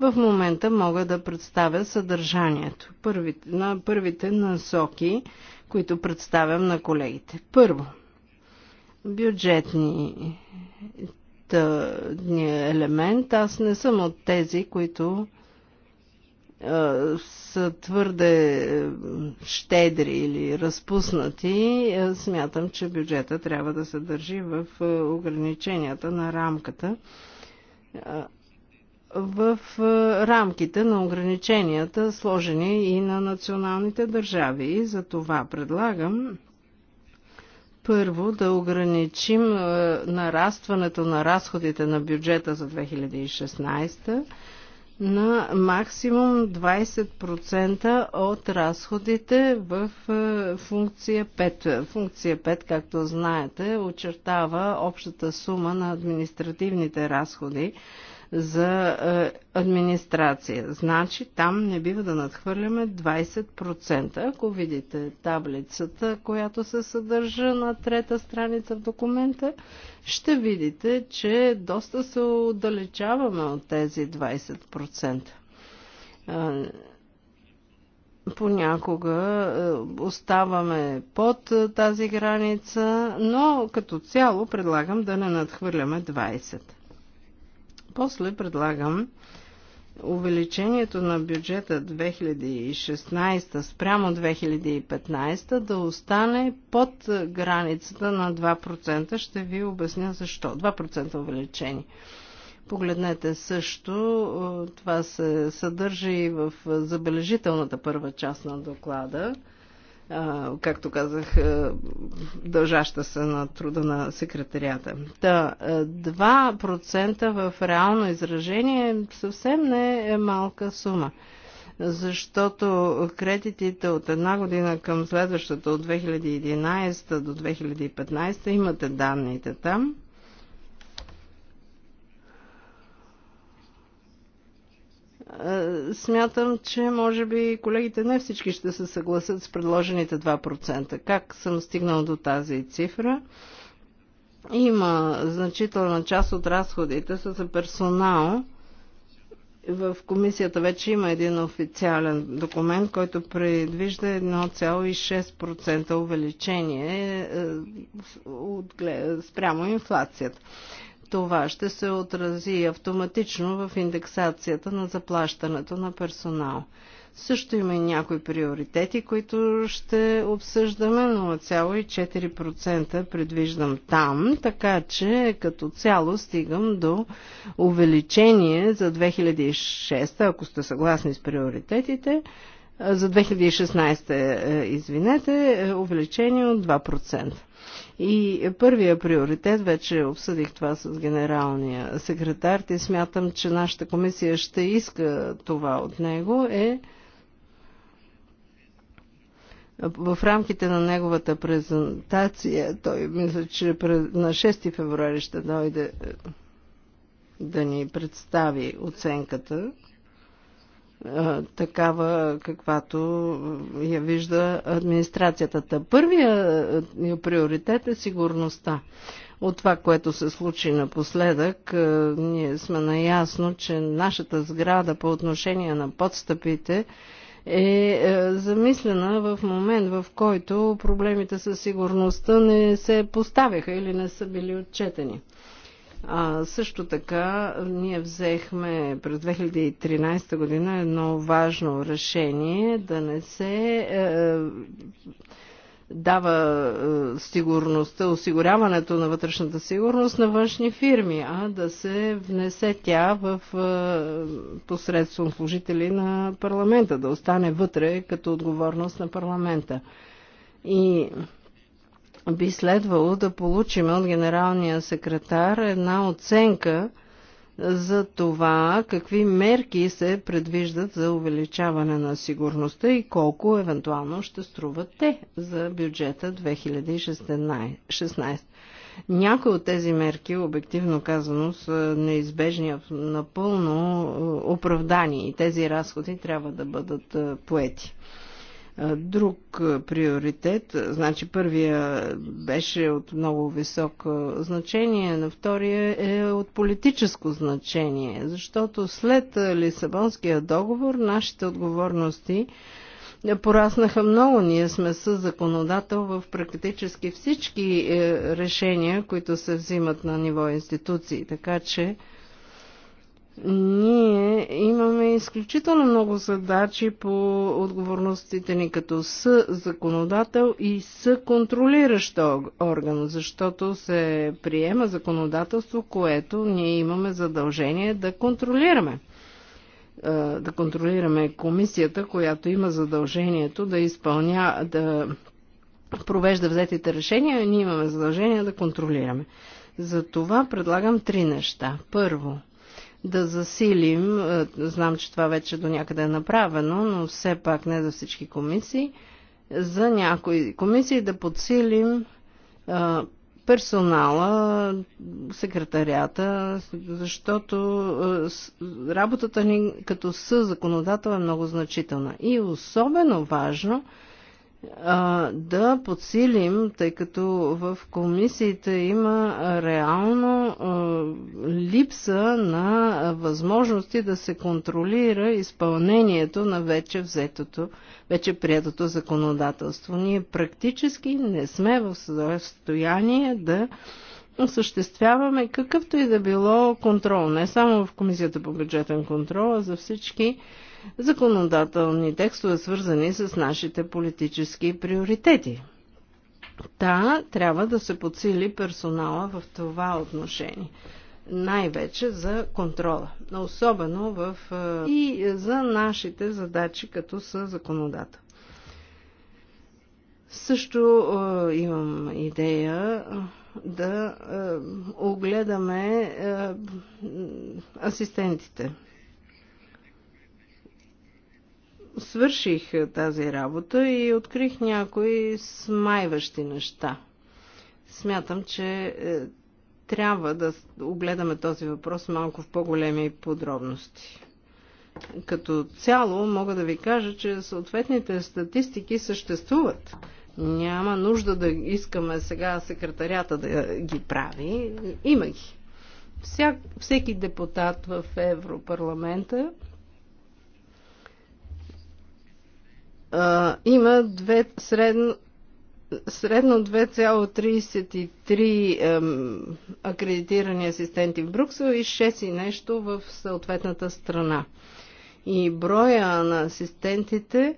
Speaker 2: В момента мога да представя съдържанието първите, на първите насоки, които представям на колегите. Първо, бюджетни елемент. Аз не съм от тези, които са твърде щедри или разпуснати, смятам, че бюджета трябва да се държи в ограниченията на рамката в рамките на ограниченията, сложени и на националните държави. И за това предлагам първо да ограничим нарастването на разходите на бюджета за 2016 на максимум 20% от разходите в функция 5. Функция 5, както знаете, очертава общата сума на административните разходи за е, администрация. Значи там не бива да надхвърляме 20%. Ако видите таблицата, която се съдържа на трета страница в документа, ще видите, че доста се отдалечаваме от тези 20% е, понякога е, оставаме под тази граница, но като цяло предлагам да не надхвърляме 20. После предлагам увеличението на бюджета 2016 спрямо 2015 да остане под границата на 2%. Ще ви обясня защо. 2% увеличение. Погледнете също, е, това се съдържа и в е, забележителната първа част на доклада както казах, е, дължаща се на труда на секретарията. Та, 2% е, в реално изражение съвсем не е малка сума защото кредитите от една година към следващата, от 2011 до 2015, имате данните там, Е, смятам, че може би колегите не всички ще се съгласят с предложените 2%. Как съм стигнал до тази цифра? Има значителна част от разходите са за персонал. В комисията вече има един официален документ, който предвижда 1,6% увеличение е, спрямо инфлацията. Това ще се отрази автоматично в индексацията на заплащането на персонал. Също има и някои приоритети, които ще обсъждаме. 0,4% предвиждам там, така че като цяло стигам до увеличение за 2006, ако сте съгласни с приоритетите, за 2016, е, извинете, е, увеличение от 2%. И първия приоритет, вече обсъдих това с генералния секретар и смятам, че нашата комисия ще иска това от него, е в рамките на неговата презентация, той мисля, че на 6 февруари ще дойде е, да ни представи оценката такава, каквато я вижда администрацията. Първия приоритет е сигурността. От това, което се случи напоследък, ние сме наясно, че нашата сграда по отношение на подстъпите е замислена в момент, в който проблемите със сигурността не се поставяха или не са били отчетени. А, също така ние взехме през 2013 година едно важно решение да не се е, дава е, сигурността, осигуряването на вътрешната сигурност на външни фирми, а да се внесе тя в е, посредством служители на парламента, да остане вътре като отговорност на парламента. И би следвало да получим от генералния секретар една оценка за това какви мерки се предвиждат за увеличаване на сигурността и колко евентуално ще струват те за бюджета 2016. Някои от тези мерки, обективно казано, са неизбежни, напълно е, оправдани и тези разходи трябва да бъдат е, поети друг приоритет. Значи първия беше от много високо значение, на втория е от политическо значение, защото след Лисабонския договор нашите отговорности пораснаха много. Ние сме с законодател в практически всички е, решения, които се взимат на ниво институции. Така че ние имаме изключително много задачи по отговорностите ни като с законодател и с контролиращ орган, защото се приема законодателство, което ние имаме задължение да контролираме е, да контролираме комисията, която има задължението да изпълня, да провежда взетите решения, ние имаме задължение да контролираме. За това предлагам три неща. Първо, да засилим, е, знам, че това вече до някъде е направено, но все пак не за всички комисии, за някои комисии да подсилим е, персонала, секретарията, защото е, работата ни като съ законодател е много значителна. И особено важно е да подсилим, тъй като в комисиите има реално липса на възможности да се контролира изпълнението на вече взетото, вече приятото законодателство. Ние практически не сме в състояние да осъществяваме какъвто и да било контрол, не само в Комисията по бюджетен контрол, а за всички законодателни текстове, свързани с нашите политически приоритети. Та трябва да се подсили персонала в това отношение. Най-вече за контрола, особено в, е, и за нашите задачи като са законодател. Също е, имам идея е, да е, огледаме е, асистентите, свърших е, тази работа и открих някои смайващи неща. Смятам, че е, трябва да огледаме този въпрос малко в по-големи подробности. Като цяло мога да ви кажа, че съответните статистики съществуват. Няма нужда да искаме сега секретарята да ги прави. Има ги. Всяк, всеки депутат в Европарламента а, има две, средно, средно 2,33 акредитирани асистенти в Бруксел и 6 и нещо в съответната страна. И броя на асистентите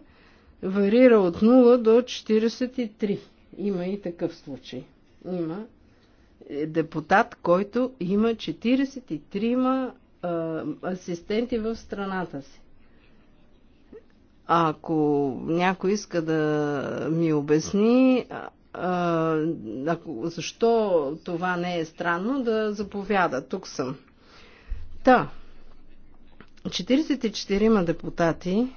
Speaker 2: варира от 0 до 43. Има и такъв случай. Има е, депутат, който има 43 а, асистенти в страната си. Ако някой иска да ми обясни, а, защо това не е странно, да заповяда. Тук съм. Та, 44 депутати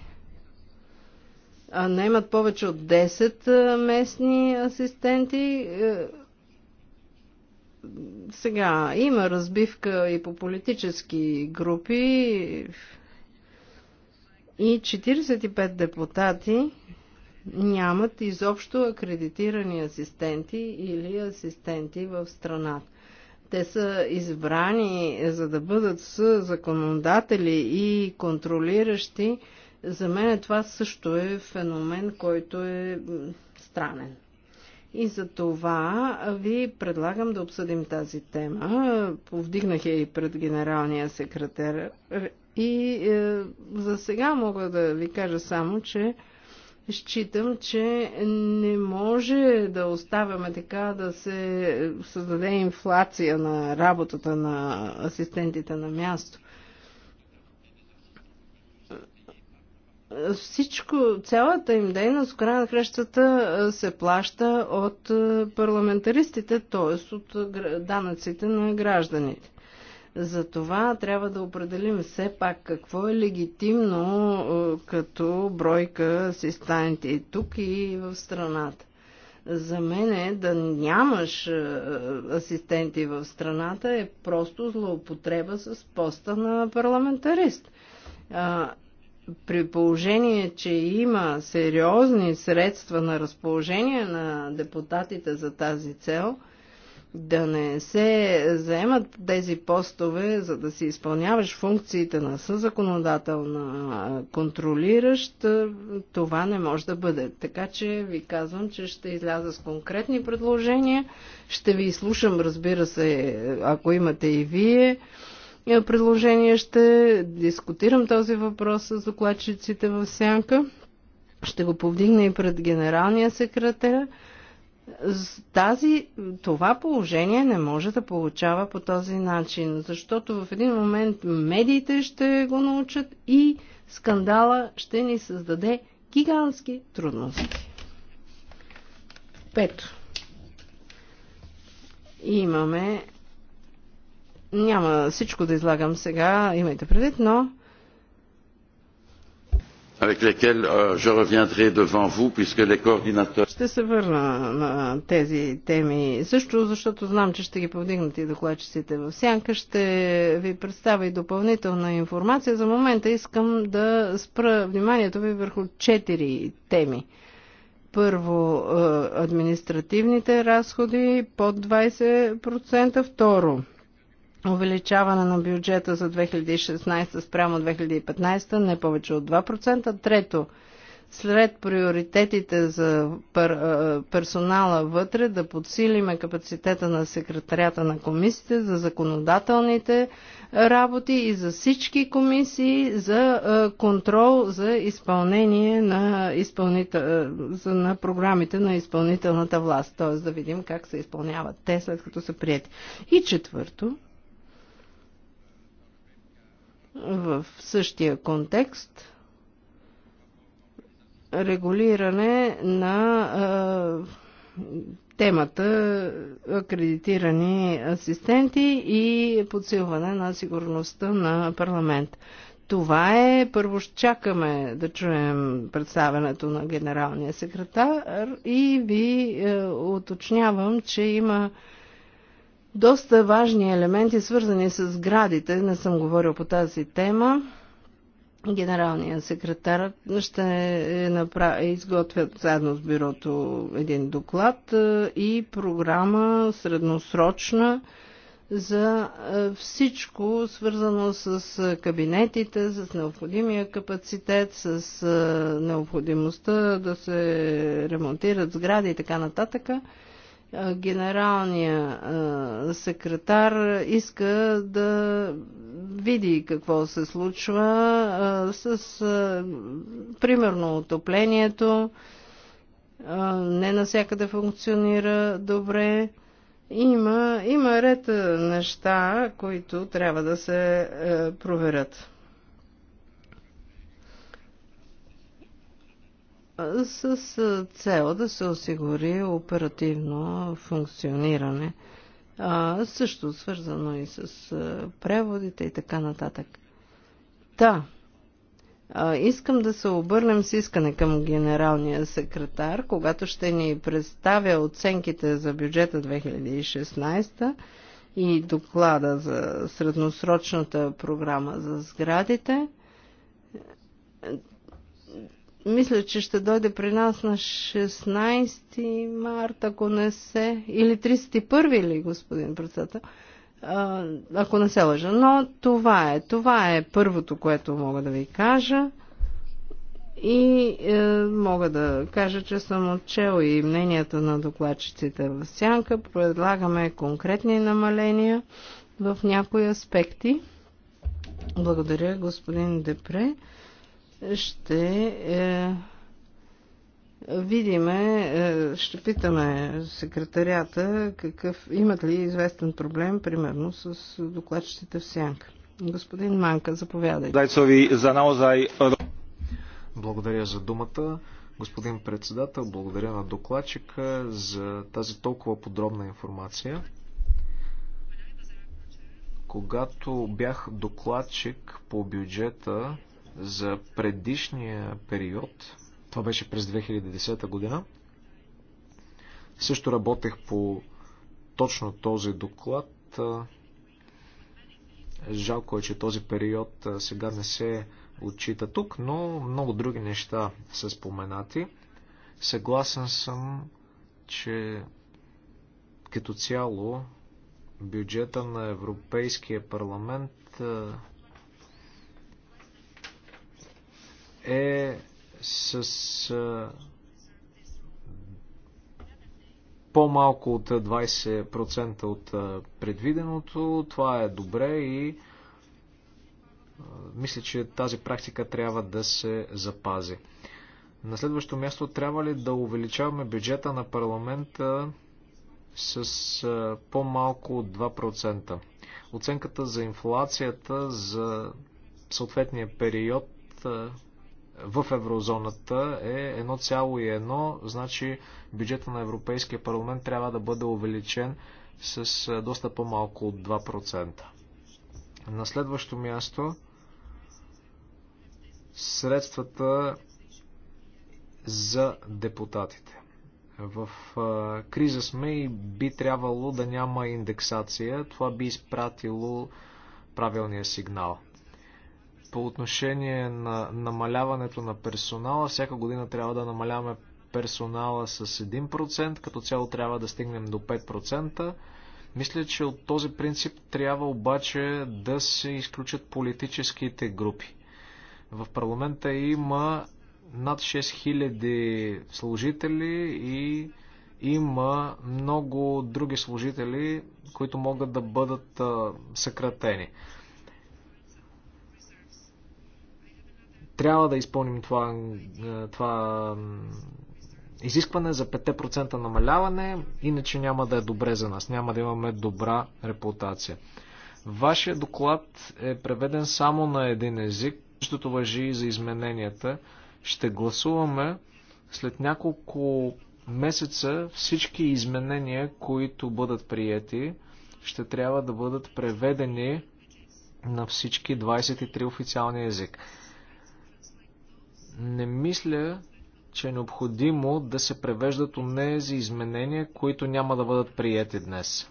Speaker 2: наемат повече от 10 местни асистенти. Е, сега има разбивка и по политически групи и 45 депутати нямат изобщо акредитирани асистенти или асистенти в страната. Те са избрани за да бъдат с законодатели и контролиращи. За мен това също е феномен, който е странен. И за това ви предлагам да обсъдим тази тема. Повдигнах я и пред генералния секретар и е, за сега мога да ви кажа само, че считам, че не може да оставяме така да се създаде инфлация на работата на асистентите на място. Всичко, цялата им дейност в края на кръщата, се плаща от е, парламентаристите, т.е. от данъците на гражданите. За това трябва да определим все пак какво е легитимно е, като бройка асистенти и тук и в страната. За мен е да нямаш е, асистенти в страната е просто злоупотреба с поста на парламентарист. При положение, че има сериозни средства на разположение на депутатите за тази цел – да не се заемат тези постове, за да си изпълняваш функциите на съзаконодател, на контролиращ, е, това не може да бъде. Така че ви казвам, че ще изляза с конкретни предложения. Ще ви слушам, разбира се, ако имате и вие е, предложения, ще дискутирам този въпрос с докладчиците в сянка. Ще го повдигна и пред генералния секретар тази, това положение не може да получава по този начин, защото в един момент медиите ще го научат и скандала ще ни създаде гигантски трудности. Пето. Имаме. Няма всичко да излагам сега, имайте предвид, но
Speaker 1: avec lesquels euh, je reviendrai devant vous puisque les coordinateurs. Ще
Speaker 2: се върна на тези теми също, защото знам, че ще ги повдигнат и докладчиците в сянка. Ще ви представя и допълнителна информация. За момента искам да спра вниманието ви върху четири теми. Първо, е, административните разходи под 20%. Второ, увеличаване на бюджета за 2016 спрямо 2015 не повече от 2%. Трето, след приоритетите за пер, персонала вътре да подсилиме капацитета на секретарята на комисиите за законодателните работи и за всички комисии за контрол за изпълнение на, изпълнител... на програмите на изпълнителната власт. Т.е. да видим как се изпълняват те след като са прияти. И четвърто, в същия контекст регулиране на а, темата акредитирани асистенти и подсилване на сигурността на парламент. Това е. Първо ще чакаме да чуем представенето на генералния секретар и ви е, уточнявам, че има е, доста важни елементи, свързани с сградите. Не съм говорил по тази тема. Генералният секретар ще направи, изготвят заедно с бюрото един доклад е, и програма средносрочна за е, всичко свързано с е, кабинетите, с необходимия капацитет, с необходимостта да се ремонтират сгради и така нататък генералния секретар иска да види какво се случва с примерно отоплението. Не насякъде функционира добре. Има, има ред неща, които трябва да се е, проверят. с цел да се осигури оперативно функциониране, също свързано и с преводите и така нататък. Та, да. искам да се обърнем с искане към генералния секретар, когато ще ни представя оценките за бюджета 2016 и доклада за средносрочната програма за сградите мисля, че ще дойде при нас на 16 март, ако не се... Или 31 ли, господин председател? Ако не се лъжа. Но това е. Това е първото, което мога да ви кажа. И е, мога да кажа, че съм отчел и мненията на докладчиците в Сянка. Предлагаме конкретни намаления в някои аспекти. Благодаря, господин Депре ще е, видиме, е, ще питаме секретарята какъв, имат ли известен проблем, примерно с докладчетите в Сянка. Господин Манка, заповядайте.
Speaker 3: за наозай... Благодаря за думата. Господин председател, благодаря на докладчика за тази толкова подробна информация. Когато бях докладчик по бюджета за предишния период, това беше през 2010 година, също работех по точно този доклад. Жалко е, че този период сега не се отчита тук, но много други неща са споменати. Съгласен съм, че като цяло бюджета на Европейския парламент е с по-малко от 20% от предвиденото. Това е добре и мисля, че тази практика трябва да се запази. На следващо място трябва ли да увеличаваме бюджета на парламента с по-малко от 2%? Оценката за инфлацията за съответния период в еврозоната е 1,1, значи бюджета на Европейския парламент трябва да бъде увеличен с доста по-малко от 2%. На следващо място средствата за депутатите. В криза сме и би трябвало да няма индексация. Това би изпратило правилния сигнал по отношение на намаляването на персонала. Всяка година трябва да намаляваме персонала с 1%, като цяло трябва да стигнем до 5%. Мисля, че от този принцип трябва обаче да се изключат политическите групи. В парламента има над 6000 служители и има много други служители, които могат да бъдат съкратени. Трябва да изпълним това, е, това изискване за 5% намаляване, иначе няма да е добре за нас, няма да имаме добра репутация. Вашия доклад е преведен само на един език, защото въжи и за измененията. Ще гласуваме след няколко месеца всички изменения, които бъдат приети, ще трябва да бъдат преведени на всички 23 официални език. Не мисля, че е необходимо да се превеждат онези изменения, които няма да бъдат приети днес.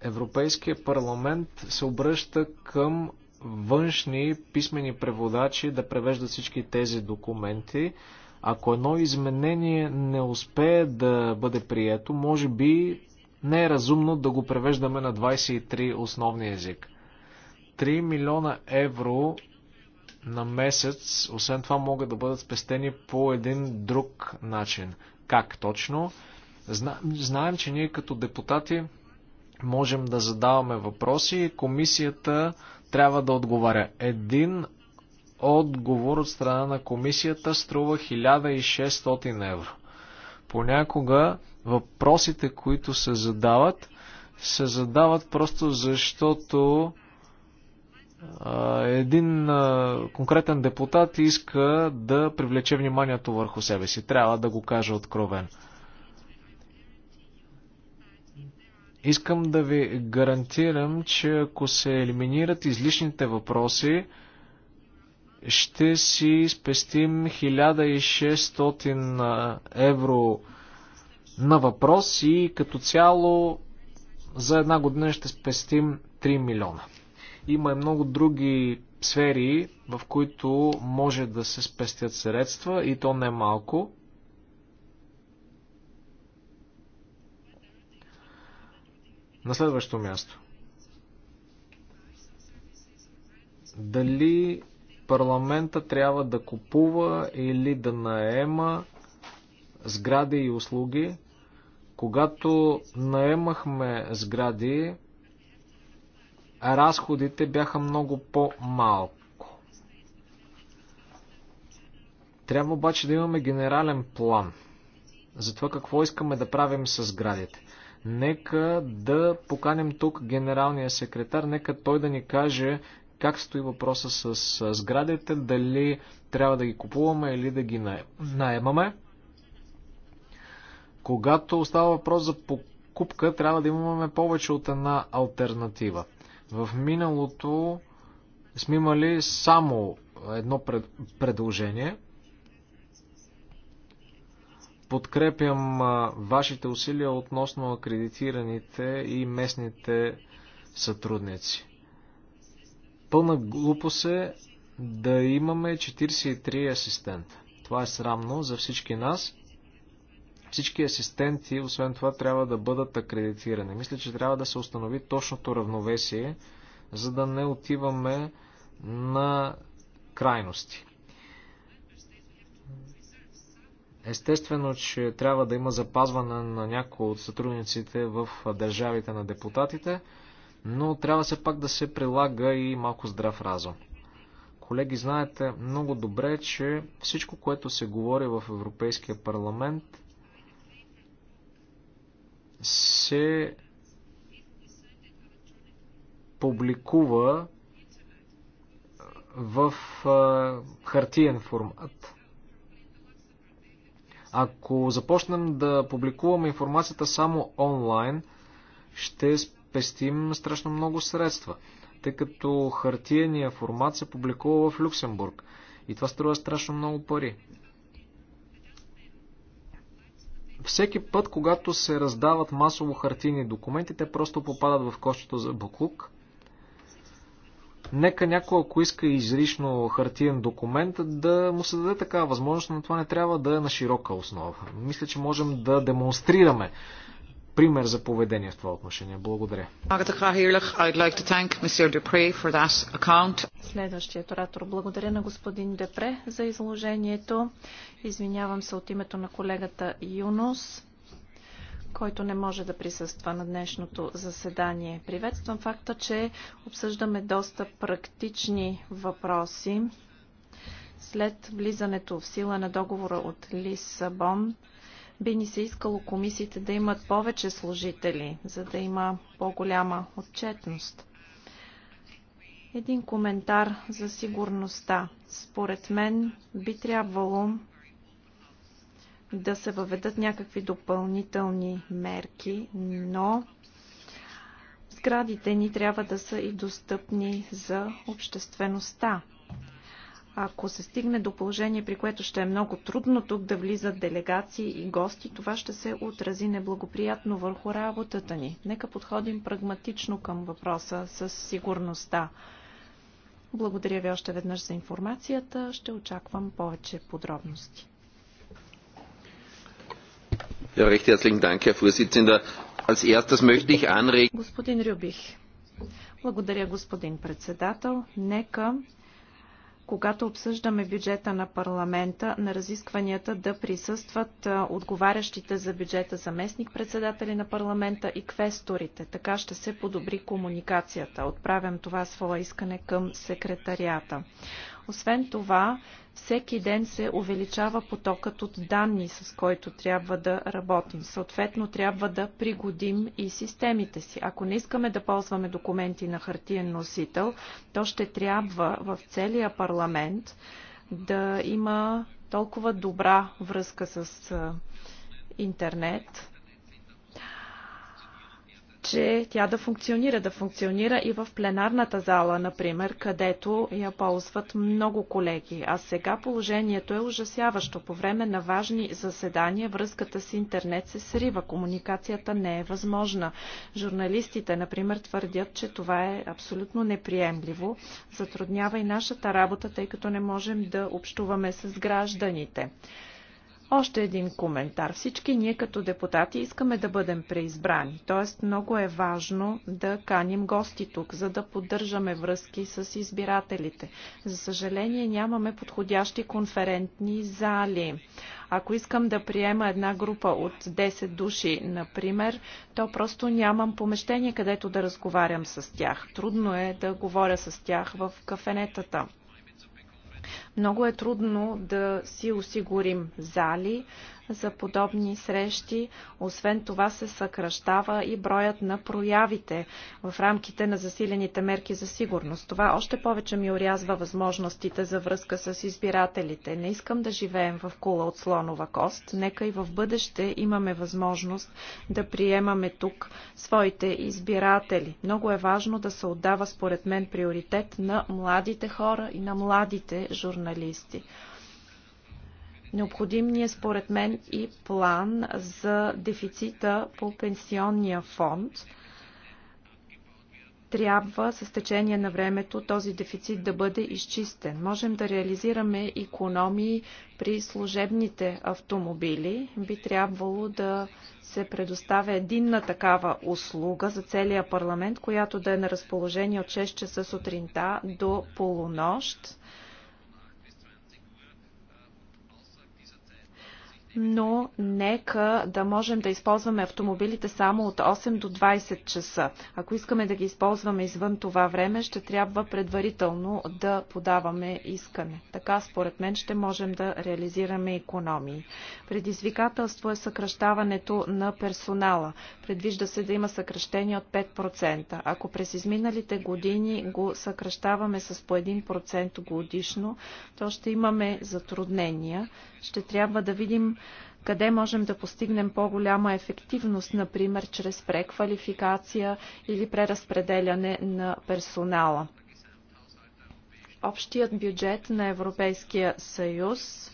Speaker 3: Европейския парламент се обръща към външни писмени преводачи да превеждат всички тези документи. Ако едно изменение не успее да бъде прието, може би не е разумно да го превеждаме на 23 основни език. 3 милиона евро на месец, освен това, могат да бъдат спестени по един друг начин. Как точно? Зна... Знаем, че ние като депутати можем да задаваме въпроси и комисията трябва да отговаря. Един отговор от страна на комисията струва 1600 евро. Понякога въпросите, които се задават, се задават просто защото един конкретен депутат иска да привлече вниманието върху себе си. Трябва да го кажа откровен. Искам да ви гарантирам, че ако се елиминират излишните въпроси, ще си спестим 1600 евро на въпрос и като цяло за една година ще спестим 3 милиона. Има и много други сфери, в които може да се спестят средства и то не малко. На следващо място. Дали парламента трябва да купува или да наема сгради и услуги? Когато наемахме сгради, разходите бяха много по-малко. Трябва обаче да имаме генерален план за това какво искаме да правим с сградите. Нека да поканим тук генералния секретар, нека той да ни каже как стои въпроса с сградите, дали трябва да ги купуваме или да ги наемаме. Когато става въпрос за покупка, трябва да имаме повече от една альтернатива. В миналото сме имали само едно пред, предложение. Подкрепям вашите усилия относно акредитираните и местните сътрудници. Пълна глупост е да имаме 43 асистента. Това е срамно за всички нас. Всички асистенти, освен това, трябва да бъдат акредитирани. Мисля, че трябва да се установи точното равновесие, за да не отиваме на крайности. Естествено, че трябва да има запазване на някои от сътрудниците в държавите на депутатите, но трябва все пак да се прилага и малко здрав разум. Колеги, знаете много добре, че всичко, което се говори в Европейския парламент, се публикува в хартиен формат. Ако започнем да публикуваме информацията само онлайн, ще спестим страшно много средства, тъй като хартияния формат се публикува в Люксембург. И това струва страшно много пари. Всеки път, когато се раздават масово хартийни документи, те просто попадат в кошчето за буклук. Нека някой, ако иска изрично хартиен документ, да му се даде такава възможност, но това не трябва да е на широка основа. Мисля, че можем да демонстрираме пример за поведение в това отношение. Благодаря.
Speaker 1: Следващият оратор. Благодаря на господин Депре за изложението. Извинявам се от името на колегата Юнос който не може да присъства на днешното заседание. Приветствам факта, че обсъждаме доста практични въпроси. След влизането в сила на договора от Лисабон, би ни се искало комисиите да имат повече служители, за да има по-голяма отчетност. Един коментар за сигурността. Според мен би трябвало да се въведат някакви допълнителни мерки, но сградите ни трябва да са и достъпни за обществеността. Ако се стигне до положение, при което ще е много трудно тук да влизат делегации и гости, това ще се отрази неблагоприятно върху работата ни. Нека подходим прагматично към въпроса с сигурността. Благодаря ви още веднъж за информацията. Ще очаквам повече подробности. Господин Рюбих, благодаря господин председател. Нека когато обсъждаме бюджета на парламента, на разискванията да присъстват отговарящите за бюджета заместник председатели на парламента и квесторите. Така ще се подобри комуникацията. Отправям това свое искане към секретарията. Освен това, всеки ден се увеличава потокът от данни, с който трябва да работим. Съответно, трябва да пригодим и системите си. Ако не искаме да ползваме документи на хартиен носител, то ще трябва в целия парламент да има толкова добра връзка с интернет, че тя да функционира, да функционира и в пленарната зала, например, където я ползват много колеги. А сега положението е ужасяващо. По време на важни заседания връзката с интернет се срива, комуникацията не е възможна. Журналистите, например, твърдят, че това е абсолютно неприемливо. Затруднява и нашата работа, тъй като не можем да общуваме с гражданите. Още един коментар. Всички ние като депутати искаме да бъдем преизбрани, т.е. много е важно да каним гости тук, за да поддържаме връзки с избирателите. За съжаление нямаме подходящи конферентни зали. Ако искам да приема една група от 10 души, например, то просто нямам помещение, където да разговарям с тях. Трудно е да говоря с тях в кафенетата. Много е трудно да си осигурим зали, за подобни срещи. Освен това се съкръщава и броят на проявите в рамките на засилените мерки за сигурност. Това още повече ми урязва възможностите за връзка с избирателите. Не искам да живеем в кула от слонова кост. Нека и в бъдеще имаме възможност да приемаме тук своите избиратели. Много е важно да се отдава според мен приоритет на младите хора и на младите журналисти. Необходим ни е според мен и план за дефицита по пенсионния фонд. Трябва с течение на времето този дефицит да бъде изчистен. Можем да реализираме економии при служебните автомобили. Би трябвало да се предоставя единна такава услуга за целия парламент, която да е на разположение от 6 часа сутринта до полунощ но нека да можем да използваме автомобилите само от 8 до 20 часа. Ако искаме да ги използваме извън това време, ще трябва предварително да подаваме искане. Така, според мен, ще можем да реализираме економии. Предизвикателство е съкръщаването на персонала. Предвижда се да има съкръщение от 5%. Ако през изминалите години го съкръщаваме с по 1% годишно, то ще имаме затруднения ще трябва да видим къде можем да постигнем по-голяма ефективност, например чрез преквалификация или преразпределяне на персонала. Общият бюджет на Европейския съюз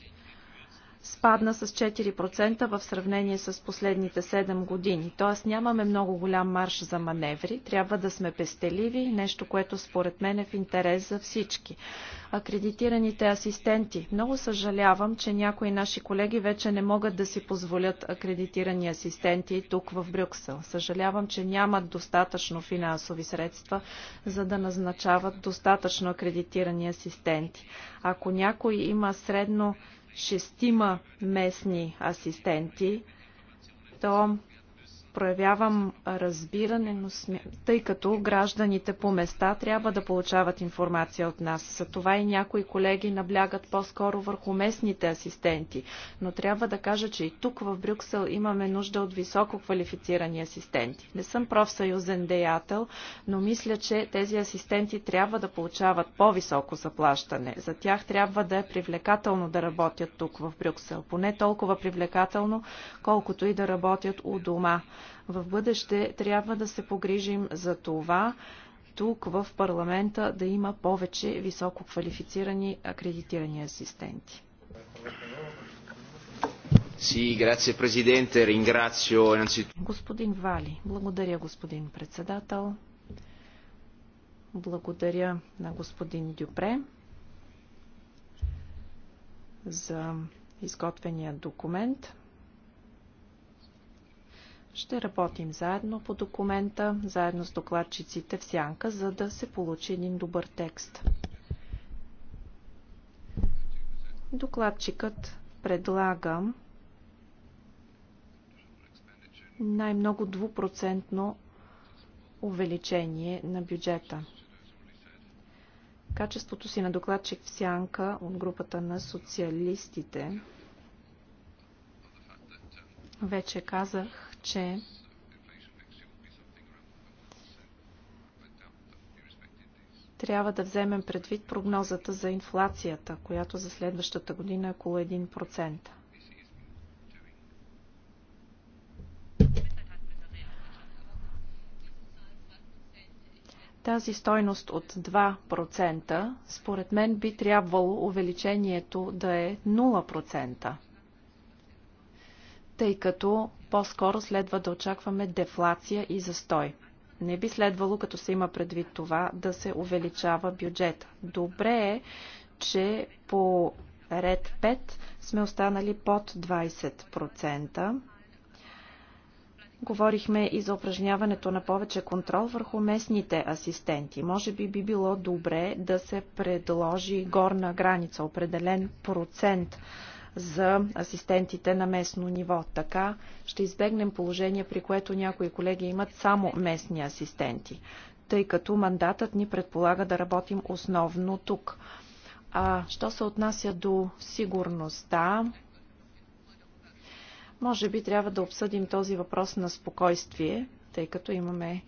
Speaker 1: спадна с 4% в сравнение с последните 7 години. Т.е. нямаме много голям марш за маневри. Трябва да сме пестеливи, нещо, което според мен е в интерес за всички. Акредитираните асистенти. Много съжалявам, че някои наши колеги вече не могат да си позволят акредитирани асистенти тук в Брюксел. Съжалявам, че нямат достатъчно финансови средства, за да назначават достатъчно акредитирани асистенти. Ако някой има средно шестима местни асистенти, то проявявам разбиране, но сме... тъй като гражданите по места трябва да получават информация от нас. За това и някои колеги наблягат по-скоро върху местните асистенти. Но трябва да кажа, че и тук в Брюксел имаме нужда от високо квалифицирани асистенти. Не съм профсъюзен деятел, но мисля, че тези асистенти трябва да получават по-високо заплащане. За тях трябва да е привлекателно да работят тук в Брюксел. Поне толкова привлекателно, колкото и да работят у дома. В бъдеще трябва да се погрижим за това, тук в парламента да има повече високо квалифицирани акредитирани асистенти. Господин Вали, благодаря господин председател. Благодаря на господин Дюпре за изготвения документ. Ще работим заедно по документа, заедно с докладчиците в сянка, за да се получи един добър текст. Докладчикът предлага най-много 2% увеличение на бюджета. Качеството си на докладчик в сянка от групата на социалистите вече казах, че трябва да вземем предвид прогнозата за инфлацията, която за следващата година е около 1%. Тази стойност от 2%, според мен би трябвало увеличението да е 0%, тъй като по-скоро следва да очакваме дефлация и застой. Не би следвало, като се има предвид това, да се увеличава бюджета. Добре е, че по ред 5 сме останали под 20%. Говорихме и за упражняването на повече контрол върху местните асистенти. Може би би било добре да се предложи горна граница, определен процент за асистентите на местно ниво. Така ще избегнем положение, при което някои колеги имат само местни асистенти, тъй като мандатът ни предполага да работим основно тук. А що се отнася до сигурността, може би трябва да обсъдим този въпрос на спокойствие, тъй като имаме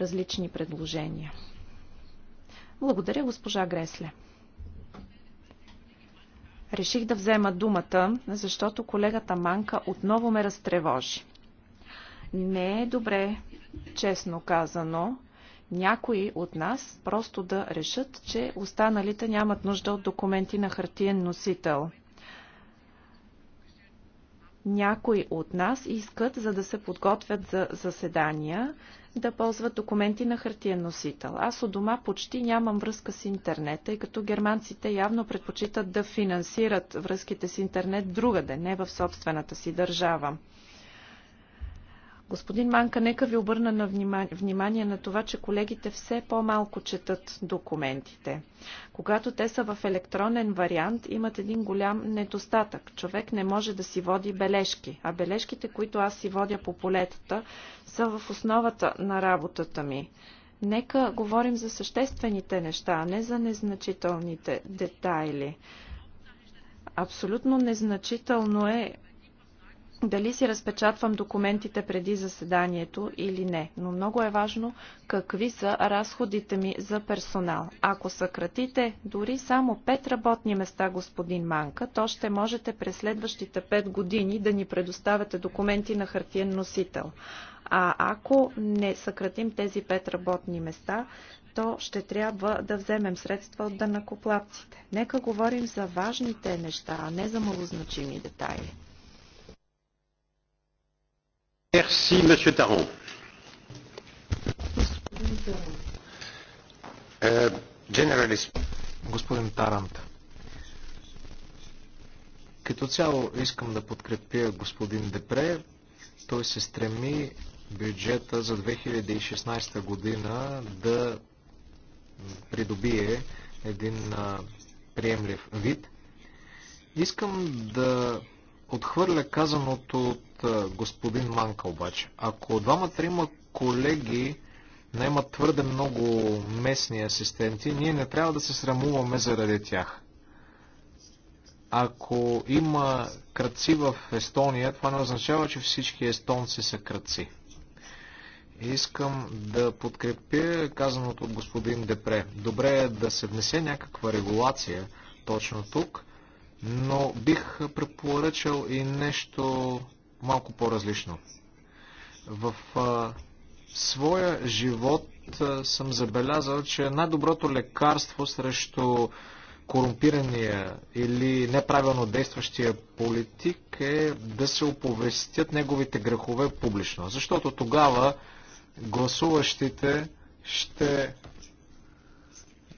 Speaker 1: различни предложения. Благодаря, госпожа Гресле. Реших да взема думата, защото колегата Манка отново ме разтревожи. Не е добре, честно казано, някои от нас просто да решат, че останалите нямат нужда от документи на хартиен носител. Някои от нас искат, за да се подготвят за заседания, да ползват документи на хартиен носител. Аз от дома почти нямам връзка с интернет, тъй като германците явно предпочитат да финансират връзките с интернет другаде, не в собствената си държава. Господин Манка, нека ви обърна на внимание, внимание на това, че колегите все по-малко четат документите. Когато те са в електронен вариант, имат един голям недостатък. Човек не може да си води бележки, а бележките, които аз си водя по полетата, са в основата на работата ми. Нека говорим за съществените неща, а не за незначителните детайли. Абсолютно незначително е дали си разпечатвам документите преди заседанието или не. Но много е важно какви са разходите ми за персонал. Ако съкратите дори само 5 работни места, господин Манка, то ще можете през следващите 5 години да ни предоставяте документи на хартиен носител. А ако не съкратим тези 5 работни места, то ще трябва да вземем средства от данакоплатците. Нека говорим за важните неща, а не за малозначими детайли.
Speaker 2: Merci, monsieur Taron.
Speaker 3: Е, господин Тарант. Като цяло искам да подкрепя господин Депре. Той се стреми бюджета за 2016 година да придобие един приемлив вид. Искам да отхвърля казаното от господин Манка обаче. Ако двама-трима колеги наемат твърде много местни асистенти, ние не трябва да се срамуваме заради тях. Ако има кръци в Естония, това не означава, че всички естонци са кръци. Искам да подкрепя казаното от господин Депре. Добре е да се внесе някаква регулация точно тук, но бих препоръчал и нещо малко по-различно. В а, своя живот а, съм забелязал, че най-доброто лекарство срещу корумпирания или неправилно действащия политик е да се оповестят неговите грехове публично. Защото тогава гласуващите ще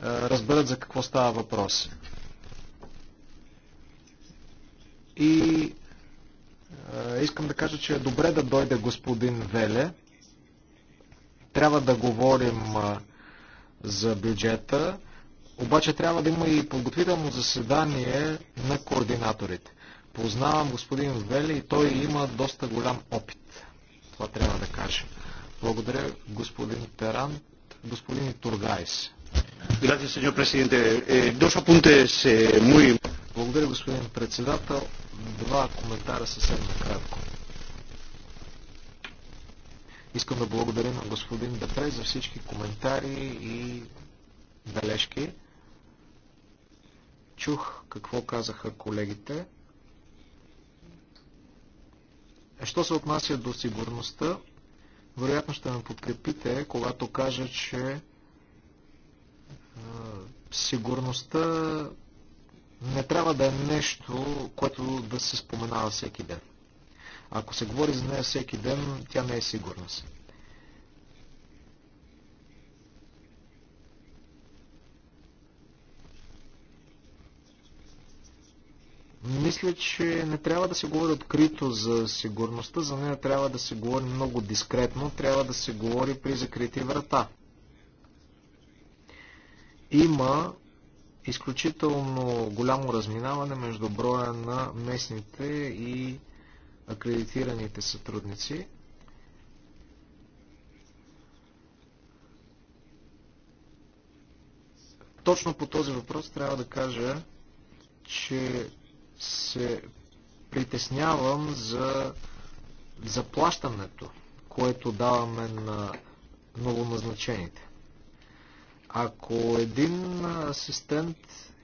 Speaker 3: разберат за какво става въпрос. и искам да кажа, че е добре да дойде господин Веле. Трябва да говорим за бюджета, обаче трябва да има и подготвително заседание на координаторите. Познавам господин Веле и той има доста голям опит. Това трябва да кажа. Благодаря господин Теран, господин Тургайс. Gracias, señor presidente. Eh, dos apuntes eh, muy. Благодаря, господин председател. Два коментара съвсем накратко. Искам да благодаря на господин Бетре за всички коментари и бележки. Чух какво казаха колегите. Е, що се отнася до сигурността, вероятно ще ме подкрепите, когато кажа, че сигурността не трябва да е нещо, което да се споменава всеки ден. Ако се говори за нея всеки ден, тя не е сигурност. Мисля, че не трябва да се говори открито за сигурността, за нея трябва да се говори много дискретно, трябва да се говори при закрити врата. Има изключително голямо разминаване между броя на местните и акредитираните сътрудници. Точно по този въпрос трябва да кажа, че се притеснявам за заплащането, което даваме на новоназначените. Ако един асистент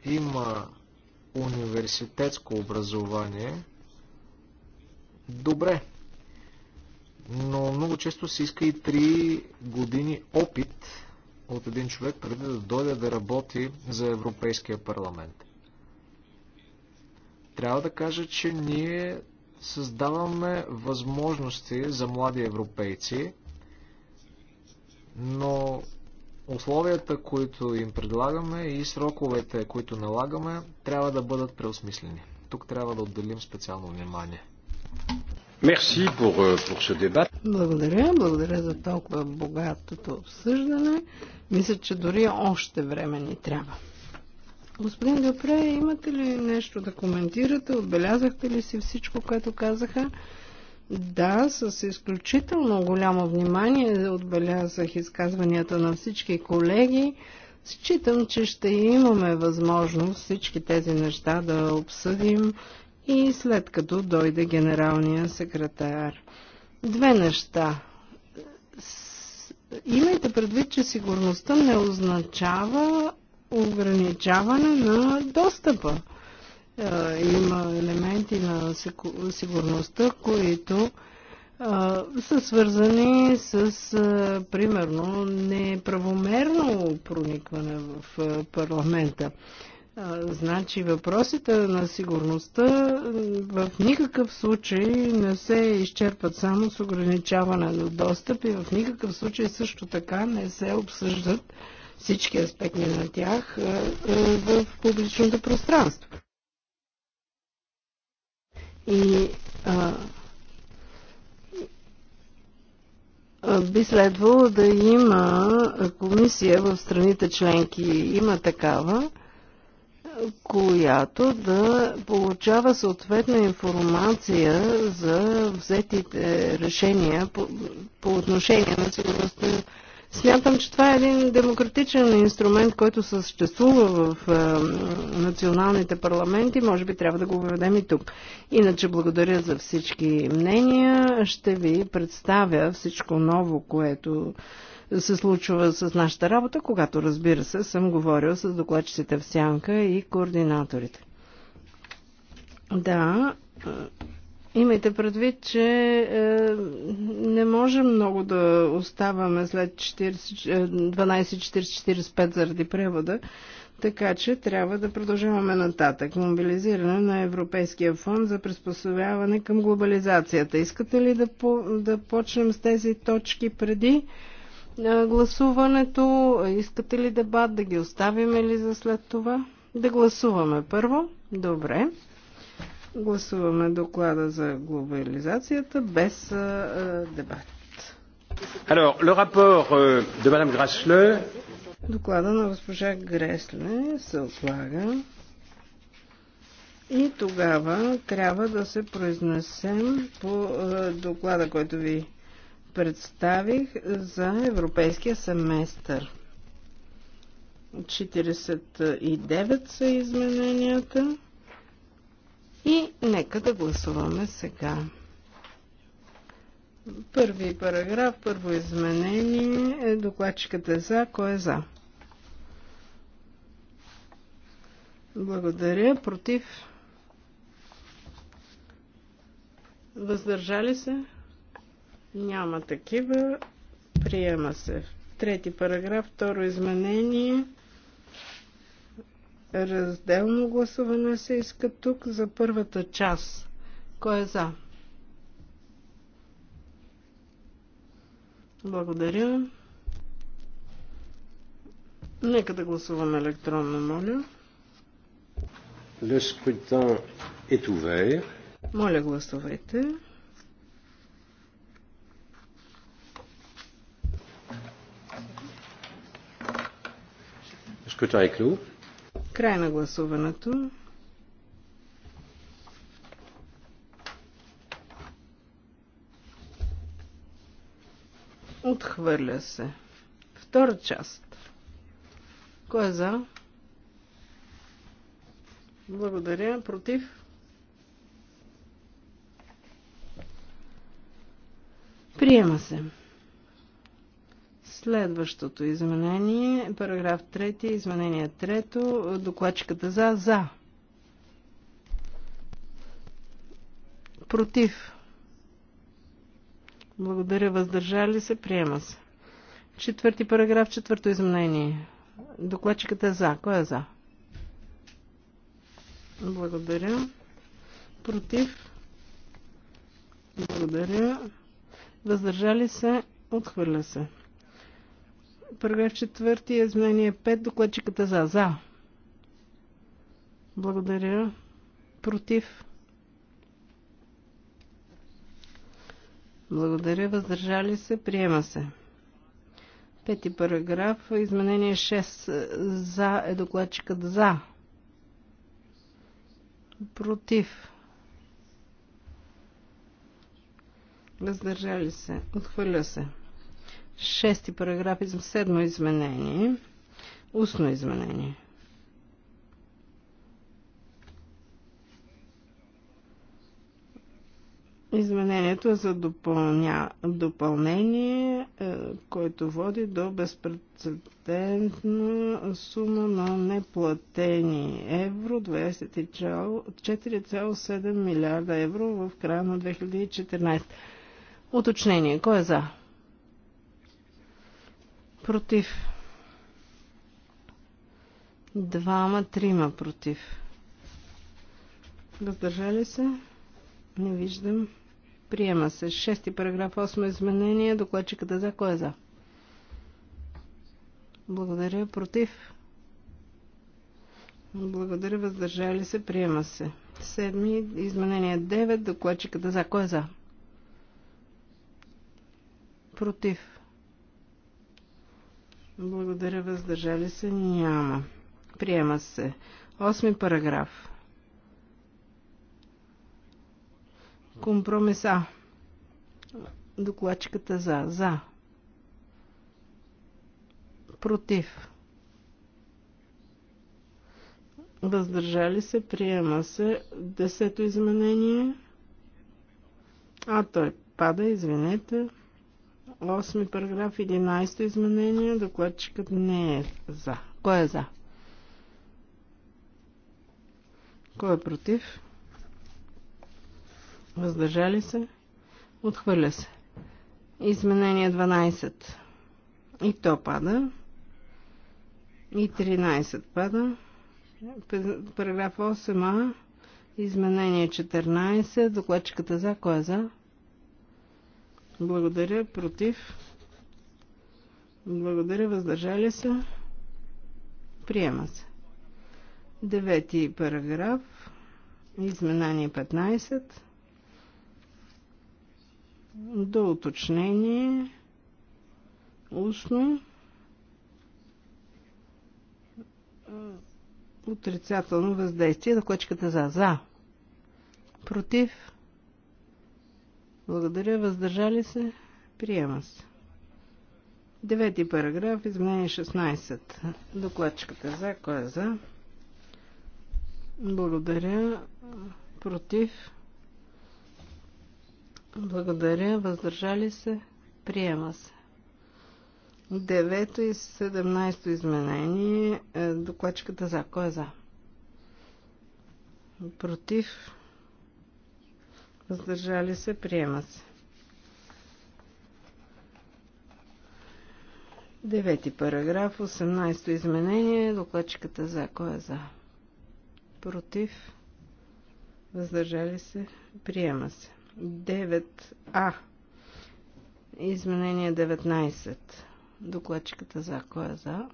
Speaker 3: има университетско образование, добре. Но много често се иска и 3 години опит от един човек преди да дойде да работи за Европейския парламент. Трябва да кажа, че ние създаваме възможности за млади европейци, но условията, които им предлагаме и сроковете, които налагаме, трябва да бъдат преосмислени. Тук трябва да отделим специално внимание.
Speaker 2: Мерси euh, Благодаря, благодаря за толкова богатото обсъждане. Мисля, че дори още време ни трябва. Господин Дюпре, имате ли нещо да коментирате? Отбелязахте ли си всичко, което казаха? Да, с изключително голямо внимание отбелязах изказванията на всички колеги. Считам, че ще имаме възможност всички тези неща да обсъдим и след като дойде генералния секретар. Две неща. Имайте предвид, че сигурността не означава ограничаване на достъпа. Е, има елементи на сигурността, които са свързани с, примерно, неправомерно проникване в парламента. Значи въпросите на сигурността в никакъв случай не се изчерпват само с ограничаване на достъп и в никакъв случай също така не се обсъждат всички аспекти на тях в публичното пространство. И а, би следвало да има комисия в страните членки, има такава, която да получава съответна информация за взетите решения по, по отношение на сигурността Смятам, че това е един демократичен инструмент, който съществува в националните парламенти. Може би трябва да го въведем и тук. Иначе благодаря за всички мнения. Ще ви представя всичко ново, което се случва с нашата работа, когато, разбира се, съм говорил с докладчиците в Сянка и координаторите. Да, Имайте предвид, че е, не можем много да оставаме след 12.45 е, заради превода, така че трябва да продължаваме нататък. Мобилизиране на Европейския фонд за приспособяване към глобализацията. Искате ли да, по, да почнем с тези точки преди е, гласуването? Искате ли дебат? Да ги оставим ли за след това? Да гласуваме първо. Добре. Гласуваме доклада за глобализацията без а, дебат.
Speaker 3: Alors, le rapport euh, de Madame
Speaker 2: Доклада на госпожа Гресле се отлага. И тогава трябва да се произнесем по доклада, който ви представих за европейския семестър. 49 са измененията. И нека да гласуваме сега. Първи параграф, първо изменение. Е, докладчикът е за. Кой е за? Благодаря. Против? Въздържали се? Няма такива. Приема се. Трети параграф, второ изменение. Разделно гласуване се иска тук за първата част. Кой е за? Благодаря. Нека да гласуваме електронно, моля. Le scrutin est ouvert. Моля, гласувайте.
Speaker 3: Le scrutin est clos.
Speaker 2: Край на гласуването. Отхвърля се. Втора част. Кой е за? Благодаря. Против?
Speaker 3: Приема се.
Speaker 2: Следващото изменение, параграф 3, изменение 3, докладчиката за, за. Против. Благодаря, въздържали се, приема се. Четвърти параграф, четвърто изменение. Докладчиката е за. Кой е за? Благодаря. Против. Благодаря. Въздържали се. Отхвърля се. Параграф 4, изменение 5, докладчиката за. За. Благодаря. Против. Благодаря. Въздържали се. Приема се. Пети параграф. Изменение 6. За е докладчикът за. Против. Въздържали се. Отхвърля се. Шести параграф, седмо изменение. Устно изменение. Изменението за допълня, допълнение, е, което води до безпредседентна сума на неплатени евро 24,7 милиарда евро в края на 2014. Уточнение. Кой е за? против. Двама, трима против. Въздържали се? Не виждам. Приема се. Шести параграф, 8 изменение. Докладчиката е за. Кой е за? Благодаря. Против? Благодаря. Въздържали се. Приема се. Седми. Изменение 9. Докладчиката е за. Кой е за? Против? Благодаря, въздържали се няма. Приема се. Осми параграф. Компромиса. Докладчиката за. За. Против. Въздържали се. Приема се. Десето изменение. А той пада, извинете. 8 параграф 11 изменение. Докладчикът не е за. Кой е за? Кой е против? Въздържали се? Отхвърля се. Изменение 12. И то пада. И 13 пада. Параграф 8а. Изменение 14. Докладчиката е за. Кой е за? Благодаря. Против. Благодаря. Въздържали се. Приема се. Девети параграф. Изменание 15. До уточнение. Устно. Отрицателно въздействие. кочката за. За. Против. Благодаря. Въздържали се? Приема се. Девети параграф, изменение 16. Докладчиката за. Кой е за? Благодаря. Против? Благодаря. Въздържали се? Приема се. Девето и 17 изменение. Е, докладчиката за. Кой е за? Против? въздържали се, приема се. Девети параграф, 18-то изменение, докладчиката за, кой е за? Против, въздържали се, приема се. 9А, изменение 19, докладчиката за, кой е за?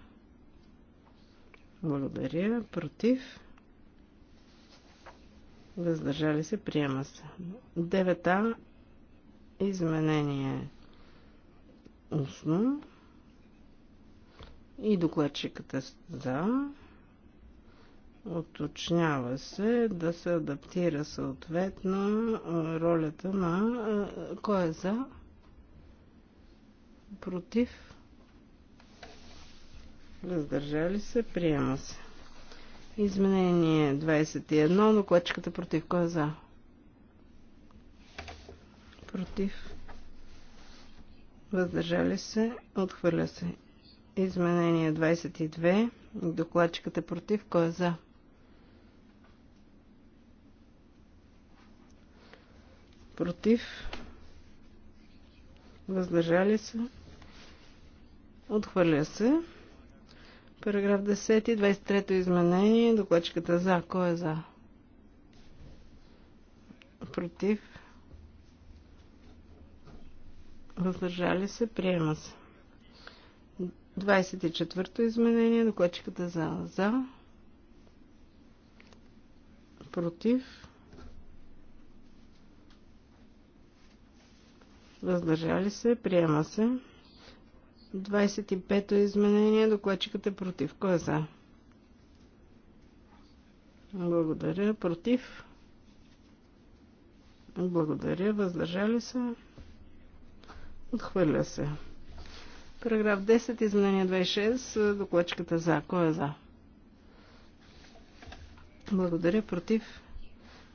Speaker 2: Благодаря, против, Въздържали се, приема се. Девета Изменение устно. И докладчиката е за. Оточнява се да се адаптира съответно ролята на кой е за, против, въздържали се, приема се. Изменение 21. Докладчиката против. Кой е за? Против. Въздържали се. Отхвърля се. Изменение 22. Докладчиката против. Кой е за? Против. Въздържали се. Отхвърля се. Параграф 10, 23-то изменение. Докладчиката е за. Кой е за? Против. Въздържали се. Приема се. 24-то изменение. Докладчиката е за. За. Против. Въздържали се. Приема се. 25-то изменение. Докладчикът е против. Кой е за? Благодаря. Против? Благодаря. Въздържали се? Отхвърля се. Параграф 10, изменение 26. Докладчиката е за. Кой е за? Благодаря. Против?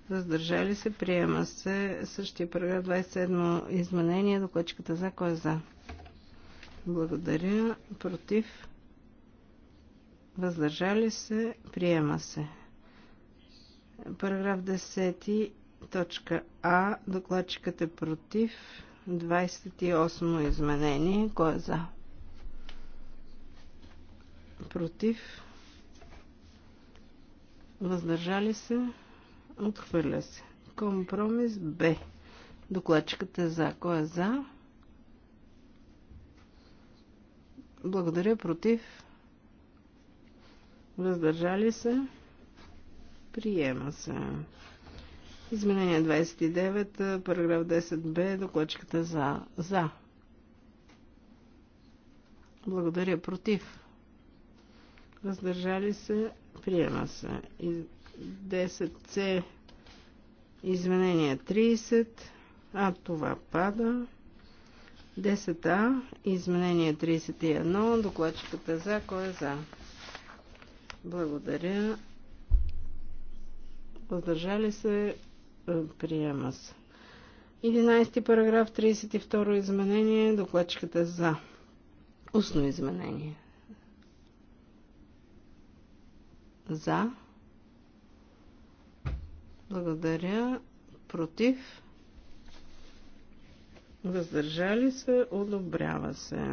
Speaker 2: Въздържали се? Приема се. Същия параграф 27 изменение. Докладчиката е за. Кой е за? Благодаря. Против. Въздържали се. Приема се. Параграф 10. Точка А. Докладчикът е против. 28 изменение. Кой е за? Против. Въздържали се. Отхвърля се. Компромис Б. Докладчикът е за. Кой е за? Благодаря. Против. Въздържали се. Приема се. Изменение 29, параграф 10б, докладчиката е за. За. Благодаря. Против. Въздържали се. Приема се. 10c. Изменение 30. А това пада. 10А, изменение 31, докладчикът е за, кой е за? Благодаря. Въздържали се, е, приема се. 11 параграф, 32 изменение, докладчикът е за. Устно изменение. За. Благодаря. Против въздържали се, одобрява се.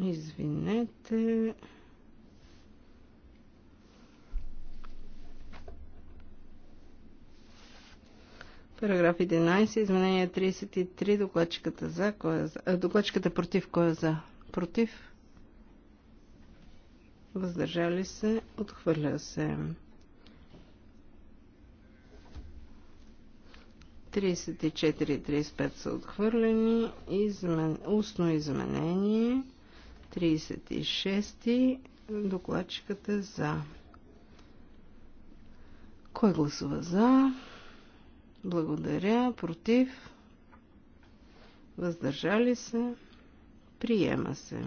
Speaker 2: Извинете. Параграф 11, изменение 33, докладчиката за, кой е за? А, докладчиката против, кой е за? Против? Въздържали се, отхвърля се. 34 и 35 са отхвърлени. Измен... Устно изменение. 36. докладчиката е за. Кой гласува за? Благодаря. Против? Въздържали се? Приема се.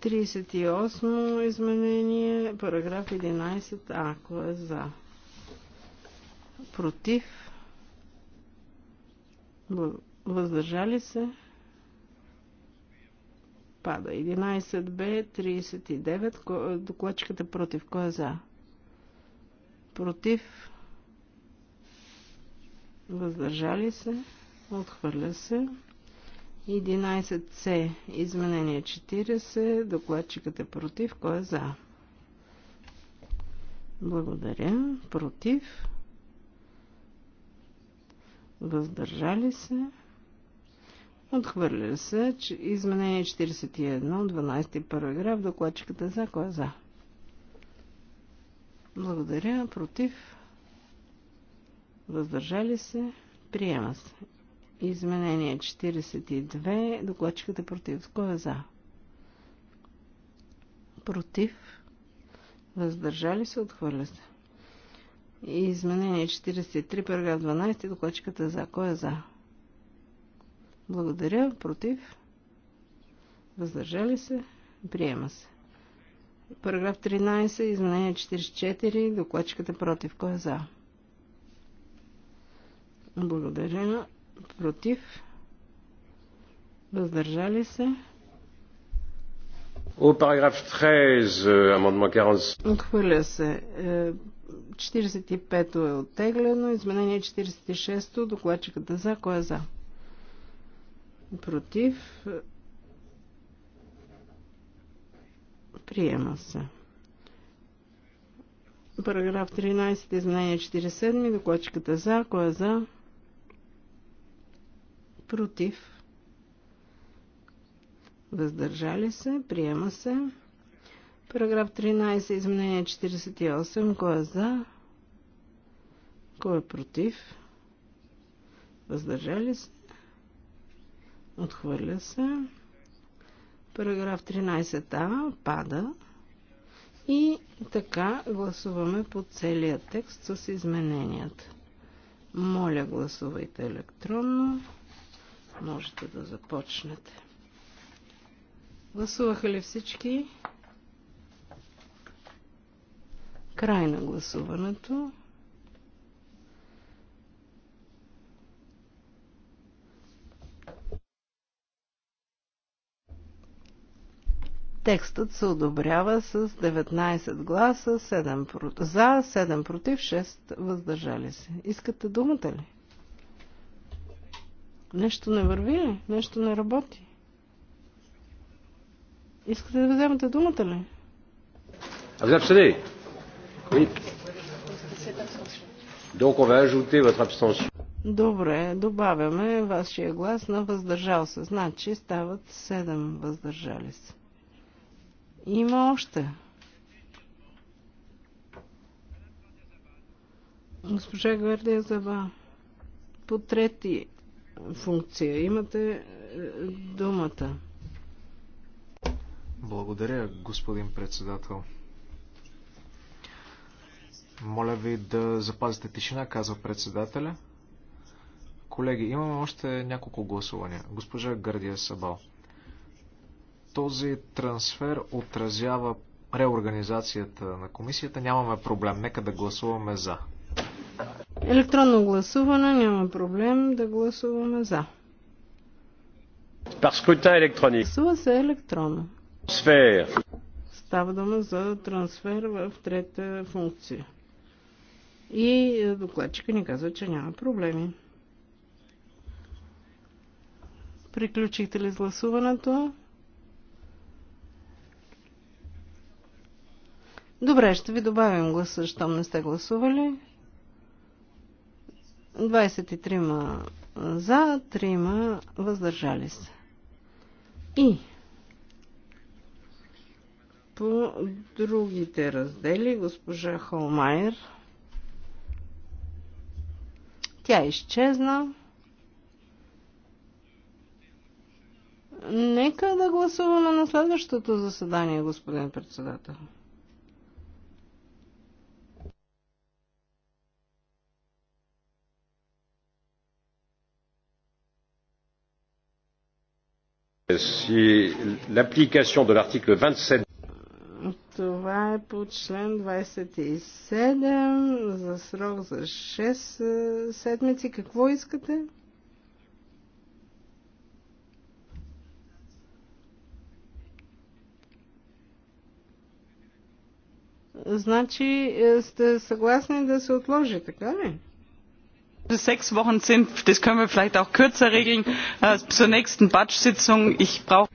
Speaker 2: 38 изменение, параграф 11, ако е за. Против. Въздържали се. Пада 11Б, 39. Докладчиката против. Кой е за? Против. Въздържали се. Отхвърля се. 11C. Изменение 40. Докладчикът е против. Кой е за? Благодаря. Против. Въздържали се. Отхвърля се. Изменение 41. 12 параграф. Докладчикът е за. Кой е за? Благодаря. Против. Въздържали се. Приема се. Изменение 42. Докладчиката е против. Кой е за? Против. Въздържали се. Отхвърля се. Изменение 43, параграф 12. Докладчиката е за. Кой е за? Благодаря. Против. Въздържали се. Приема се. Параграф 13, изменение 44, докладчиката е против. Кой е за? Благодаря против, въздържали се. Au параграф 13, amendement 40. Отхвърля се. 45-то е, е оттеглено. Изменение 46-то. Докладчиката за. Кой е за? Против. Приема се. Параграф 13, изменение 47. Докладчиката за. Кой е за? против, въздържали се, приема се. Параграф 13, изменение 48, кой е за, кой е против, въздържали се, отхвърля се. Параграф 13а пада. И така гласуваме по целия текст с измененията. Моля, гласувайте електронно. Можете да започнете. Гласуваха ли всички? Край на гласуването. Текстът се одобрява с 19 гласа, 7 за, 7 против, 6 въздържали се. Искате думата ли? Нещо не върви ли? Нещо не работи? Искате да вземете думата ли?
Speaker 3: Vous ли? Oui. Donc on va ajouter votre abstention.
Speaker 2: Добре, добавяме вашия глас на въздържал се. Значи стават 7 въздържали се. Има още. Госпожа Гвардия Заба. По трети функция. Имате е, думата.
Speaker 3: Благодаря, господин председател. Моля ви да запазите тишина, казва председателя. Колеги, имаме още няколко гласувания. Госпожа Гърдия Сабал. Този трансфер отразява реорганизацията на комисията. Нямаме проблем. Нека да гласуваме за.
Speaker 2: Електронно гласуване, няма проблем да гласуваме за.
Speaker 3: Par scrutin électronique. Гласува
Speaker 2: се електронно. Трансфер. Става дума за трансфер в трета функция. И е, докладчика ни казва, че няма проблеми. Приключихте ли с гласуването? Добре, ще ви добавим гласа, щом не сте гласували. 23 за, 3 въздържали се. И по другите раздели госпожа Холмайер тя изчезна. Нека да гласуваме на следващото заседание, господин председател. Това е по член 27 за срок за 6 е, седмици. Какво искате? Значи е, сте съгласни да се отложи, така ли?
Speaker 3: sechs wochen sind das
Speaker 2: können wir vielleicht auch kürzer regeln äh, zur nächsten batch sitzung ich brauche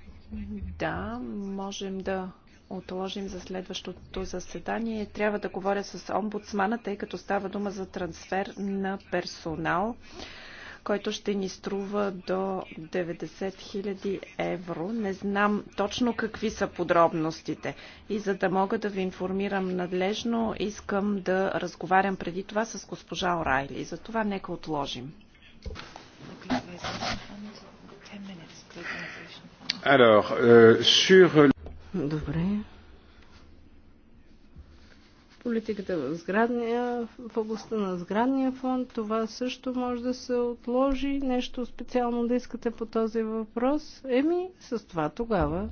Speaker 1: Да, можем да отложим за следващото заседание. Трябва да говоря с омбудсмана, тъй като става дума за трансфер на персонал който ще ни струва до 90 000 евро. Не знам точно какви са подробностите. И за да мога да ви информирам надлежно, искам да разговарям преди това с госпожа Орайли. За това нека отложим.
Speaker 2: Alors, euh, sur... Добре политиката в, сградния, в областта на сградния фонд. Това също може да се отложи. Нещо специално да искате по този въпрос. Еми, с това тогава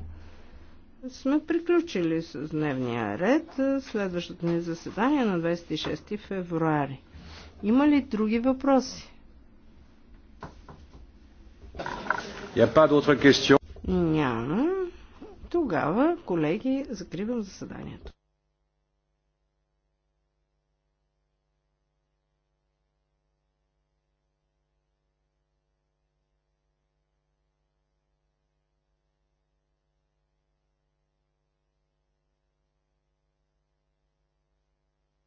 Speaker 2: сме приключили с дневния ред. Следващото ни заседание е на 26 февруари. Има ли други въпроси? Няма. Тогава, колеги, закривам заседанието.